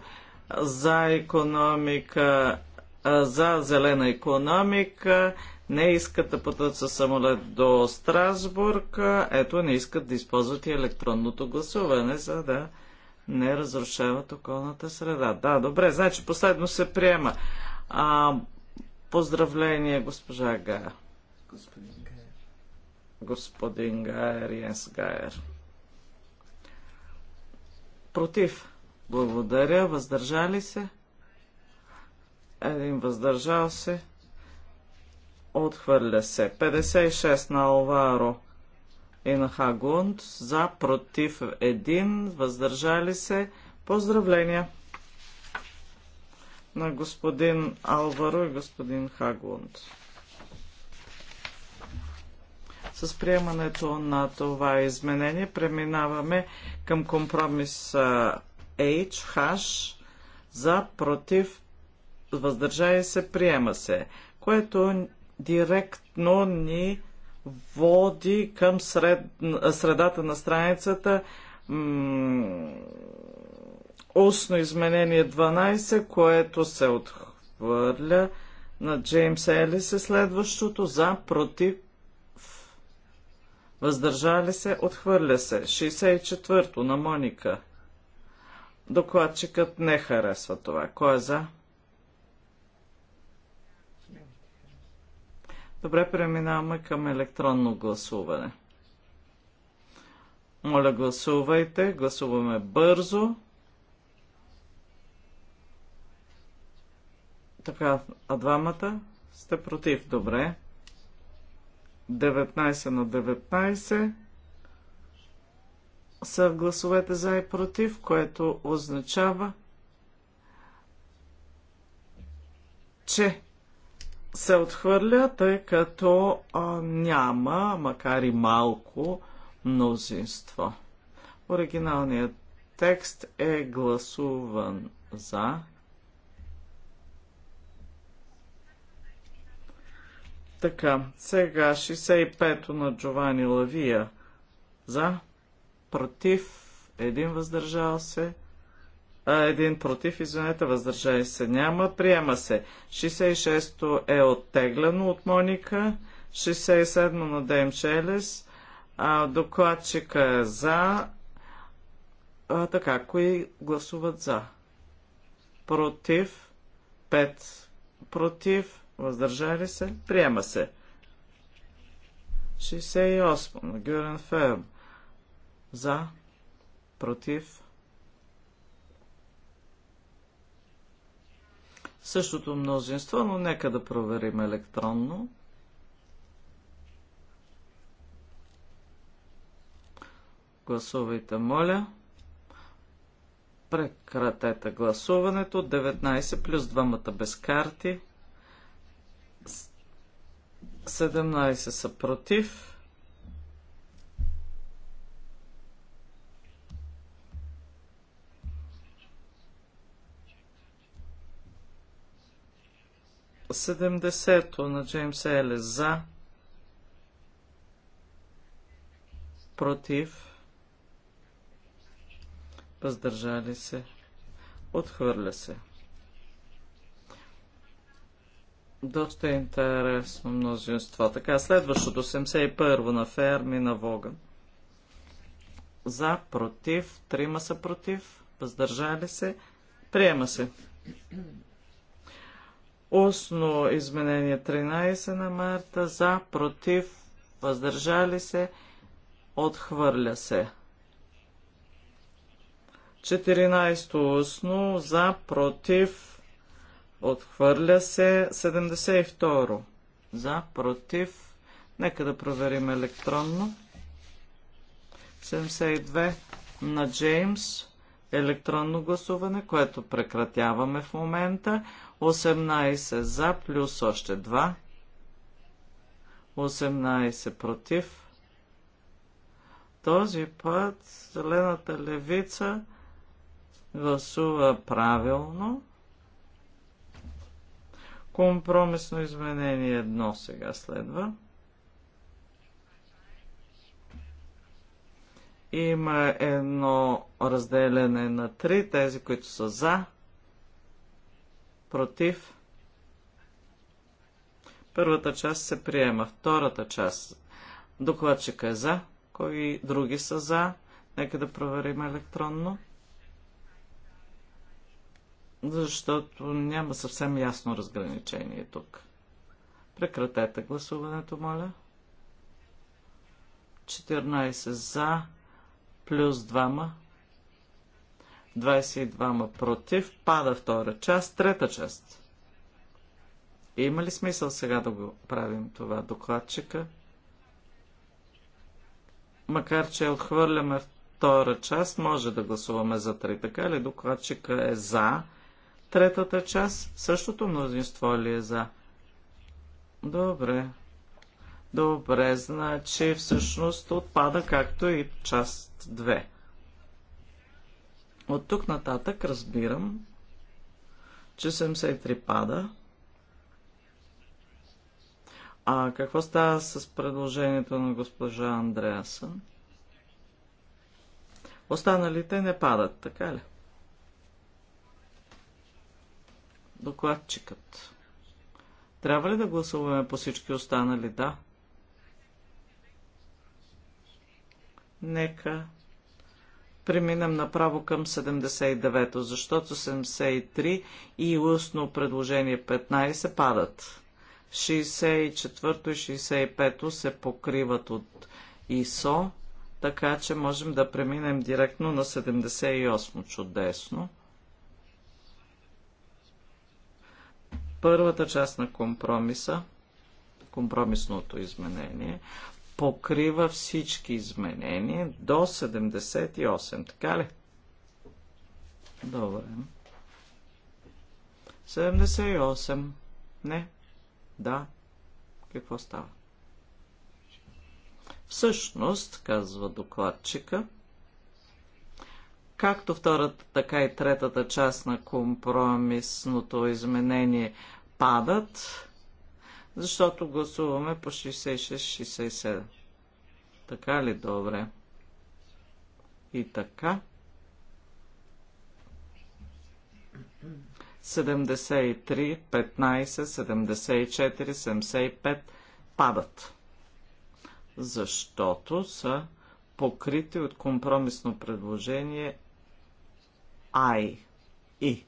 за економика, за зелена економика, не искат да пътат със самолет до Страсбург, ето не искат да използват и електронното гласуване, за да не разрушават околната среда. Да, добре, значи последно се приема. А, поздравление, госпожа Га. Господин господин Гайер, Йенс Гайер. Против. Благодаря. Въздържали се? Един въздържал се. Отхвърля се. 56 на Оваро и на Хагунд. За, против, един. Въздържали се. Поздравления на господин Алваро и господин Хагунд. С приемането на това изменение преминаваме към компромис H, H, за, против, въздържае се, приема се, което директно ни води към сред, средата на страницата устно изменение 12, което се отхвърля на Джеймс Елис е следващото за, против, Въздържали се, отхвърля се. 64-то на Моника. Докладчикът не харесва това. Кой е за? Добре, преминаваме към електронно гласуване. Моля, гласувайте. Гласуваме бързо. Така, а двамата сте против. Добре. 19 на 19 са гласовете за и против, което означава, че се отхвърля, тъй като а, няма, макар и малко, мнозинство. Оригиналният текст е гласуван за. Така, сега 65-то на Джовани Лавия. За, против, един въздържал се, а един против, извинете, въздържай се няма, приема се. 66-то е оттеглено от Моника, 67-то на Дейм Шелес, а докладчика е за, а, така, кои гласуват за? Против, 5 против, въздържали се, приема се. 68 на Гюрен Ферм. За, против. Същото мнозинство, но нека да проверим електронно. Гласувайте, моля. Прекратете гласуването. 19 плюс двамата без карти. 17 са против. Седемдесето на Джеймс Елес за, против, въздържали се, отхвърля се. Доста е интересно мнозинство. Така, следващото 71-во на Ферми на Воган. За, против, трима са против, въздържали се, приема се. Устно изменение 13 на Марта, за, против, въздържали се, отхвърля се. 14 устно, за, против, Отхвърля се 72. За, против. Нека да проверим електронно. 72 на Джеймс. Електронно гласуване, което прекратяваме в момента. 18 за, плюс още 2. 18 против. Този път зелената левица гласува правилно. Компромисно изменение едно сега следва. Има едно разделяне на три, тези, които са за, против. Първата част се приема, втората част. Докладчика е за, кои други са за. Нека да проверим електронно защото няма съвсем ясно разграничение тук. Прекратете гласуването, моля. 14 за, плюс 2, 22 против, пада втора част, трета част. Има ли смисъл сега да го правим това докладчика? Макар, че отхвърляме втора част, може да гласуваме за три. Така ли докладчика е за? Третата част същото мнозинство ли е за? Добре. Добре, значи всъщност отпада както и част 2. От тук нататък разбирам, че 73 пада. А какво става с предложението на госпожа Андреасън? Останалите не падат, така ли? Докладчикът. Трябва ли да гласуваме по всички останали? Да. Нека преминем направо към 79-то, защото 73 и устно предложение 15 падат. 64-то и 65-то се покриват от ИСО, така че можем да преминем директно на 78 чудесно. първата част на компромиса, компромисното изменение, покрива всички изменения до 78, така ли? Добре. 78. Не. Да. Какво става? Всъщност, казва докладчика, както втората, така и третата част на компромисното изменение падат, защото гласуваме по 66-67. Така ли? Добре. И така. 73, 15, 74, 75 падат, защото са покрити от компромисно предложение I. И.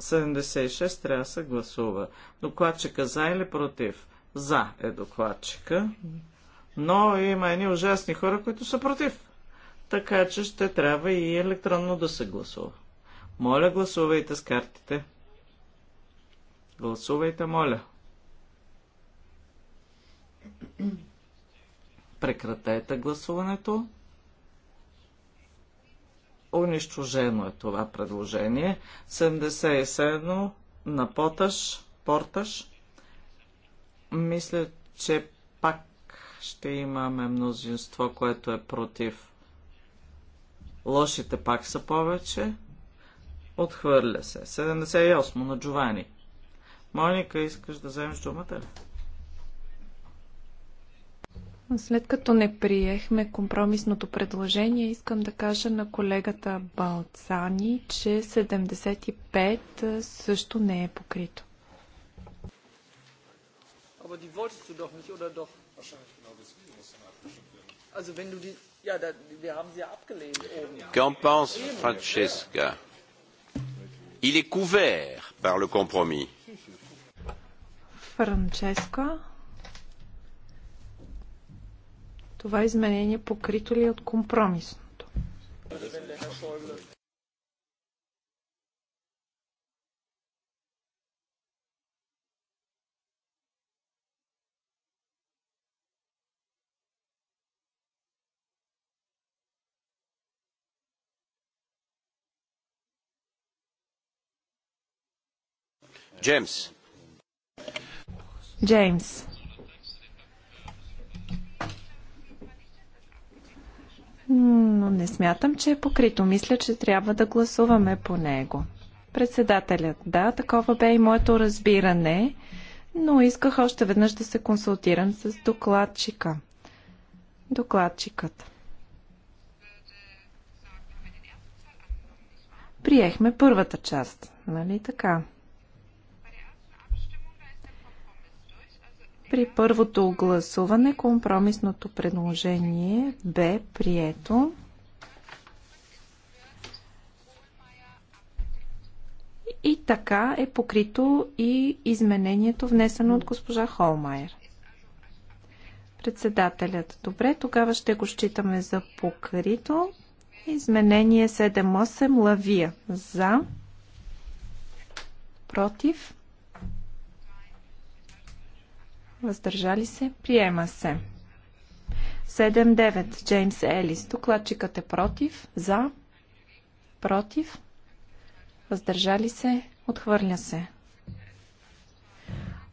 76 трябва да се гласува. Докладчика за или против? За е докладчика. Но има едни ужасни хора, които са против. Така че ще трябва и електронно да се гласува. Моля, гласувайте с картите. Гласувайте, моля. Прекратете гласуването. Унищожено е това предложение. 77 на Поташ, Порташ. Мисля, че пак ще имаме мнозинство, което е против. Лошите пак са повече. Отхвърля се. 78 на Джовани. Моника, искаш да вземеш думата ли? След като не приехме компромисното предложение, искам да кажа на колегата Балцани, че 75 също не е покрито. Qu'en pense Francesca Il est couvert par това изменение покрито ли е от компромисното. Джеймс. Джеймс. но не смятам, че е покрито. Мисля, че трябва да гласуваме по него. Председателят, да, такова бе и моето разбиране, но исках още веднъж да се консултирам с докладчика. Докладчикът. Приехме първата част, нали така? При първото гласуване компромисното предложение бе прието. И така е покрито и изменението, внесено от госпожа Холмайер. Председателят. Добре, тогава ще го считаме за покрито. Изменение 7-8 лавия. За. Против. Въздържали се? Приема се. 7-9. Джеймс Елис. Докладчикът е против. За. Против. Въздържали се? Отхвърля се.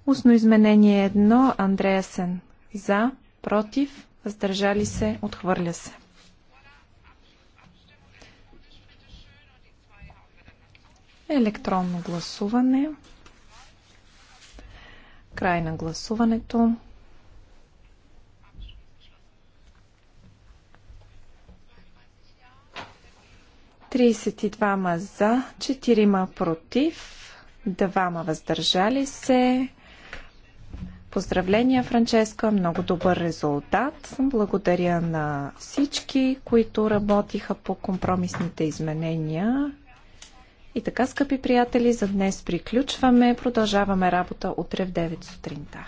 Устно изменение 1. Андреасен. За. Против. Въздържали се? Отхвърля се. Електронно гласуване. Край на гласуването. Тридесет и двама за, четирима против, двама въздържали се. Поздравления, Франческа, много добър резултат. Благодаря на всички, които работиха по компромисните изменения. И така, скъпи приятели, за днес приключваме. Продължаваме работа утре в 9 сутринта.